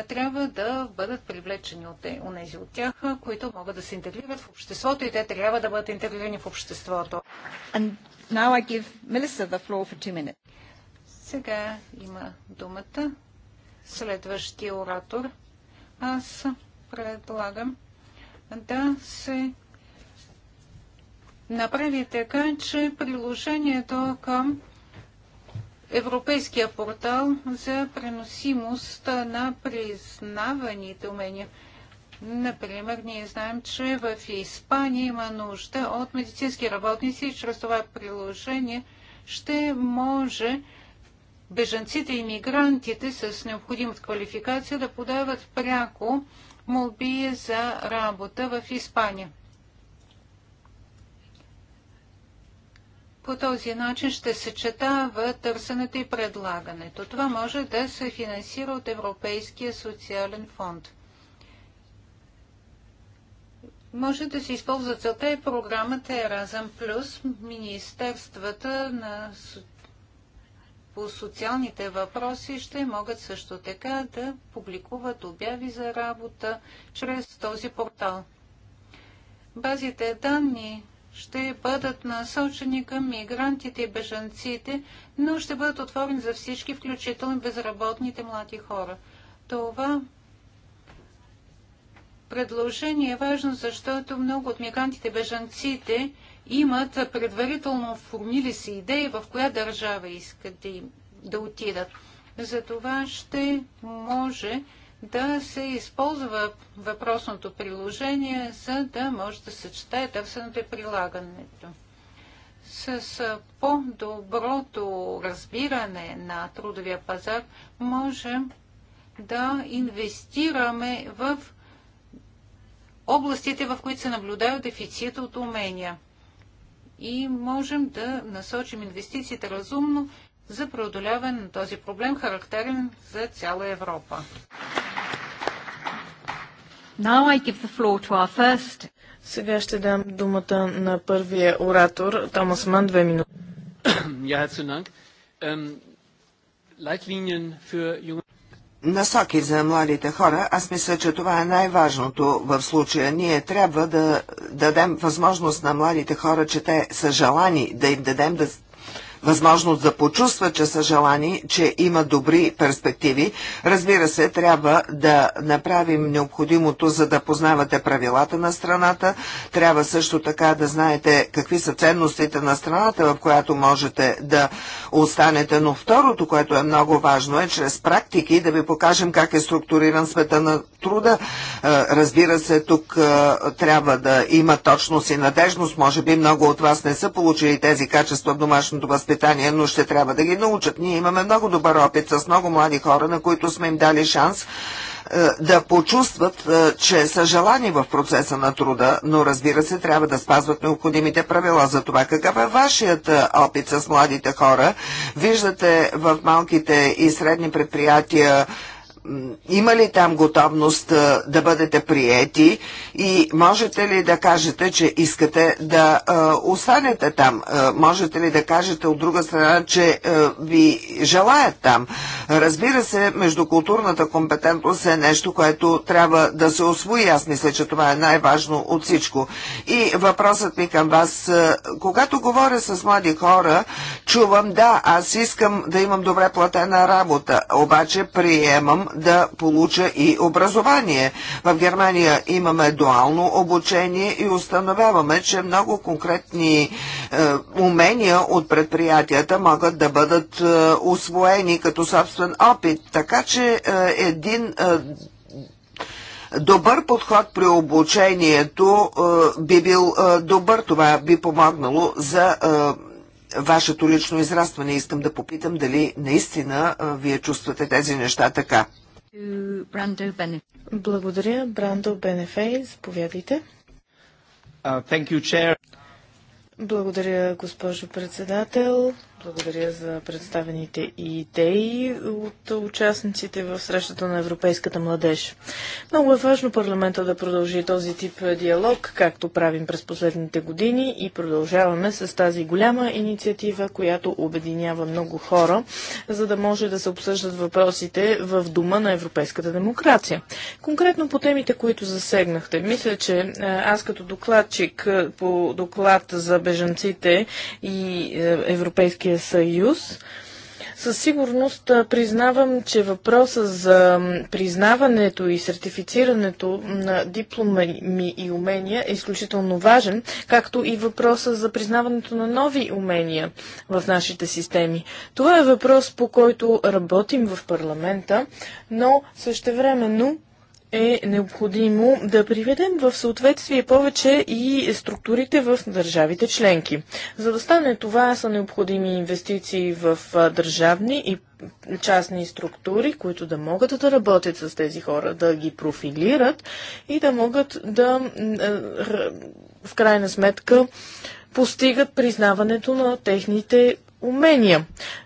Трябва да бъдат привлечени от тези от тях, които могат да се интегрират в обществото и те трябва да бъдат интегрирани в обществото. Сега има думата следващия оратор. Аз предлагам да се направи така, че приложението към Европейския портал за преносимост на признаваните умения. Например, ние знаем, че в Испания има нужда от медицински работници и чрез това приложение ще може беженците и мигрантите с необходимата квалификация да подават пряко молби за работа в Испания. По този начин ще съчетава търсенето и предлагането. Това може да се финансира от Европейския социален фонд. Може да се използва целта и програмата Еразъм Плюс. Министерствата на по социалните въпроси ще могат също така да публикуват обяви за работа чрез този портал. Базите данни ще бъдат насочени към мигрантите и бежанците, но ще бъдат отворени за всички, включително безработните млади хора. Това предложение е важно, защото много от мигрантите и бежанците имат предварително формили си идеи в коя държава искат да, им, да отидат. Затова ще може да се използва въпросното приложение, за да може да съчетае търсеното и прилагането. С по-доброто разбиране на трудовия пазар можем да инвестираме в областите, в които се наблюдава дефицит от умения. И можем да насочим инвестициите разумно за преодоляване на този проблем, характерен за цяла Европа. Now I give the floor to our first... Сега ще дам думата на първия оратор, Томас Ман, две минути. *coughs* Ja, herzlichen Dank. Ähm, Leitlinien für junge насоки за младите хора, аз мисля, че това е най-важното в случая. Ние трябва да дадем възможност на младите хора, че те са желани, да им дадем да възможност да почувства, че са желани, че има добри перспективи. Разбира се, трябва да направим необходимото, за да познавате правилата на страната. Трябва също така да знаете какви са ценностите на страната, в която можете да останете. Но второто, което е много важно, е чрез практики да ви покажем как е структуриран света на труда. Е, разбира се, тук е, трябва да има точност и надежност. Може би много от вас не са получили тези качества в домашното възпитание възпитание, но ще трябва да ги научат. Ние имаме много добър опит с много млади хора, на които сме им дали шанс е, да почувстват, е, че са желани в процеса на труда, но разбира се, трябва да спазват необходимите правила за това. Какъв е вашият е, опит с младите хора? Виждате в малките и средни предприятия има ли там готовност да бъдете приети и можете ли да кажете, че искате да останете там? Можете ли да кажете от друга страна, че ви желаят там? Разбира се, междукултурната компетентност е нещо, което трябва да се освои. Аз мисля, че това е най-важно от всичко. И въпросът ми към вас, когато говоря с млади хора, чувам, да, аз искам да имам добре платена работа, обаче приемам да получа и образование. В Германия имаме дуално обучение и установяваме, че много конкретни е, умения от предприятията могат да бъдат е, освоени като собствен опит. Така че е, един е, добър подход при обучението е, би бил е, добър. Това би помогнало за вашето лично израстване. Искам да попитам дали наистина вие чувствате тези неща така. Благодаря. Брандо Бенефей, заповядайте. Uh, you, Благодаря, госпожо председател. Благодаря за представените идеи от участниците в срещата на Европейската младеж. Много е важно парламента да продължи този тип диалог, както правим през последните години и продължаваме с тази голяма инициатива, която обединява много хора, за да може да се обсъждат въпросите в дума на европейската демокрация. Конкретно по темите, които засегнахте, мисля, че аз като докладчик по доклад за бежанците и Европейския Европейския съюз. Със сигурност признавам, че въпроса за признаването и сертифицирането на дипломи и умения е изключително важен, както и въпроса за признаването на нови умения в нашите системи. Това е въпрос, по който работим в парламента, но същевременно е необходимо да приведем в съответствие повече и структурите в държавите членки. За да стане това са необходими инвестиции в държавни и частни структури, които да могат да работят с тези хора, да ги профилират и да могат да в крайна сметка постигат признаването на техните умения.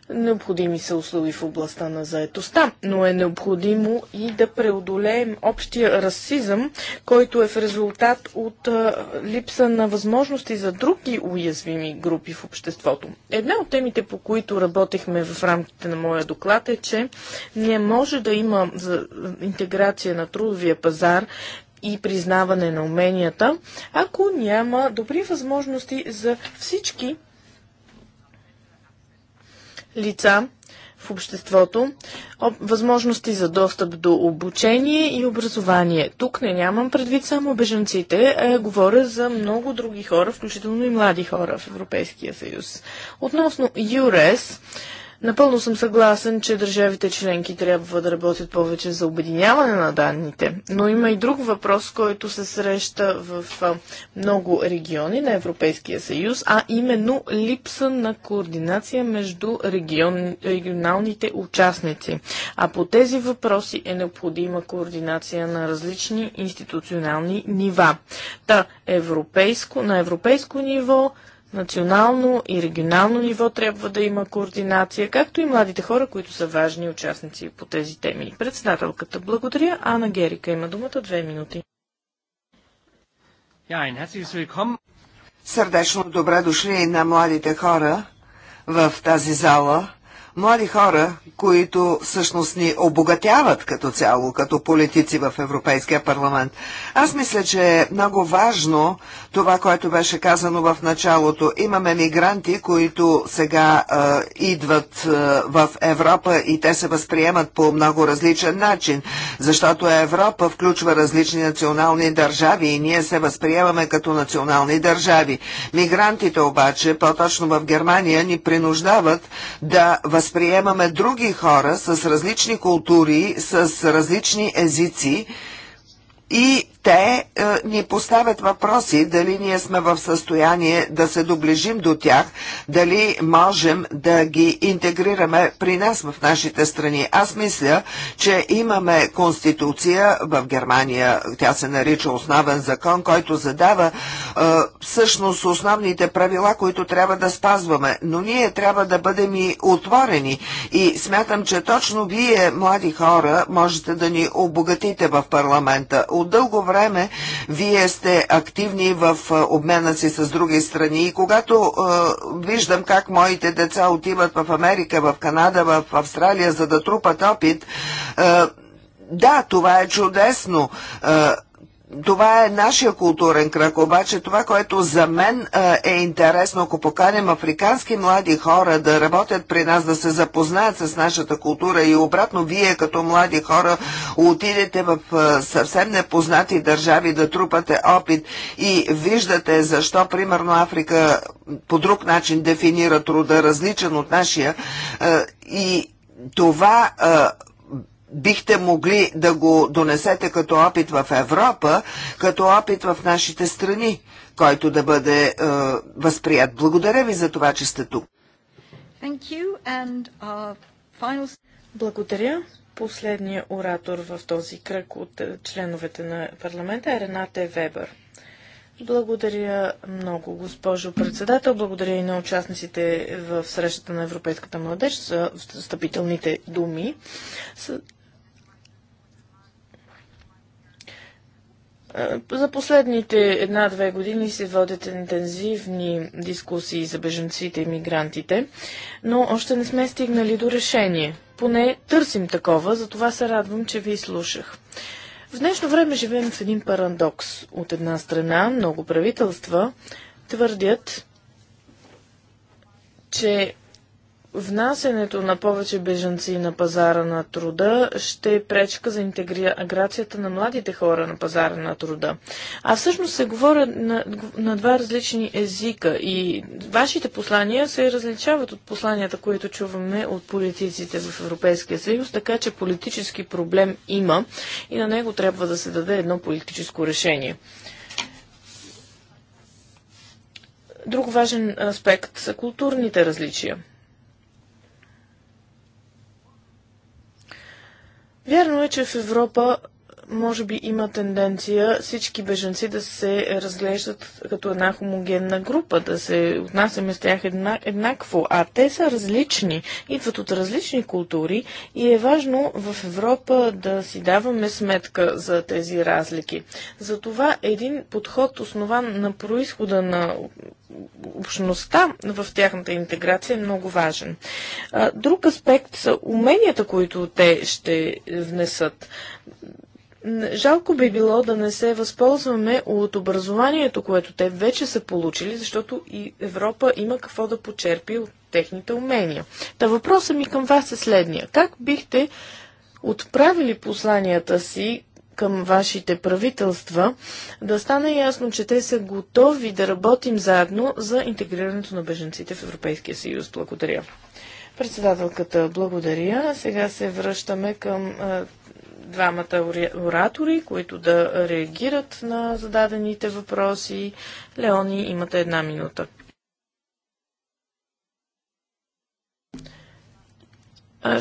Необходими са услуги в областта на заетостта, но е необходимо и да преодолеем общия расизъм, който е в резултат от а, липса на възможности за други уязвими групи в обществото. Една от темите, по които работехме в рамките на моя доклад е, че не може да има за интеграция на трудовия пазар и признаване на уменията, ако няма добри възможности за всички лица в обществото, възможности за достъп до обучение и образование. Тук не нямам предвид само бежанците, а говоря за много други хора, включително и млади хора в Европейския съюз. Относно ЮРЕС, Напълно съм съгласен, че държавите членки трябва да работят повече за обединяване на данните, но има и друг въпрос, който се среща в много региони на Европейския съюз, а именно липса на координация между регион, регионалните участници. А по тези въпроси е необходима координация на различни институционални нива. Та, европейско, на европейско ниво, национално и регионално ниво трябва да има координация, както и младите хора, които са важни участници по тези теми. Председателката благодаря. Ана Герика има думата две минути. Сърдечно добре дошли на младите хора в тази зала млади хора, които всъщност ни обогатяват като цяло, като политици в Европейския парламент. Аз мисля, че е много важно това, което беше казано в началото. Имаме мигранти, които сега е, идват е, в Европа и те се възприемат по много различен начин, защото Европа включва различни национални държави и ние се възприемаме като национални държави. Мигрантите обаче, по-точно в Германия, ни принуждават да възприемат възприемаме други хора с различни култури, с различни езици и те е, ни поставят въпроси дали ние сме в състояние да се доближим до тях, дали можем да ги интегрираме при нас в нашите страни. Аз мисля, че имаме конституция в Германия, тя се нарича основен закон, който задава е, всъщност основните правила, които трябва да спазваме. Но ние трябва да бъдем и отворени. И смятам, че точно вие, млади хора, можете да ни обогатите в парламента. От дълго време вие сте активни в обмена си с други страни и когато е, виждам как моите деца отиват в Америка, в Канада, в Австралия, за да трупат опит, е, да, това е чудесно. Е, това е нашия културен кръг, обаче това, което за мен е интересно, ако поканем африкански млади хора да работят при нас, да се запознаят с нашата култура и обратно вие като млади хора отидете в съвсем непознати държави да трупате опит и виждате защо, примерно, Африка по друг начин дефинира труда, различен от нашия и това бихте могли да го донесете като опит в Европа, като опит в нашите страни, който да бъде е, възприят. Благодаря ви за това, че сте тук. Final... Благодаря. Последният оратор в този кръг от е, членовете на парламента е Рената Вебер. Благодаря много, госпожо председател. Благодаря и на участниците в срещата на Европейската младеж за встъпителните думи. Е, за последните една-две години се водят интензивни дискусии за беженците и мигрантите, но още не сме стигнали до решение. Поне търсим такова, затова се радвам, че ви слушах. В днешно време живеем в един парадокс. От една страна, много правителства твърдят, че Внасенето на повече бежанци на пазара на труда ще е пречка за интеграцията на младите хора на пазара на труда. А всъщност се говоря на, на два различни езика и вашите послания се различават от посланията, които чуваме от политиците в Европейския съюз, така че политически проблем има и на него трябва да се даде едно политическо решение. Друг важен аспект са културните различия. Вярно е, че в Европа може би има тенденция всички беженци да се разглеждат като една хомогенна група, да се отнасяме с тях една, еднакво, а те са различни, идват от различни култури и е важно в Европа да си даваме сметка за тези разлики. Затова един подход, основан на происхода на общността в тяхната интеграция е много важен. Друг аспект са уменията, които те ще внесат. Жалко би било да не се възползваме от образованието, което те вече са получили, защото и Европа има какво да почерпи от техните умения. Та въпросът ми към вас е следния. Как бихте отправили посланията си към вашите правителства, да стане ясно, че те са готови да работим заедно за интегрирането на беженците в Европейския съюз. Благодаря. Председателката, благодаря. Сега се връщаме към двамата оратори, които да реагират на зададените въпроси. Леони, имате една минута.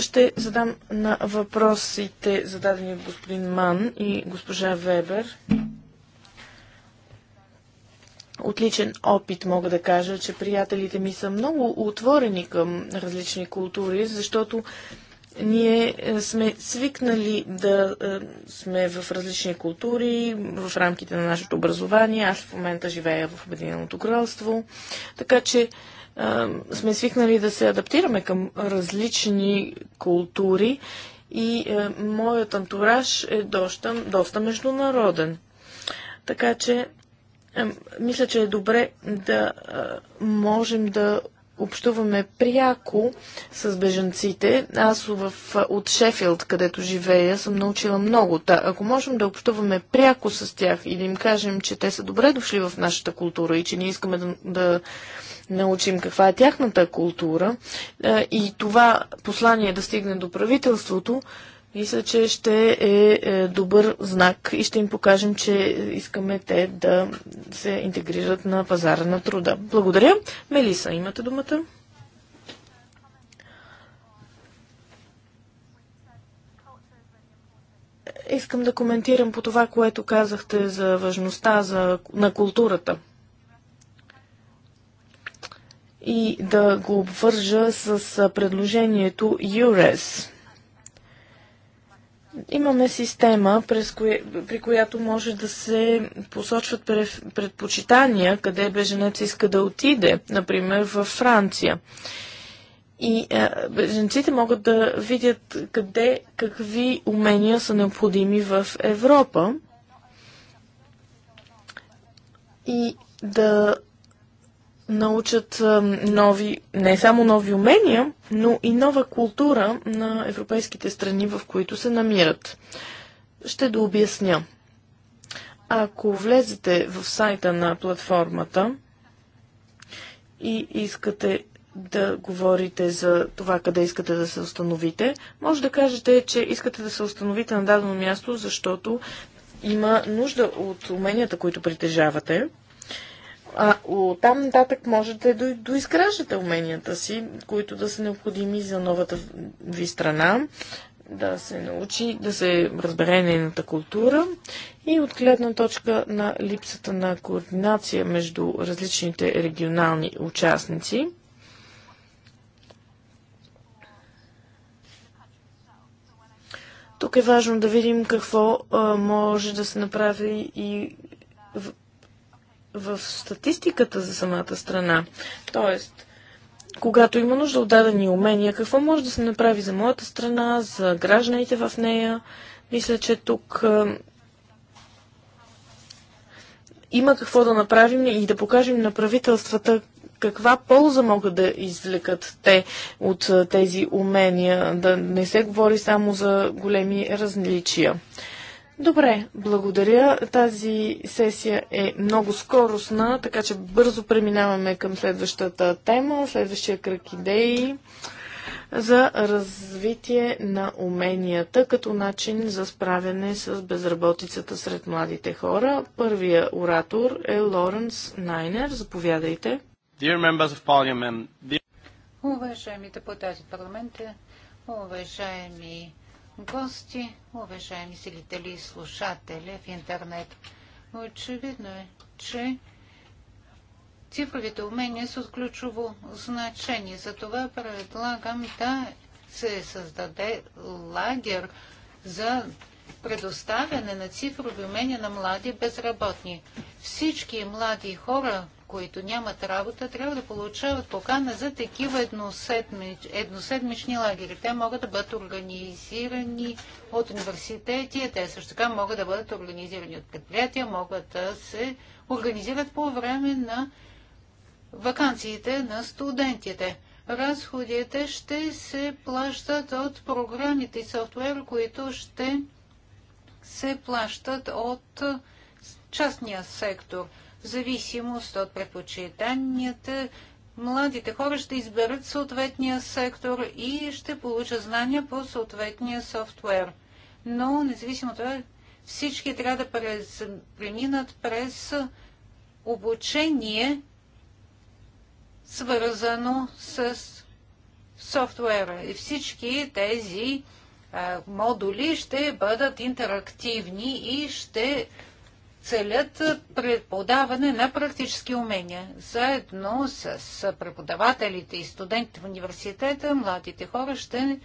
Ще задам на въпросите, зададени от господин Ман и госпожа Вебер. Отличен опит мога да кажа, че приятелите ми са много отворени към различни култури, защото ние е, сме свикнали да е, сме в различни култури, в рамките на нашето образование. Аз в момента живея в Обединеното кралство, така че сме свикнали да се адаптираме към различни култури и е, моят антураж е доста, доста международен. Така че, е, мисля, че е добре да е, можем да общуваме пряко с бежанците. Аз в, от Шефилд, където живея, съм научила много. Та, ако можем да общуваме пряко с тях и да им кажем, че те са добре дошли в нашата култура и че ние искаме да, да научим каква е тяхната култура е, и това послание да стигне до правителството, мисля, че ще е, е добър знак и ще им покажем, че искаме те да се интегрират на пазара на труда. Благодаря. Мелиса, имате думата. Искам да коментирам по това, което казахте за важността за, на културата и да го обвържа с предложението EURES. Имаме система, през при която може да се посочват предпочитания, къде беженец иска да отиде, например във Франция. И е, беженците могат да видят къде, какви умения са необходими в Европа и да научат нови, не само нови умения, но и нова култура на европейските страни, в които се намират. Ще да обясня. Ако влезете в сайта на платформата и искате да говорите за това къде искате да се установите, може да кажете, че искате да се установите на дадено място, защото има нужда от уменията, които притежавате а оттам нататък можете да е доизграждате уменията си, които да са необходими за новата ви страна, да се научи, да се разбере нейната култура и от гледна точка на липсата на координация между различните регионални участници. Тук е важно да видим какво а, може да се направи и в статистиката за самата страна. Тоест, когато има нужда от дадени умения, какво може да се направи за моята страна, за гражданите в нея? Мисля, че тук има какво да направим и да покажем на правителствата каква полза могат да извлекат те от тези умения, да не се говори само за големи различия. Добре, благодаря. Тази сесия е много скоростна, така че бързо преминаваме към следващата тема, следващия кръг идеи за развитие на уменията като начин за справяне с безработицата сред младите хора. Първия оратор е Лоренс Найнер. Заповядайте. Уважаеми депутати парламента, уважаеми гости, уважаеми зрители и слушатели в интернет. Очевидно е, че цифровите умения са от ключово значение. Затова предлагам да се създаде лагер за предоставяне на цифрови умения на млади безработни. Всички млади хора, които нямат работа, трябва да получават покана за такива едноседмич, едноседмични лагери. Те могат да бъдат организирани от университети, те също така могат да бъдат организирани от предприятия, могат да се организират по време на вакансиите на студентите. Разходите ще се плащат от програмите и софтуер, които ще се плащат от частния сектор в зависимост от предпочитанията, младите хора ще изберат съответния сектор и ще получат знания по съответния софтуер. Но, независимо от това, всички трябва да през, преминат през обучение, свързано с софтуера. И всички тези а, модули ще бъдат интерактивни и ще целят преподаване на практически умения. Заедно с преподавателите и студентите в университета, младите хора ще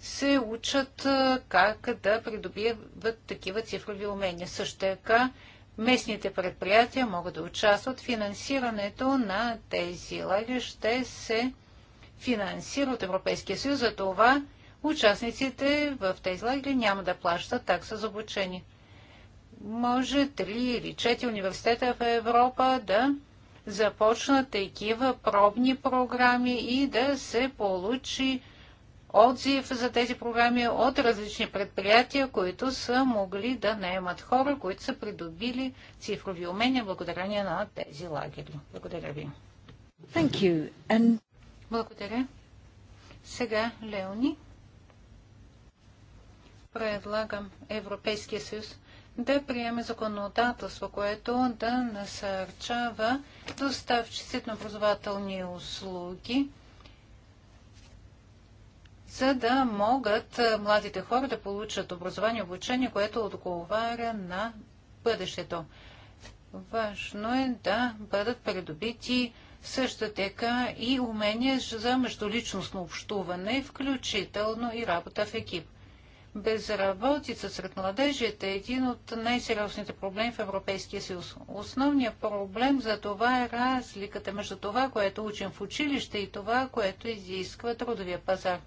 се учат как да придобиват такива цифрови умения. Също така местните предприятия могат да участват. Финансирането на тези лагери ще се финансира от Европейския съюз. За това участниците в тези лагери няма да плащат такса за обучение може три или четири университета в Европа да започнат такива пробни програми и да се получи отзив за тези програми от различни предприятия, които са могли да наемат хора, които са придобили цифрови умения благодарение на тези лагери. Благодаря ви. Thank you. And... Благодаря. Сега Леони. Предлагам Европейския съюз да приеме законодателство, което да насърчава доставчиците на образователни услуги, за да могат младите хора да получат образование и обучение, което отговаря на бъдещето. Важно е да бъдат придобити също така и умения за междуличностно общуване, включително и работа в екип безработица сред младежите е един от най-сериозните проблеми в Европейския съюз. Основният проблем за това е разликата между това, което учим в училище и това, което изисква трудовия пазар.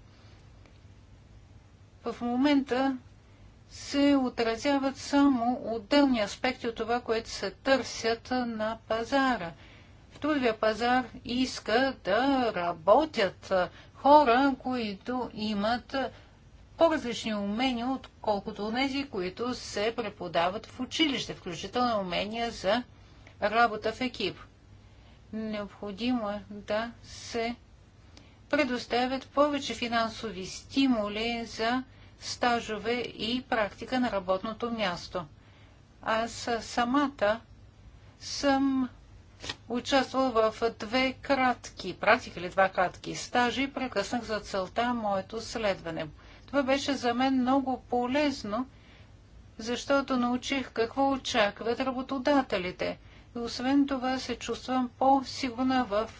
В момента се отразяват само отделни аспекти от това, което се търсят на пазара. В трудовия пазар иска да работят хора, които имат по-различни умения, отколкото от тези, които се преподават в училище, включително умения за работа в екип. Необходимо е да се предоставят повече финансови стимули за стажове и практика на работното място. Аз самата съм участвал в две кратки практики или два кратки стажи и прекъснах за целта моето следване – това беше за мен много полезно, защото научих какво очакват работодателите. И освен това се чувствам по-сигурна в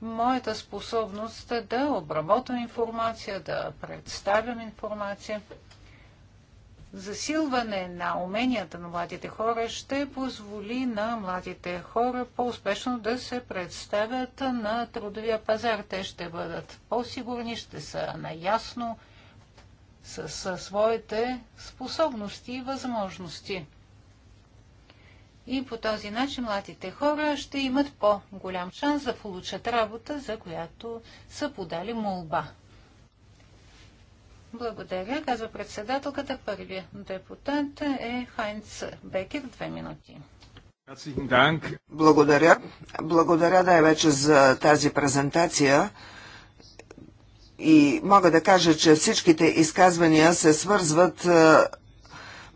моята способност да обработвам информация, да представям информация. Засилване на уменията на младите хора ще позволи на младите хора по-успешно да се представят на трудовия пазар. Те ще бъдат по-сигурни, ще са наясно със своите способности и възможности. И по този начин младите хора ще имат по-голям шанс да получат работа, за която са подали молба. Благодаря, казва председателката. Първият депутат е Хайнц Бекер. Две минути. Благодаря. Благодаря най-вече за тази презентация. И мога да кажа, че всичките изказвания се свързват е,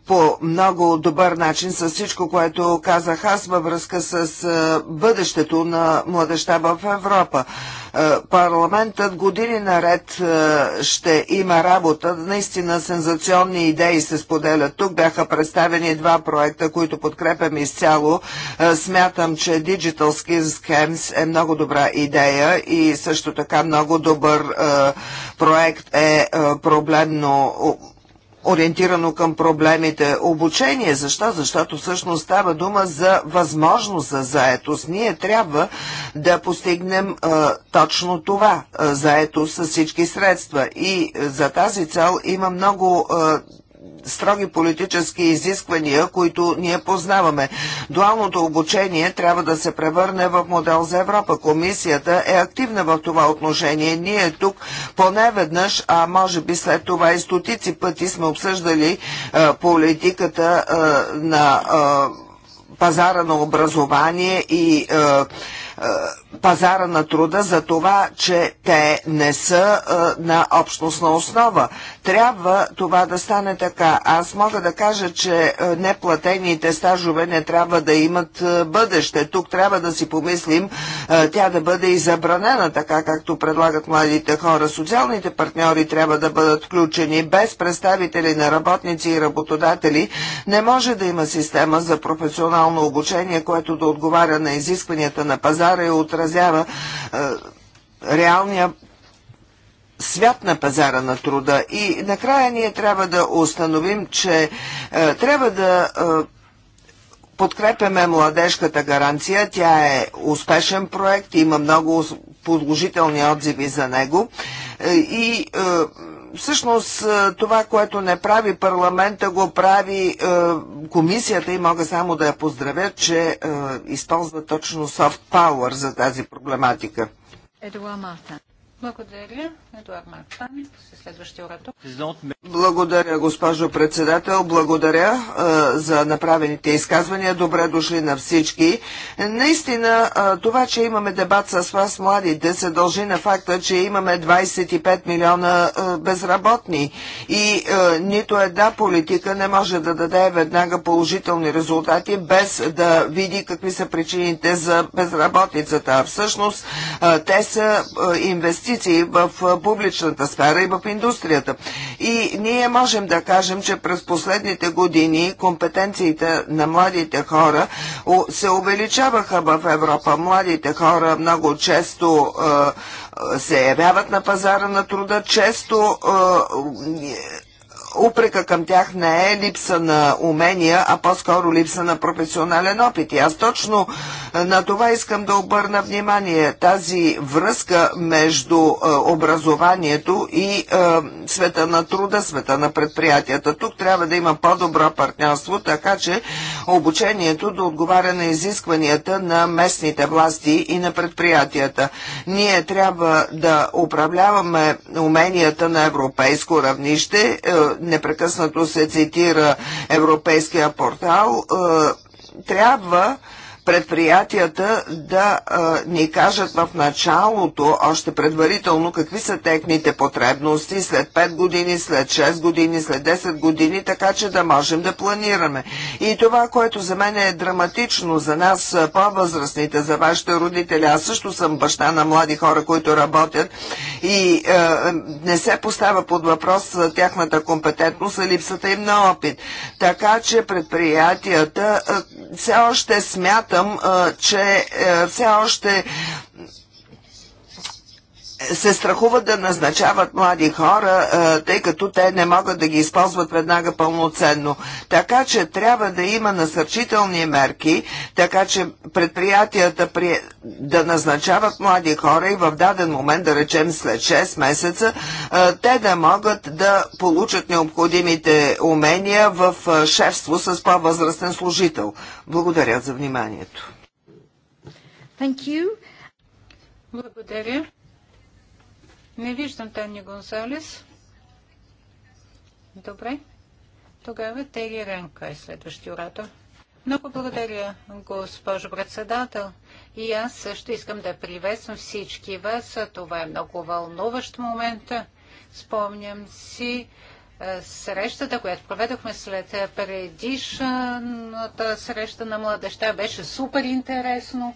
по много добър начин с всичко, което казах аз във връзка с бъдещето на младеща в Европа. Парламентът години наред ще има работа. Наистина сензационни идеи се споделят. Тук бяха представени два проекта, които подкрепям изцяло. Смятам, че Digital Skills Camps е много добра идея и също така много добър проект е проблемно ориентирано към проблемите обучение. Защо? Защото всъщност става дума за възможност за заетост. Ние трябва да постигнем а, точно това а, заетост с всички средства. И за тази цел има много а, строги политически изисквания, които ние познаваме. Дуалното обучение трябва да се превърне в модел за Европа. Комисията е активна в това отношение. Ние тук поне веднъж, а може би след това и стотици пъти сме обсъждали е, политиката е, на е, пазара на образование и е, е, пазара на труда за това, че те не са а, е, на общностна основа трябва това да стане така. Аз мога да кажа, че е, неплатените стажове не трябва да имат е, бъдеще. Тук трябва да си помислим е, тя да бъде и забранена, така както предлагат младите хора. Социалните партньори трябва да бъдат включени. Без представители на работници и работодатели не може да има система за професионално обучение, което да отговаря на изискванията на пазара и отразява реалния свят на пазара на труда. И накрая ние трябва да установим, че е, трябва да е, Подкрепяме младежката гаранция. Тя е успешен проект, има много положителни отзиви за него. Е, и е, всъщност е, това, което не прави парламента, го прави е, комисията и мога само да я поздравя, че е, използва точно soft power за тази проблематика. Едуа Марта. Благодаря, Едуард Мартан, следващия оратор. Благодаря, госпожо председател. Благодаря е, за направените изказвания. Добре дошли на всички. Наистина, е, това, че имаме дебат с вас, младите, се дължи на факта, че имаме 25 милиона е, безработни и нито една политика не може да даде веднага положителни резултати, без да види какви са причините за безработицата. Всъщност, те са инвестиции инвестиции в публичната сфера и в индустрията. И ние можем да кажем, че през последните години компетенциите на младите хора се увеличаваха в Европа. Младите хора много често се явяват на пазара на труда, често упрека към тях не е липса на умения, а по-скоро липса на професионален опит. И аз точно е, на това искам да обърна внимание. Тази връзка между е, образованието и е, света на труда, света на предприятията. Тук трябва да има по-добро партньорство, така че обучението да отговаря на изискванията на местните власти и на предприятията. Ние трябва да управляваме уменията на европейско равнище, непрекъснато се цитира европейския портал, е, трябва предприятията да а, ни кажат в началото, още предварително, какви са техните потребности след 5 години, след 6 години, след 10 години, така че да можем да планираме. И това, което за мен е драматично, за нас по-възрастните, за вашите родители, аз също съм баща на млади хора, които работят и а, не се поставя под въпрос за тяхната компетентност и липсата им на опит. Така че предприятията а, все още смятат, смятам, че е, все още се страхуват да назначават млади хора, е, тъй като те не могат да ги използват веднага пълноценно. Така че трябва да има насърчителни мерки, така че предприятията при... да назначават млади хора и в даден момент, да речем след 6 месеца, е, те да могат да получат необходимите умения в е, шефство с по-възрастен служител. Благодаря за вниманието. Thank you. Благодаря. Не виждам Тани Гонсалес. Добре. Тогава Тери Ренка е следващия оратор. Много благодаря, госпожо председател. И аз също искам да приветствам всички вас. Това е много вълнуващ момент. Спомням си срещата, която проведохме след предишната среща на младеща. Беше супер интересно.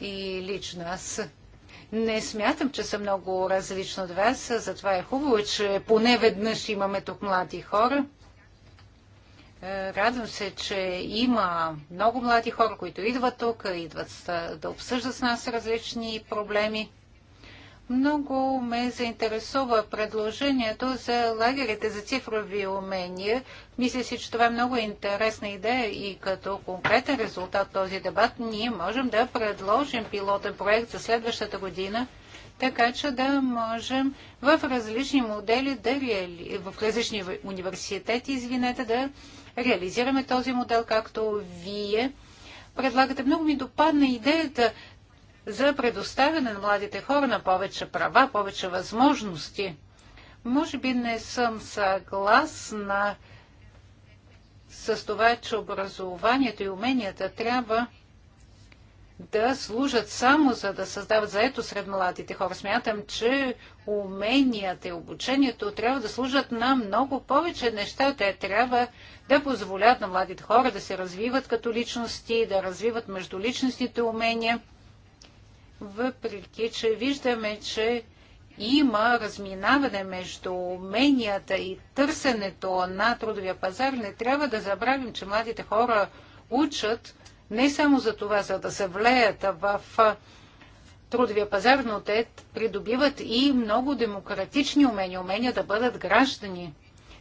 И лично аз не смятам, че съм много различна от вас, затова е хубаво, че поне веднъж имаме тук млади хора. Е, радвам се, че има много млади хора, които идват тук, идват да обсъждат с нас различни проблеми. Много ме заинтересува предложението за лагерите за цифрови умения. Мисля си, че това е много интересна идея и като конкретен резултат този дебат ние можем да предложим пилотен проект за следващата година, така че да можем в различни модели, да реали... в различни университети, извинете, да реализираме този модел, както вие предлагате. Много ми допадна идеята за предоставяне на младите хора на повече права, повече възможности. Може би не съм съгласна с това, че образованието и уменията трябва да служат само за да създават заето сред младите хора. Смятам, че уменията и обучението трябва да служат на много повече неща. Те трябва да позволят на младите хора да се развиват като личности, да развиват междуличностните умения – въпреки че виждаме, че има разминаване между уменията и търсенето на трудовия пазар, не трябва да забравим, че младите хора учат не само за това, за да се влеят в трудовия пазар, но те придобиват и много демократични умения, умения да бъдат граждани.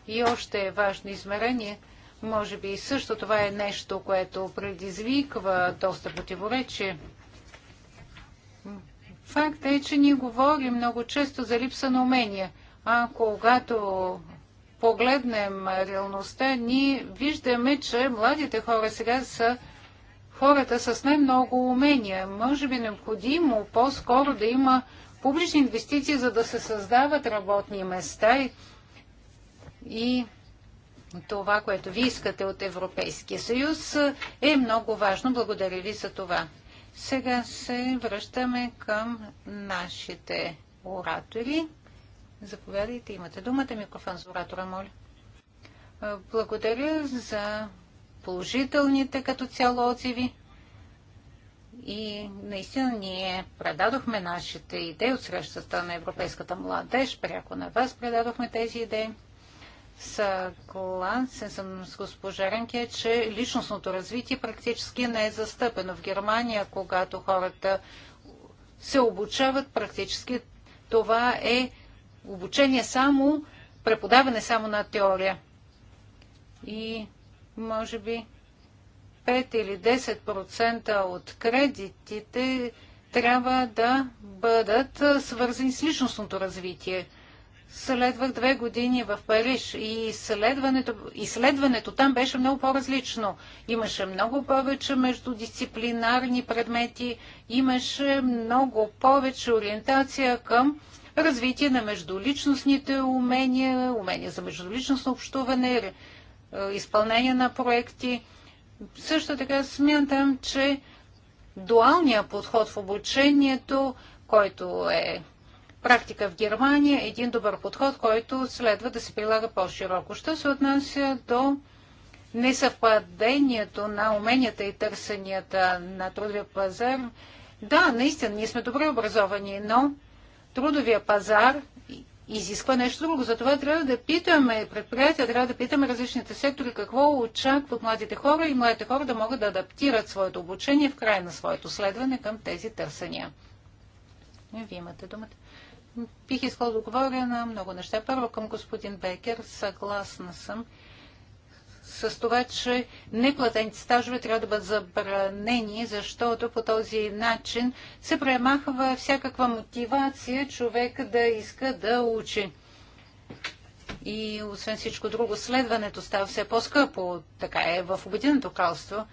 И още е важно измерение. Може би също това е нещо, което предизвиква доста противоречие. Факт е, че ние говорим много често за липса на умения, а когато погледнем реалността, ние виждаме, че младите хора сега са хората с най-много умения. Може би необходимо по-скоро да има публични инвестиции, за да се създават работни места и това, което ви искате от Европейския съюз, е много важно. Благодаря ви за това. Сега се връщаме към нашите оратори. Заповядайте, имате думата. Микрофон за оратора, моля. Благодаря за положителните като цяло отзиви. И наистина ние предадохме нашите идеи от срещата на Европейската младеж. Пряко на вас предадохме тези идеи. Съгласен съм с госпожа Ренке, че личностното развитие практически не е застъпено. В Германия, когато хората се обучават, практически това е обучение само, преподаване само на теория. И може би 5 или 10% от кредитите трябва да бъдат свързани с личностното развитие следвах две години в Париж и изследването, изследването там беше много по-различно. Имаше много повече междудисциплинарни предмети, имаше много повече ориентация към развитие на междуличностните умения, умения за междуличностно общуване, е, изпълнение на проекти. Също така смятам, че дуалният подход в обучението, който е практика в Германия един добър подход, който следва да се прилага по-широко. Що се отнася до несъвпадението на уменията и търсенията на трудовия пазар, да, наистина, ние сме добре образовани, но трудовия пазар изисква нещо друго. Затова трябва да питаме предприятия, трябва да питаме различните сектори какво очакват младите хора и младите хора да могат да адаптират своето обучение в края на своето следване към тези търсения. Вие имате думата бих искал да говоря на много неща. Първо към господин Бекер. Съгласна съм с това, че неплатените стажове трябва да бъдат забранени, защото по този начин се премахва всякаква мотивация човек да иска да учи. И освен всичко друго, следването става все по-скъпо. Така е в Обединеното кралство.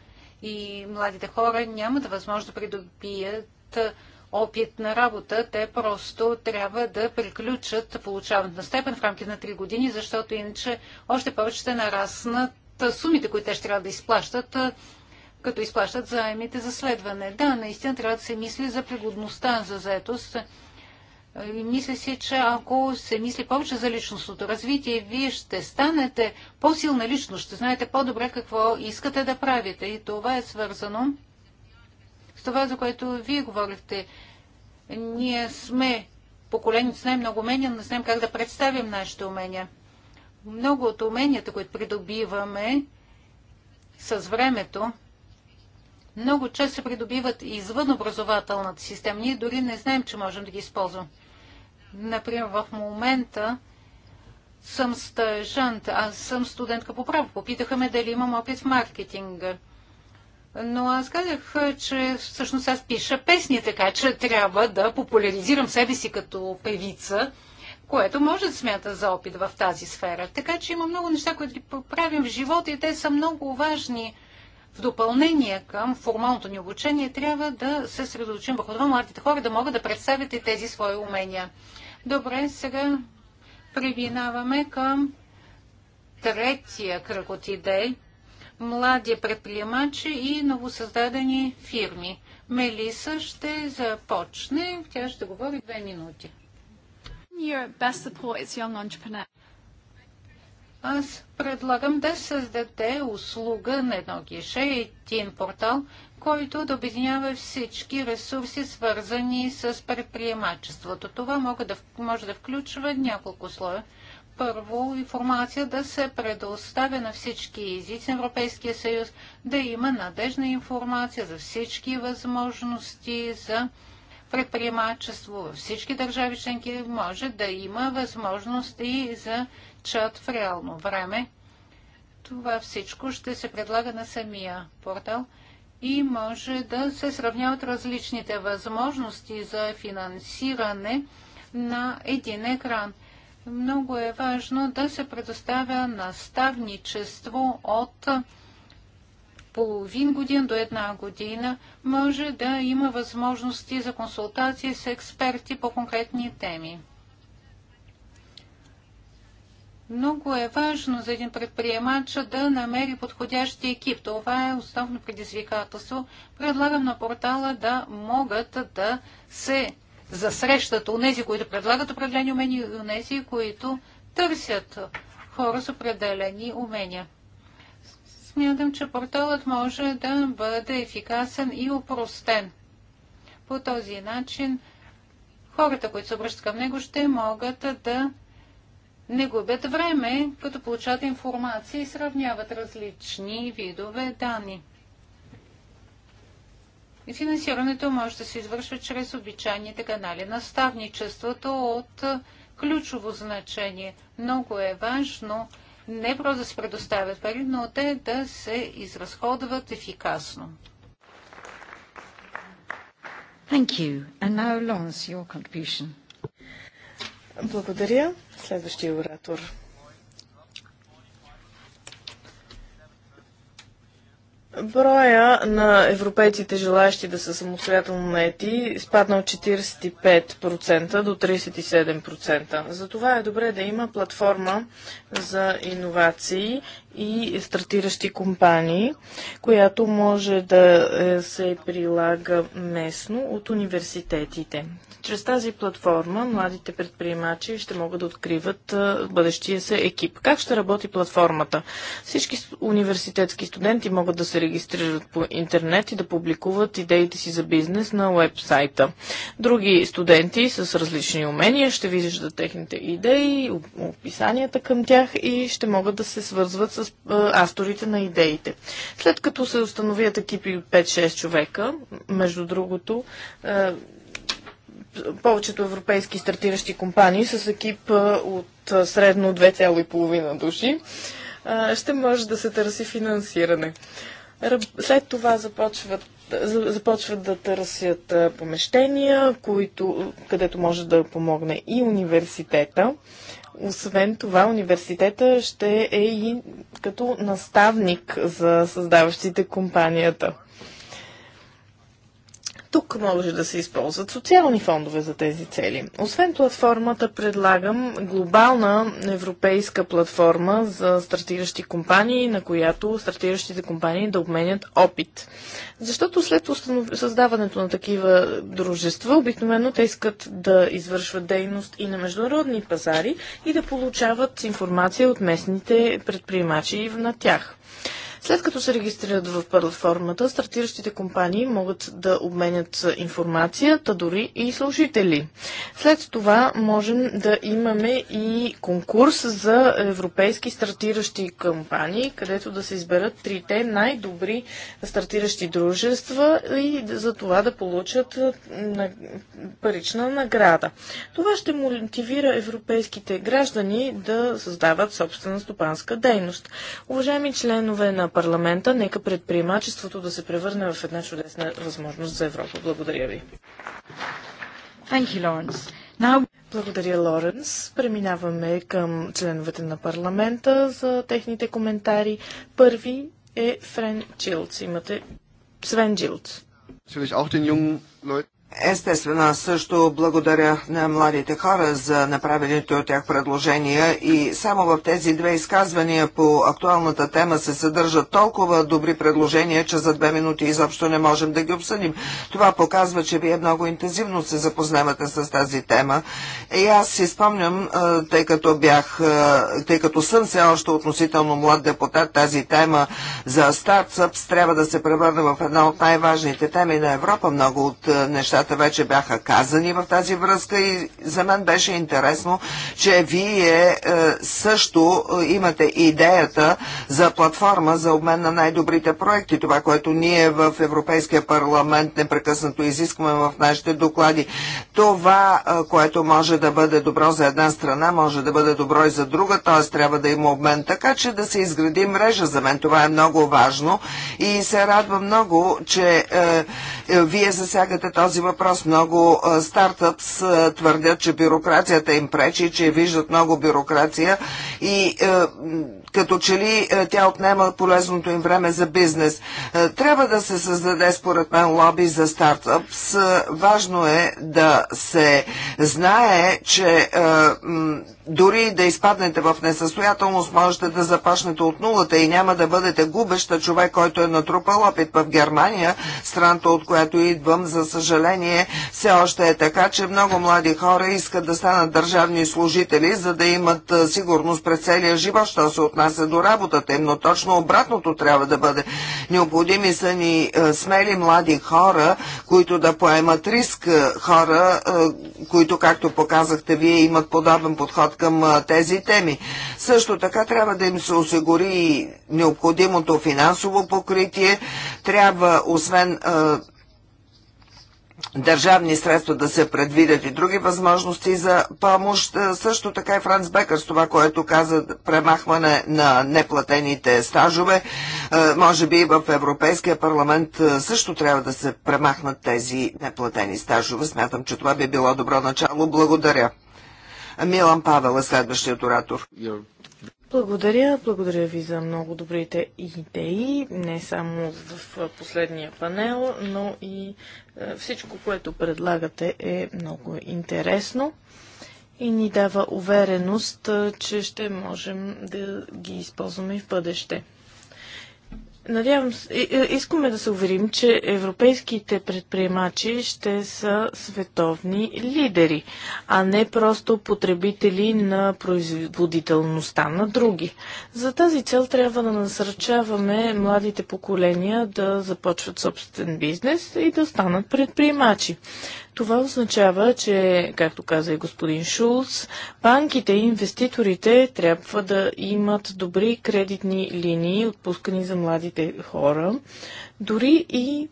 И младите хора нямат възможност да придобият Опит на работа. Те просто трябва да приключат получаването на степен в рамките на 3 години, защото иначе още повече ще нараснат сумите, които те ще трябва да изплащат, като изплащат заемите за следване. Да, наистина трябва да се мисли за пригодността за заетост. Мисля си, че ако се мисли повече за личностното развитие, вие ще станете по-силна личност, ще знаете по-добре какво искате да правите. И това е свързано това, за което вие говорихте. Ние сме поколението с най-много умения, но не знаем как да представим нашите умения. Много от уменията, които придобиваме с времето, много често се придобиват извън образователната система. Ние дори не знаем, че можем да ги използвам. Например, в момента съм стъжант, аз съм студентка по право. Попитаха ме дали имам опит в маркетинга. Но аз казах, е, че всъщност аз пиша песни, така че трябва да популяризирам себе си като певица, което може да смята за опит в тази сфера. Така че има много неща, които ги правим в живота и те са много важни. В допълнение към формалното ни обучение трябва да се средоточим върху това младите хора да могат да представят и тези свои умения. Добре, сега преминаваме към третия кръг от идеи млади предприемачи и новосъздадени фирми. Мелиса ще започне. Тя ще говори две минути. Аз предлагам да създаде услуга на едно гише, един портал, който да обединява всички ресурси, свързани с предприемачеството. Това може да, може да включва няколко слоя първо информация да се предоставя на всички езици на Европейския съюз, да има надежна информация за всички възможности за предприемачество във всички държави членки, може да има възможност и за чат в реално време. Това всичко ще се предлага на самия портал и може да се сравняват различните възможности за финансиране на един екран – много е важно да се предоставя наставничество от половин година до една година. Може да има възможности за консултации с експерти по конкретни теми. Много е важно за един предприемач да намери подходящи екип. Това е основно предизвикателство. Предлагам на портала да могат да се засрещат онези, които предлагат определени умения и онези, които търсят хора с определени умения. Смятам, че порталът може да бъде ефикасен и упростен. По този начин хората, които се обръщат към него, ще могат да не губят време, като получат информация и сравняват различни видове данни. Финансирането може да се извършва чрез обичайните канали. Наставничеството от ключово значение. Много е важно не просто да се предоставят пари, но те да се изразходват ефикасно. Thank you. And now, Lawrence, your contribution. Благодаря. Следващия оратор. Броя на европейците, желаящи да са самостоятелно наети, спадна от 45% до 37%. Затова е добре да има платформа за иновации и стартиращи компании, която може да е, се прилага местно от университетите. Чрез тази платформа младите предприемачи ще могат да откриват е, бъдещия се екип. Как ще работи платформата? Всички университетски студенти могат да се регистрират по интернет и да публикуват идеите си за бизнес на вебсайта. Други студенти с различни умения ще виждат техните идеи, описанията към тях и ще могат да се свързват с авторите на идеите. След като се установят екипи от 5-6 човека, между другото, повечето европейски стартиращи компании с екип от средно 2,5 души, ще може да се търси финансиране. След това започват започват да търсят помещения, които, където може да помогне и университета. Освен това, университета ще е и като наставник за създаващите компанията. Тук може да се използват социални фондове за тези цели. Освен платформата, предлагам глобална европейска платформа за стартиращи компании, на която стартиращите компании да обменят опит. Защото след установ... създаването на такива дружества, обикновено те искат да извършват дейност и на международни пазари и да получават информация от местните предприемачи на тях. След като се регистрират в платформата, стартиращите компании могат да обменят информация, та дори и служители. След това можем да имаме и конкурс за европейски стартиращи компании, където да се изберат трите най-добри стартиращи дружества и за това да получат парична награда. Това ще мотивира европейските граждани да създават собствена стопанска дейност. Уважаеми членове на парламента. Нека предприемачеството да се превърне в една чудесна възможност за Европа. Благодаря ви. Thank you, Lawrence. Now... Благодаря, Лоренс. Преминаваме към членовете на парламента за техните коментари. Първи е Френ Джилц. Имате Свен Джилц. Естествено, аз също благодаря на младите хора за направените от тях предложения и само в тези две изказвания по актуалната тема се съдържат толкова добри предложения, че за две минути изобщо не можем да ги обсъдим. Това показва, че вие много интензивно се запознавате с тази тема. И аз си спомням, тъй като бях, тъй като съм все още относително млад депутат, тази тема за стартъпс трябва да се превърне в една от най-важните теми на Европа. Много от нещата нещата вече бяха казани в тази връзка и за мен беше интересно, че вие е, също е, имате идеята за платформа за обмен на най-добрите проекти. Това, което ние в Европейския парламент непрекъснато изискваме в нашите доклади. Това, е, което може да бъде добро за една страна, може да бъде добро и за друга, т.е. трябва да има обмен, така че да се изгради мрежа. За мен това е много важно и се радва много, че е, вие засягате този въпрос. Много е, стартъпс е, твърдят, че бюрокрацията им пречи, че виждат много бюрокрация и като че ли е, тя отнема полезното им време за бизнес. Е, трябва да се създаде според мен лоби за стартъпс. Е, важно е да се знае, че дори да изпаднете в несъстоятелност, можете да започнете от нулата и няма да бъдете губеща човек, който е натрупал опит в Германия, страната от която идвам, за съжаление, все още е така, че много млади хора искат да станат държавни служители, за да имат сигурност през целия живот, що се отнася са до работата им, но точно обратното трябва да бъде. Необходими са ни е, смели млади хора, които да поемат риск, е, хора, е, които, както показахте, вие имат подобен подход към тези теми. Също така трябва да им се осигури необходимото финансово покритие, трябва освен държавни средства да се предвидят и други възможности за помощ. Е, също така и Франц Бекър с това, което каза премахване на неплатените стажове. Е, може би в Европейския парламент е, също трябва да се премахнат тези неплатени стажове. Смятам, че това би било добро начало. Благодаря. Милан Павел е следващият оратор. Благодаря, благодаря ви за много добрите идеи, не само в последния панел, но и е, всичко, което предлагате е много интересно и ни дава увереност, е, че ще можем да ги използваме и в бъдеще. Надявам се, искаме да се уверим, че европейските предприемачи ще са световни лидери, а не просто потребители на производителността на други. За тази цел трябва да насърчаваме младите поколения да започват собствен бизнес и да станат предприемачи. Това означава, че, както каза и господин Шулц, банките и инвеститорите трябва да имат добри кредитни линии, отпускани за младите хора, дори и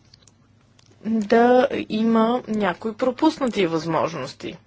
да има някои пропуснати възможности.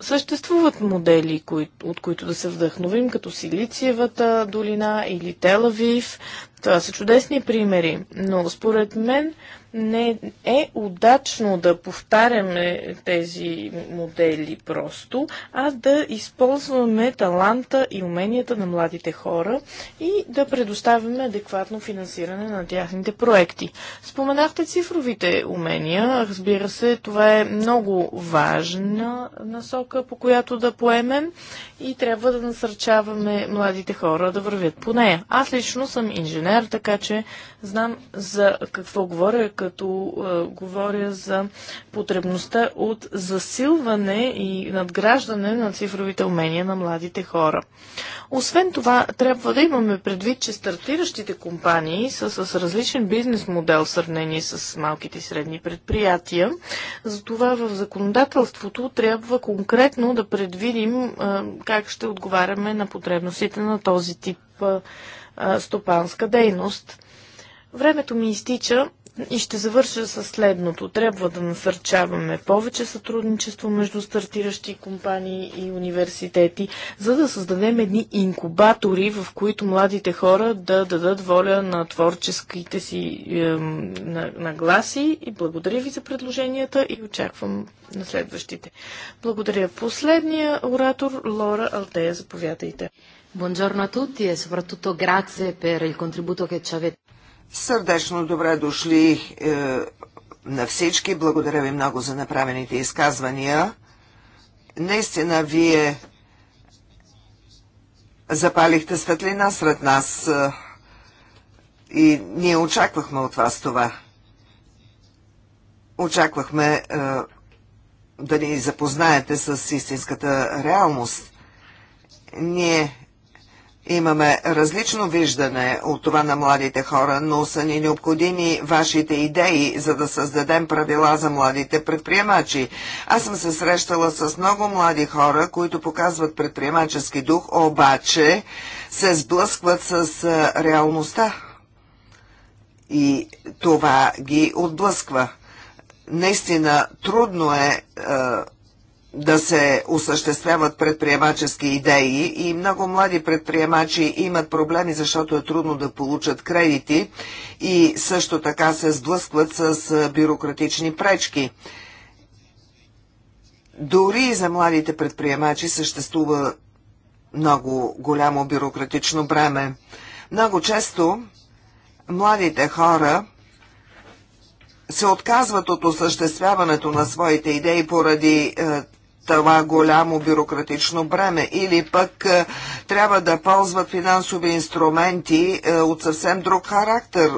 Съществуват модели, от които да се вдъхновим, като Силициевата долина или Телавив, това са чудесни примери, но според мен не е удачно да повтаряме тези модели просто, а да използваме таланта и уменията на младите хора и да предоставяме адекватно финансиране на тяхните проекти. Споменахте цифровите умения. Разбира се, това е много важна насока, по която да поемем и трябва да насърчаваме младите хора да вървят по нея. Аз лично съм инженер, така че знам за какво говоря, като е, говоря за потребността от засилване и надграждане на цифровите умения на младите хора. Освен това, трябва да имаме предвид, че стартиращите компании са с различен бизнес модел в сравнение с малките и средни предприятия. Затова в законодателството трябва конкретно да предвидим е, как ще отговаряме на потребностите на този тип стопанска дейност. Времето ми изтича. И ще завърша с следното. Трябва да насърчаваме повече сътрудничество между стартиращи компании и университети, за да създадем едни инкубатори, в които младите хора да дадат воля на творческите си нагласи. и благодаря ви за предложенията и очаквам на следващите. Благодаря. Последния оратор Лора Алтея, заповядайте. Buongiorno a tutti e soprattutto grazie per il contributo che ci avete. Сърдечно добре дошли е, на всички. Благодаря ви много за направените изказвания. Наистина, вие запалихте светлина сред нас е, и ние очаквахме от вас това. Очаквахме е, да ни запознаете с истинската реалност. Ние имаме различно виждане от това на младите хора, но са ни необходими вашите идеи, за да създадем правила за младите предприемачи. Аз съм се срещала с много млади хора, които показват предприемачески дух, обаче се сблъскват с реалността. И това ги отблъсква. Наистина трудно е, е да се осъществяват предприемачески идеи и много млади предприемачи имат проблеми, защото е трудно да получат кредити и също така се сблъскват с бюрократични пречки. Дори и за младите предприемачи съществува много голямо бюрократично бреме. Много често младите хора се отказват от осъществяването на своите идеи поради е, това голямо бюрократично бреме или пък е, трябва да ползват финансови инструменти е, от съвсем друг характер,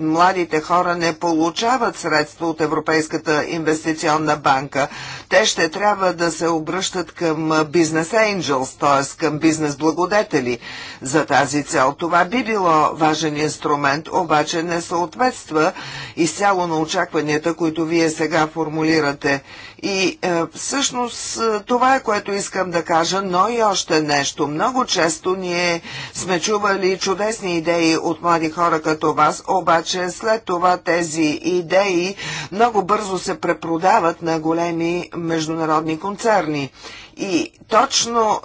младите хора не получават средства от Европейската инвестиционна банка. Те ще трябва да се обръщат към бизнес angels, т.е. към бизнес благодетели. За тази цел това би било важен инструмент, обаче не съответства изцяло на очакванията, които вие сега формулирате. И е, всъщност е, това е което искам да кажа, но и още нещо. Много често ние сме чували чудесни идеи от млади хора като вас, обаче след това тези идеи много бързо се препродават на големи международни концерни. И точно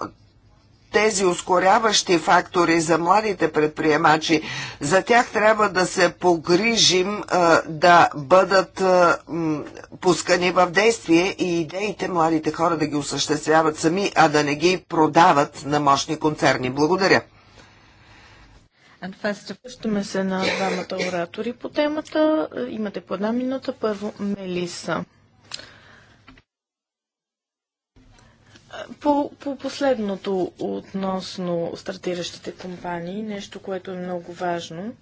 тези ускоряващи фактори за младите предприемачи, за тях трябва да се погрижим да бъдат пускани в действие и идеите младите хора да ги осъществяват сами, а да не ги продават на мощни концерни. Благодаря. Връщаме се на двамата оратори по темата. Имате по една минута. Първо Мелиса. По, по последното относно стартиращите компании, нещо, което е много важно,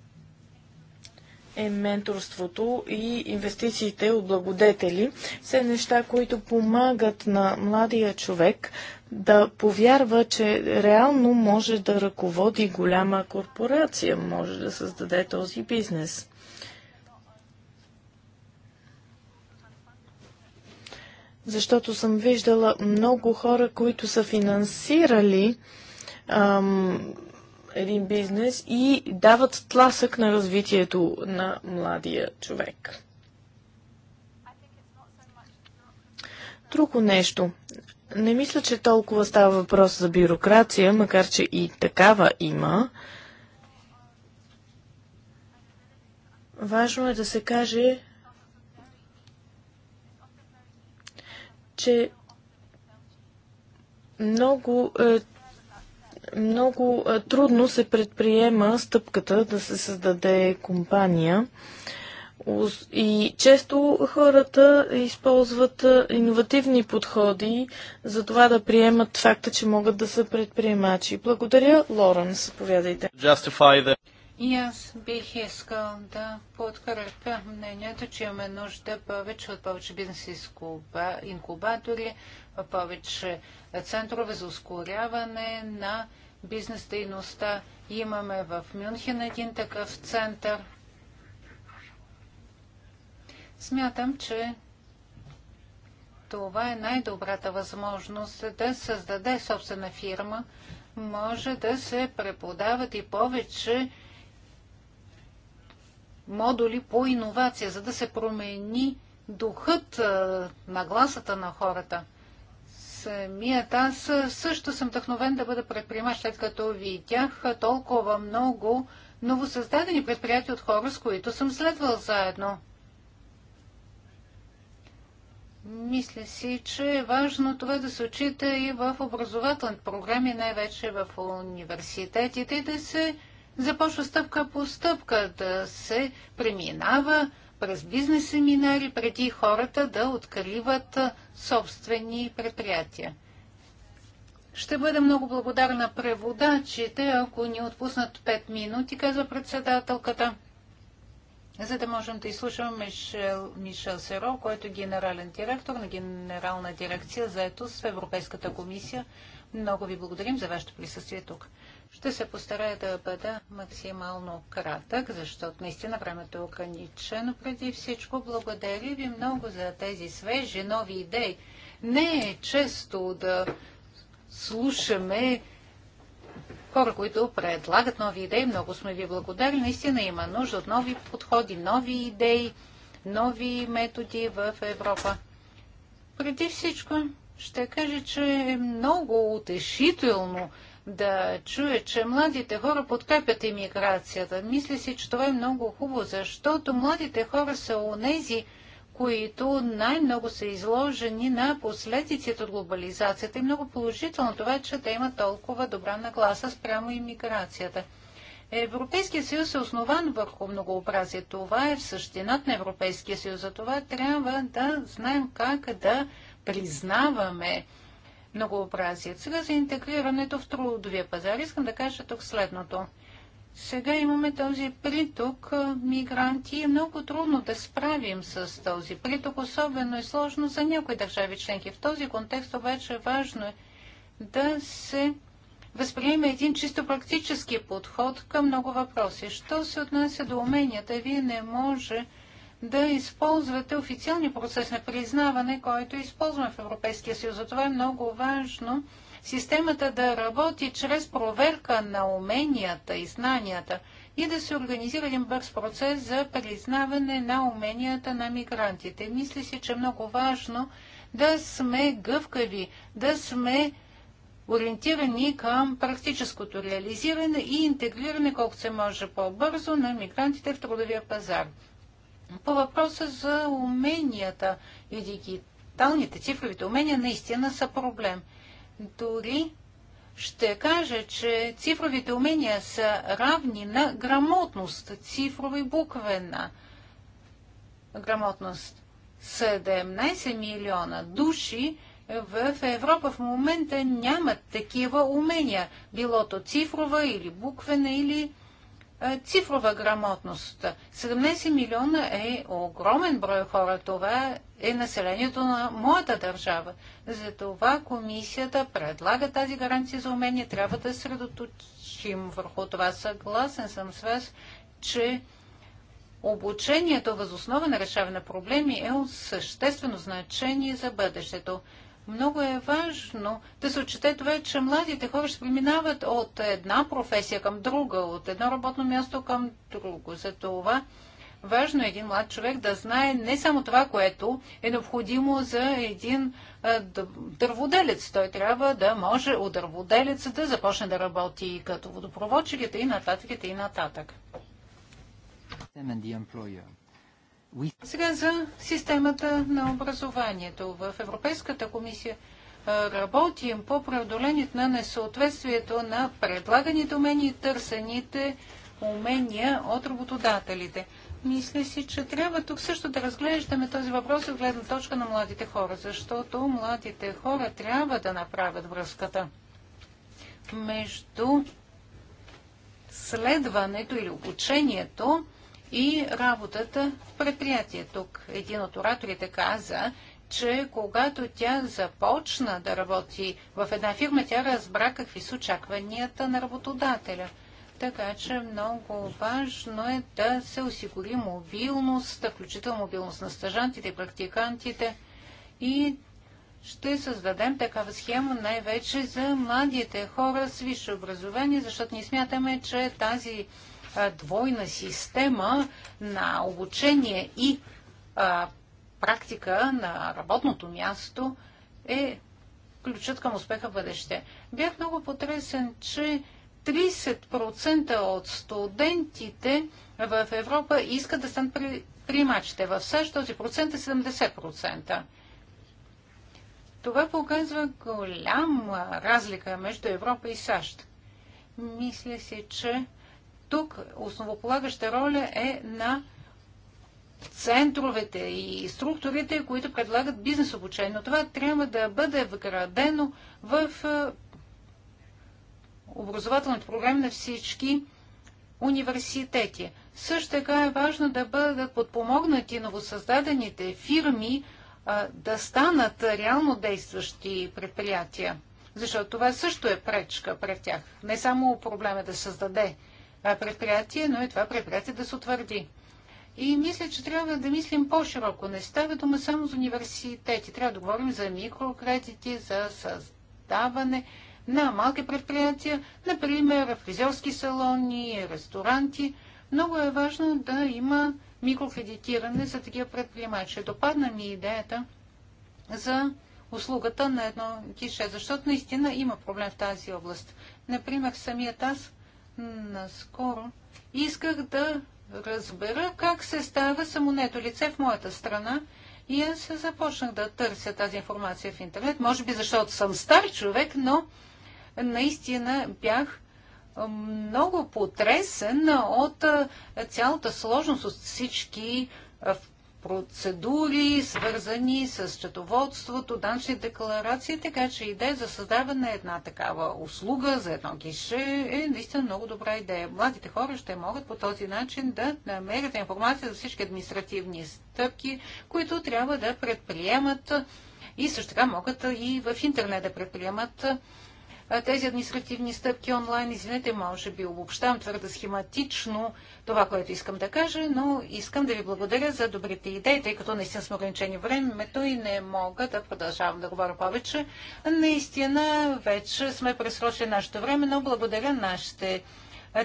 е менторството и инвестициите от благодетели. Все неща, които помагат на младия човек да повярва, че реално може да ръководи голяма корпорация, може да създаде този бизнес. защото съм виждала много хора, които са финансирали ам, един бизнес и дават тласък на развитието на младия човек. Друго нещо. Не мисля, че толкова става въпрос за бюрокрация, макар че и такава има. Важно е да се каже, че много е, много е, трудно се предприема стъпката да се създаде компания. И често хората използват е, иновативни подходи за това да приемат факта, че могат да са предприемачи. Благодаря, Лоренс. заповядайте. И аз бих искал да подкрепя мнението, че имаме нужда повече от повече бизнес инкубатори, повече центрове за ускоряване на бизнес дейността. Имаме в Мюнхен един такъв център. Смятам, че това е най-добрата възможност да създаде собствена фирма. Може да се преподават и повече модули по иновация, за да се промени духът на гласата на хората. Самият аз също съм вдъхновен да бъда предприемач, след като видях толкова много новосъздадени предприятия от хора, с които съм следвал заедно. Мисля си, че е важно това да се отчита и в образователните програми, най-вече в университетите, и да се започва стъпка по стъпка да се преминава през бизнес семинари, преди хората да откриват собствени предприятия. Ще бъда много благодарна преводачите, ако ни отпуснат 5 минути, казва председателката, за да можем да изслушаме Мишел, Мишел Серо, който е генерален директор на Генерална дирекция за ето с Европейската комисия. Много ви благодарим за вашето присъствие тук. Ще се постарая да бъда максимално кратък, защото наистина времето е ограничено. Преди всичко благодаря ви много за тези свежи, нови идеи. Не е често да слушаме хора, които предлагат нови идеи. Много сме ви благодарни. Наистина има нужда от нови подходи, нови идеи, нови методи в Европа. Преди всичко ще кажа, че е много утешително да чуя, че младите хора подкрепят иммиграцията. Мисля си, че това е много хубаво, защото младите хора са онези, които най-много са изложени на последиците от глобализацията. И много положително това, е, че те имат толкова добра нагласа спрямо иммиграцията. Европейския съюз е основан върху многообразие. Това е в същината на Европейския съюз. За това трябва да знаем как да признаваме многообразие. Сега за интегрирането в трудовия пазар искам да кажа тук следното. Сега имаме този приток мигранти и е много трудно да справим с този приток, особено е сложно за някои държави членки. В този контекст обаче е важно е да се възприеме един чисто практически подход към много въпроси. Що се отнася до уменията, вие не може да използвате официалния процес на признаване, който използваме в Европейския съюз. Затова е много важно системата да работи чрез проверка на уменията и знанията и да се организира един бърз процес за признаване на уменията на мигрантите. Мисля си, че е много важно да сме гъвкави, да сме ориентирани към практическото реализиране и интегриране колкото се може по-бързо на мигрантите в трудовия пазар. По въпроса за уменията и дигиталните цифровите умения наистина са проблем. Дори ще кажа, че цифровите умения са равни на грамотност, цифрови буквена грамотност. 17 милиона души в Европа в момента нямат такива умения, билото цифрова или буквена или е, цифрова грамотност. 17 милиона е огромен брой хора. Това е населението на моята държава. Затова комисията предлага тази гаранция за умения. Трябва да средоточим върху това. Съгласен съм с вас, че обучението възоснова на решаване на проблеми е от съществено значение за бъдещето. Много е важно да се отчете това, че младите хора ще преминават от една професия към друга, от едно работно място към друго. За това важно е един млад човек да знае не само това, което е необходимо за един дърводелец. Той трябва да може от дърводелеца да започне да работи като водопроводчик и нататък и нататък. And the employer. Сега за системата на образованието. В Европейската комисия работим по преодолението на несъответствието на предлаганите умения и търсените умения от работодателите. Мисля си, че трябва тук също да разглеждаме този въпрос от гледна точка на младите хора, защото младите хора трябва да направят връзката между следването или обучението и работата в предприятие. Тук един от ораторите каза, че когато тя започна да работи в една фирма, тя разбра какви са очакванията на работодателя. Така че много важно е да се осигури мобилност, включително мобилност на стъжантите и практикантите. И ще създадем такава схема най-вече за младите хора с висше образование, защото ние смятаме, че тази двойна система на обучение и практика на работното място е ключът към успеха в бъдеще. Бях много потресен, че 30% от студентите в Европа искат да станат приемачите. В САЩ този процент е 70%. Това показва голяма разлика между Европа и САЩ. Мисля си, че тук основополагаща роля е на центровете и структурите, които предлагат бизнес обучение. Но това трябва да бъде вградено в е, образователните програми на всички университети. Също така е важно да бъдат подпомогнати новосъздадените фирми е, да станат реално действащи предприятия, защото това също е пречка пред тях. Не само проблема да създаде предприятие, но и това предприятие да се утвърди. И мисля, че трябва да мислим по-широко. Не става дума само за университети. Трябва да говорим за микрокредити, за създаване на малки предприятия, например фризерски салони, ресторанти. Много е важно да има микрокредитиране за такива предприемачи. Допадна ми идеята за услугата на едно кише, защото наистина има проблем в тази област. Например, самият аз наскоро исках да разбера как се става самонето лице в моята страна и аз започнах да търся тази информация в интернет, може би защото съм стар човек, но наистина бях много потресен от цялата сложност от всички процедури, свързани с счетоводството, данъчни декларации, така че идея за създаване на една такава услуга, за едно гише е наистина много добра идея. Младите хора ще могат по този начин да намерят информация за всички административни стъпки, които трябва да предприемат и също така могат и в интернет да предприемат тези административни стъпки онлайн. Извинете, може би обобщавам твърде схематично това, което искам да кажа, но искам да ви благодаря за добрите идеи, тъй като наистина сме ограничени времето и не мога да продължавам да говоря повече. Наистина вече сме пресрочили нашето време, но благодаря нашите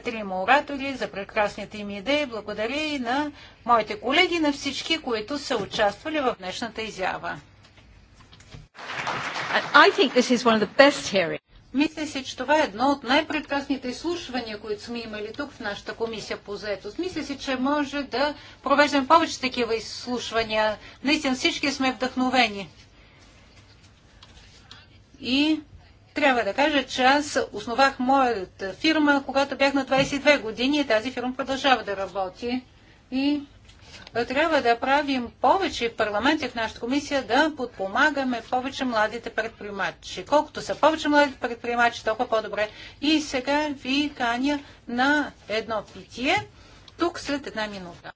трима оратори за прекрасните им идеи. Благодаря и на моите колеги, на всички, които са участвали в днешната изява. I think this is one of the best hearings. Мисля си, че това е едно от най-прекрасните изслушвания, които сме имали тук в нашата комисия по заетост. Мисля си, че може да провеждам повече такива изслушвания. Наистина всички сме вдъхновени. И трябва да кажа, че аз основах моята фирма, когато бях на 22 години и тази фирма продължава да работи. И трябва да правим повече в парламент и в нашата комисия да подпомагаме повече младите предприемачи. Колкото са повече младите предприемачи, толкова по-добре. И сега ви каня на едно питие. Тук след една минута.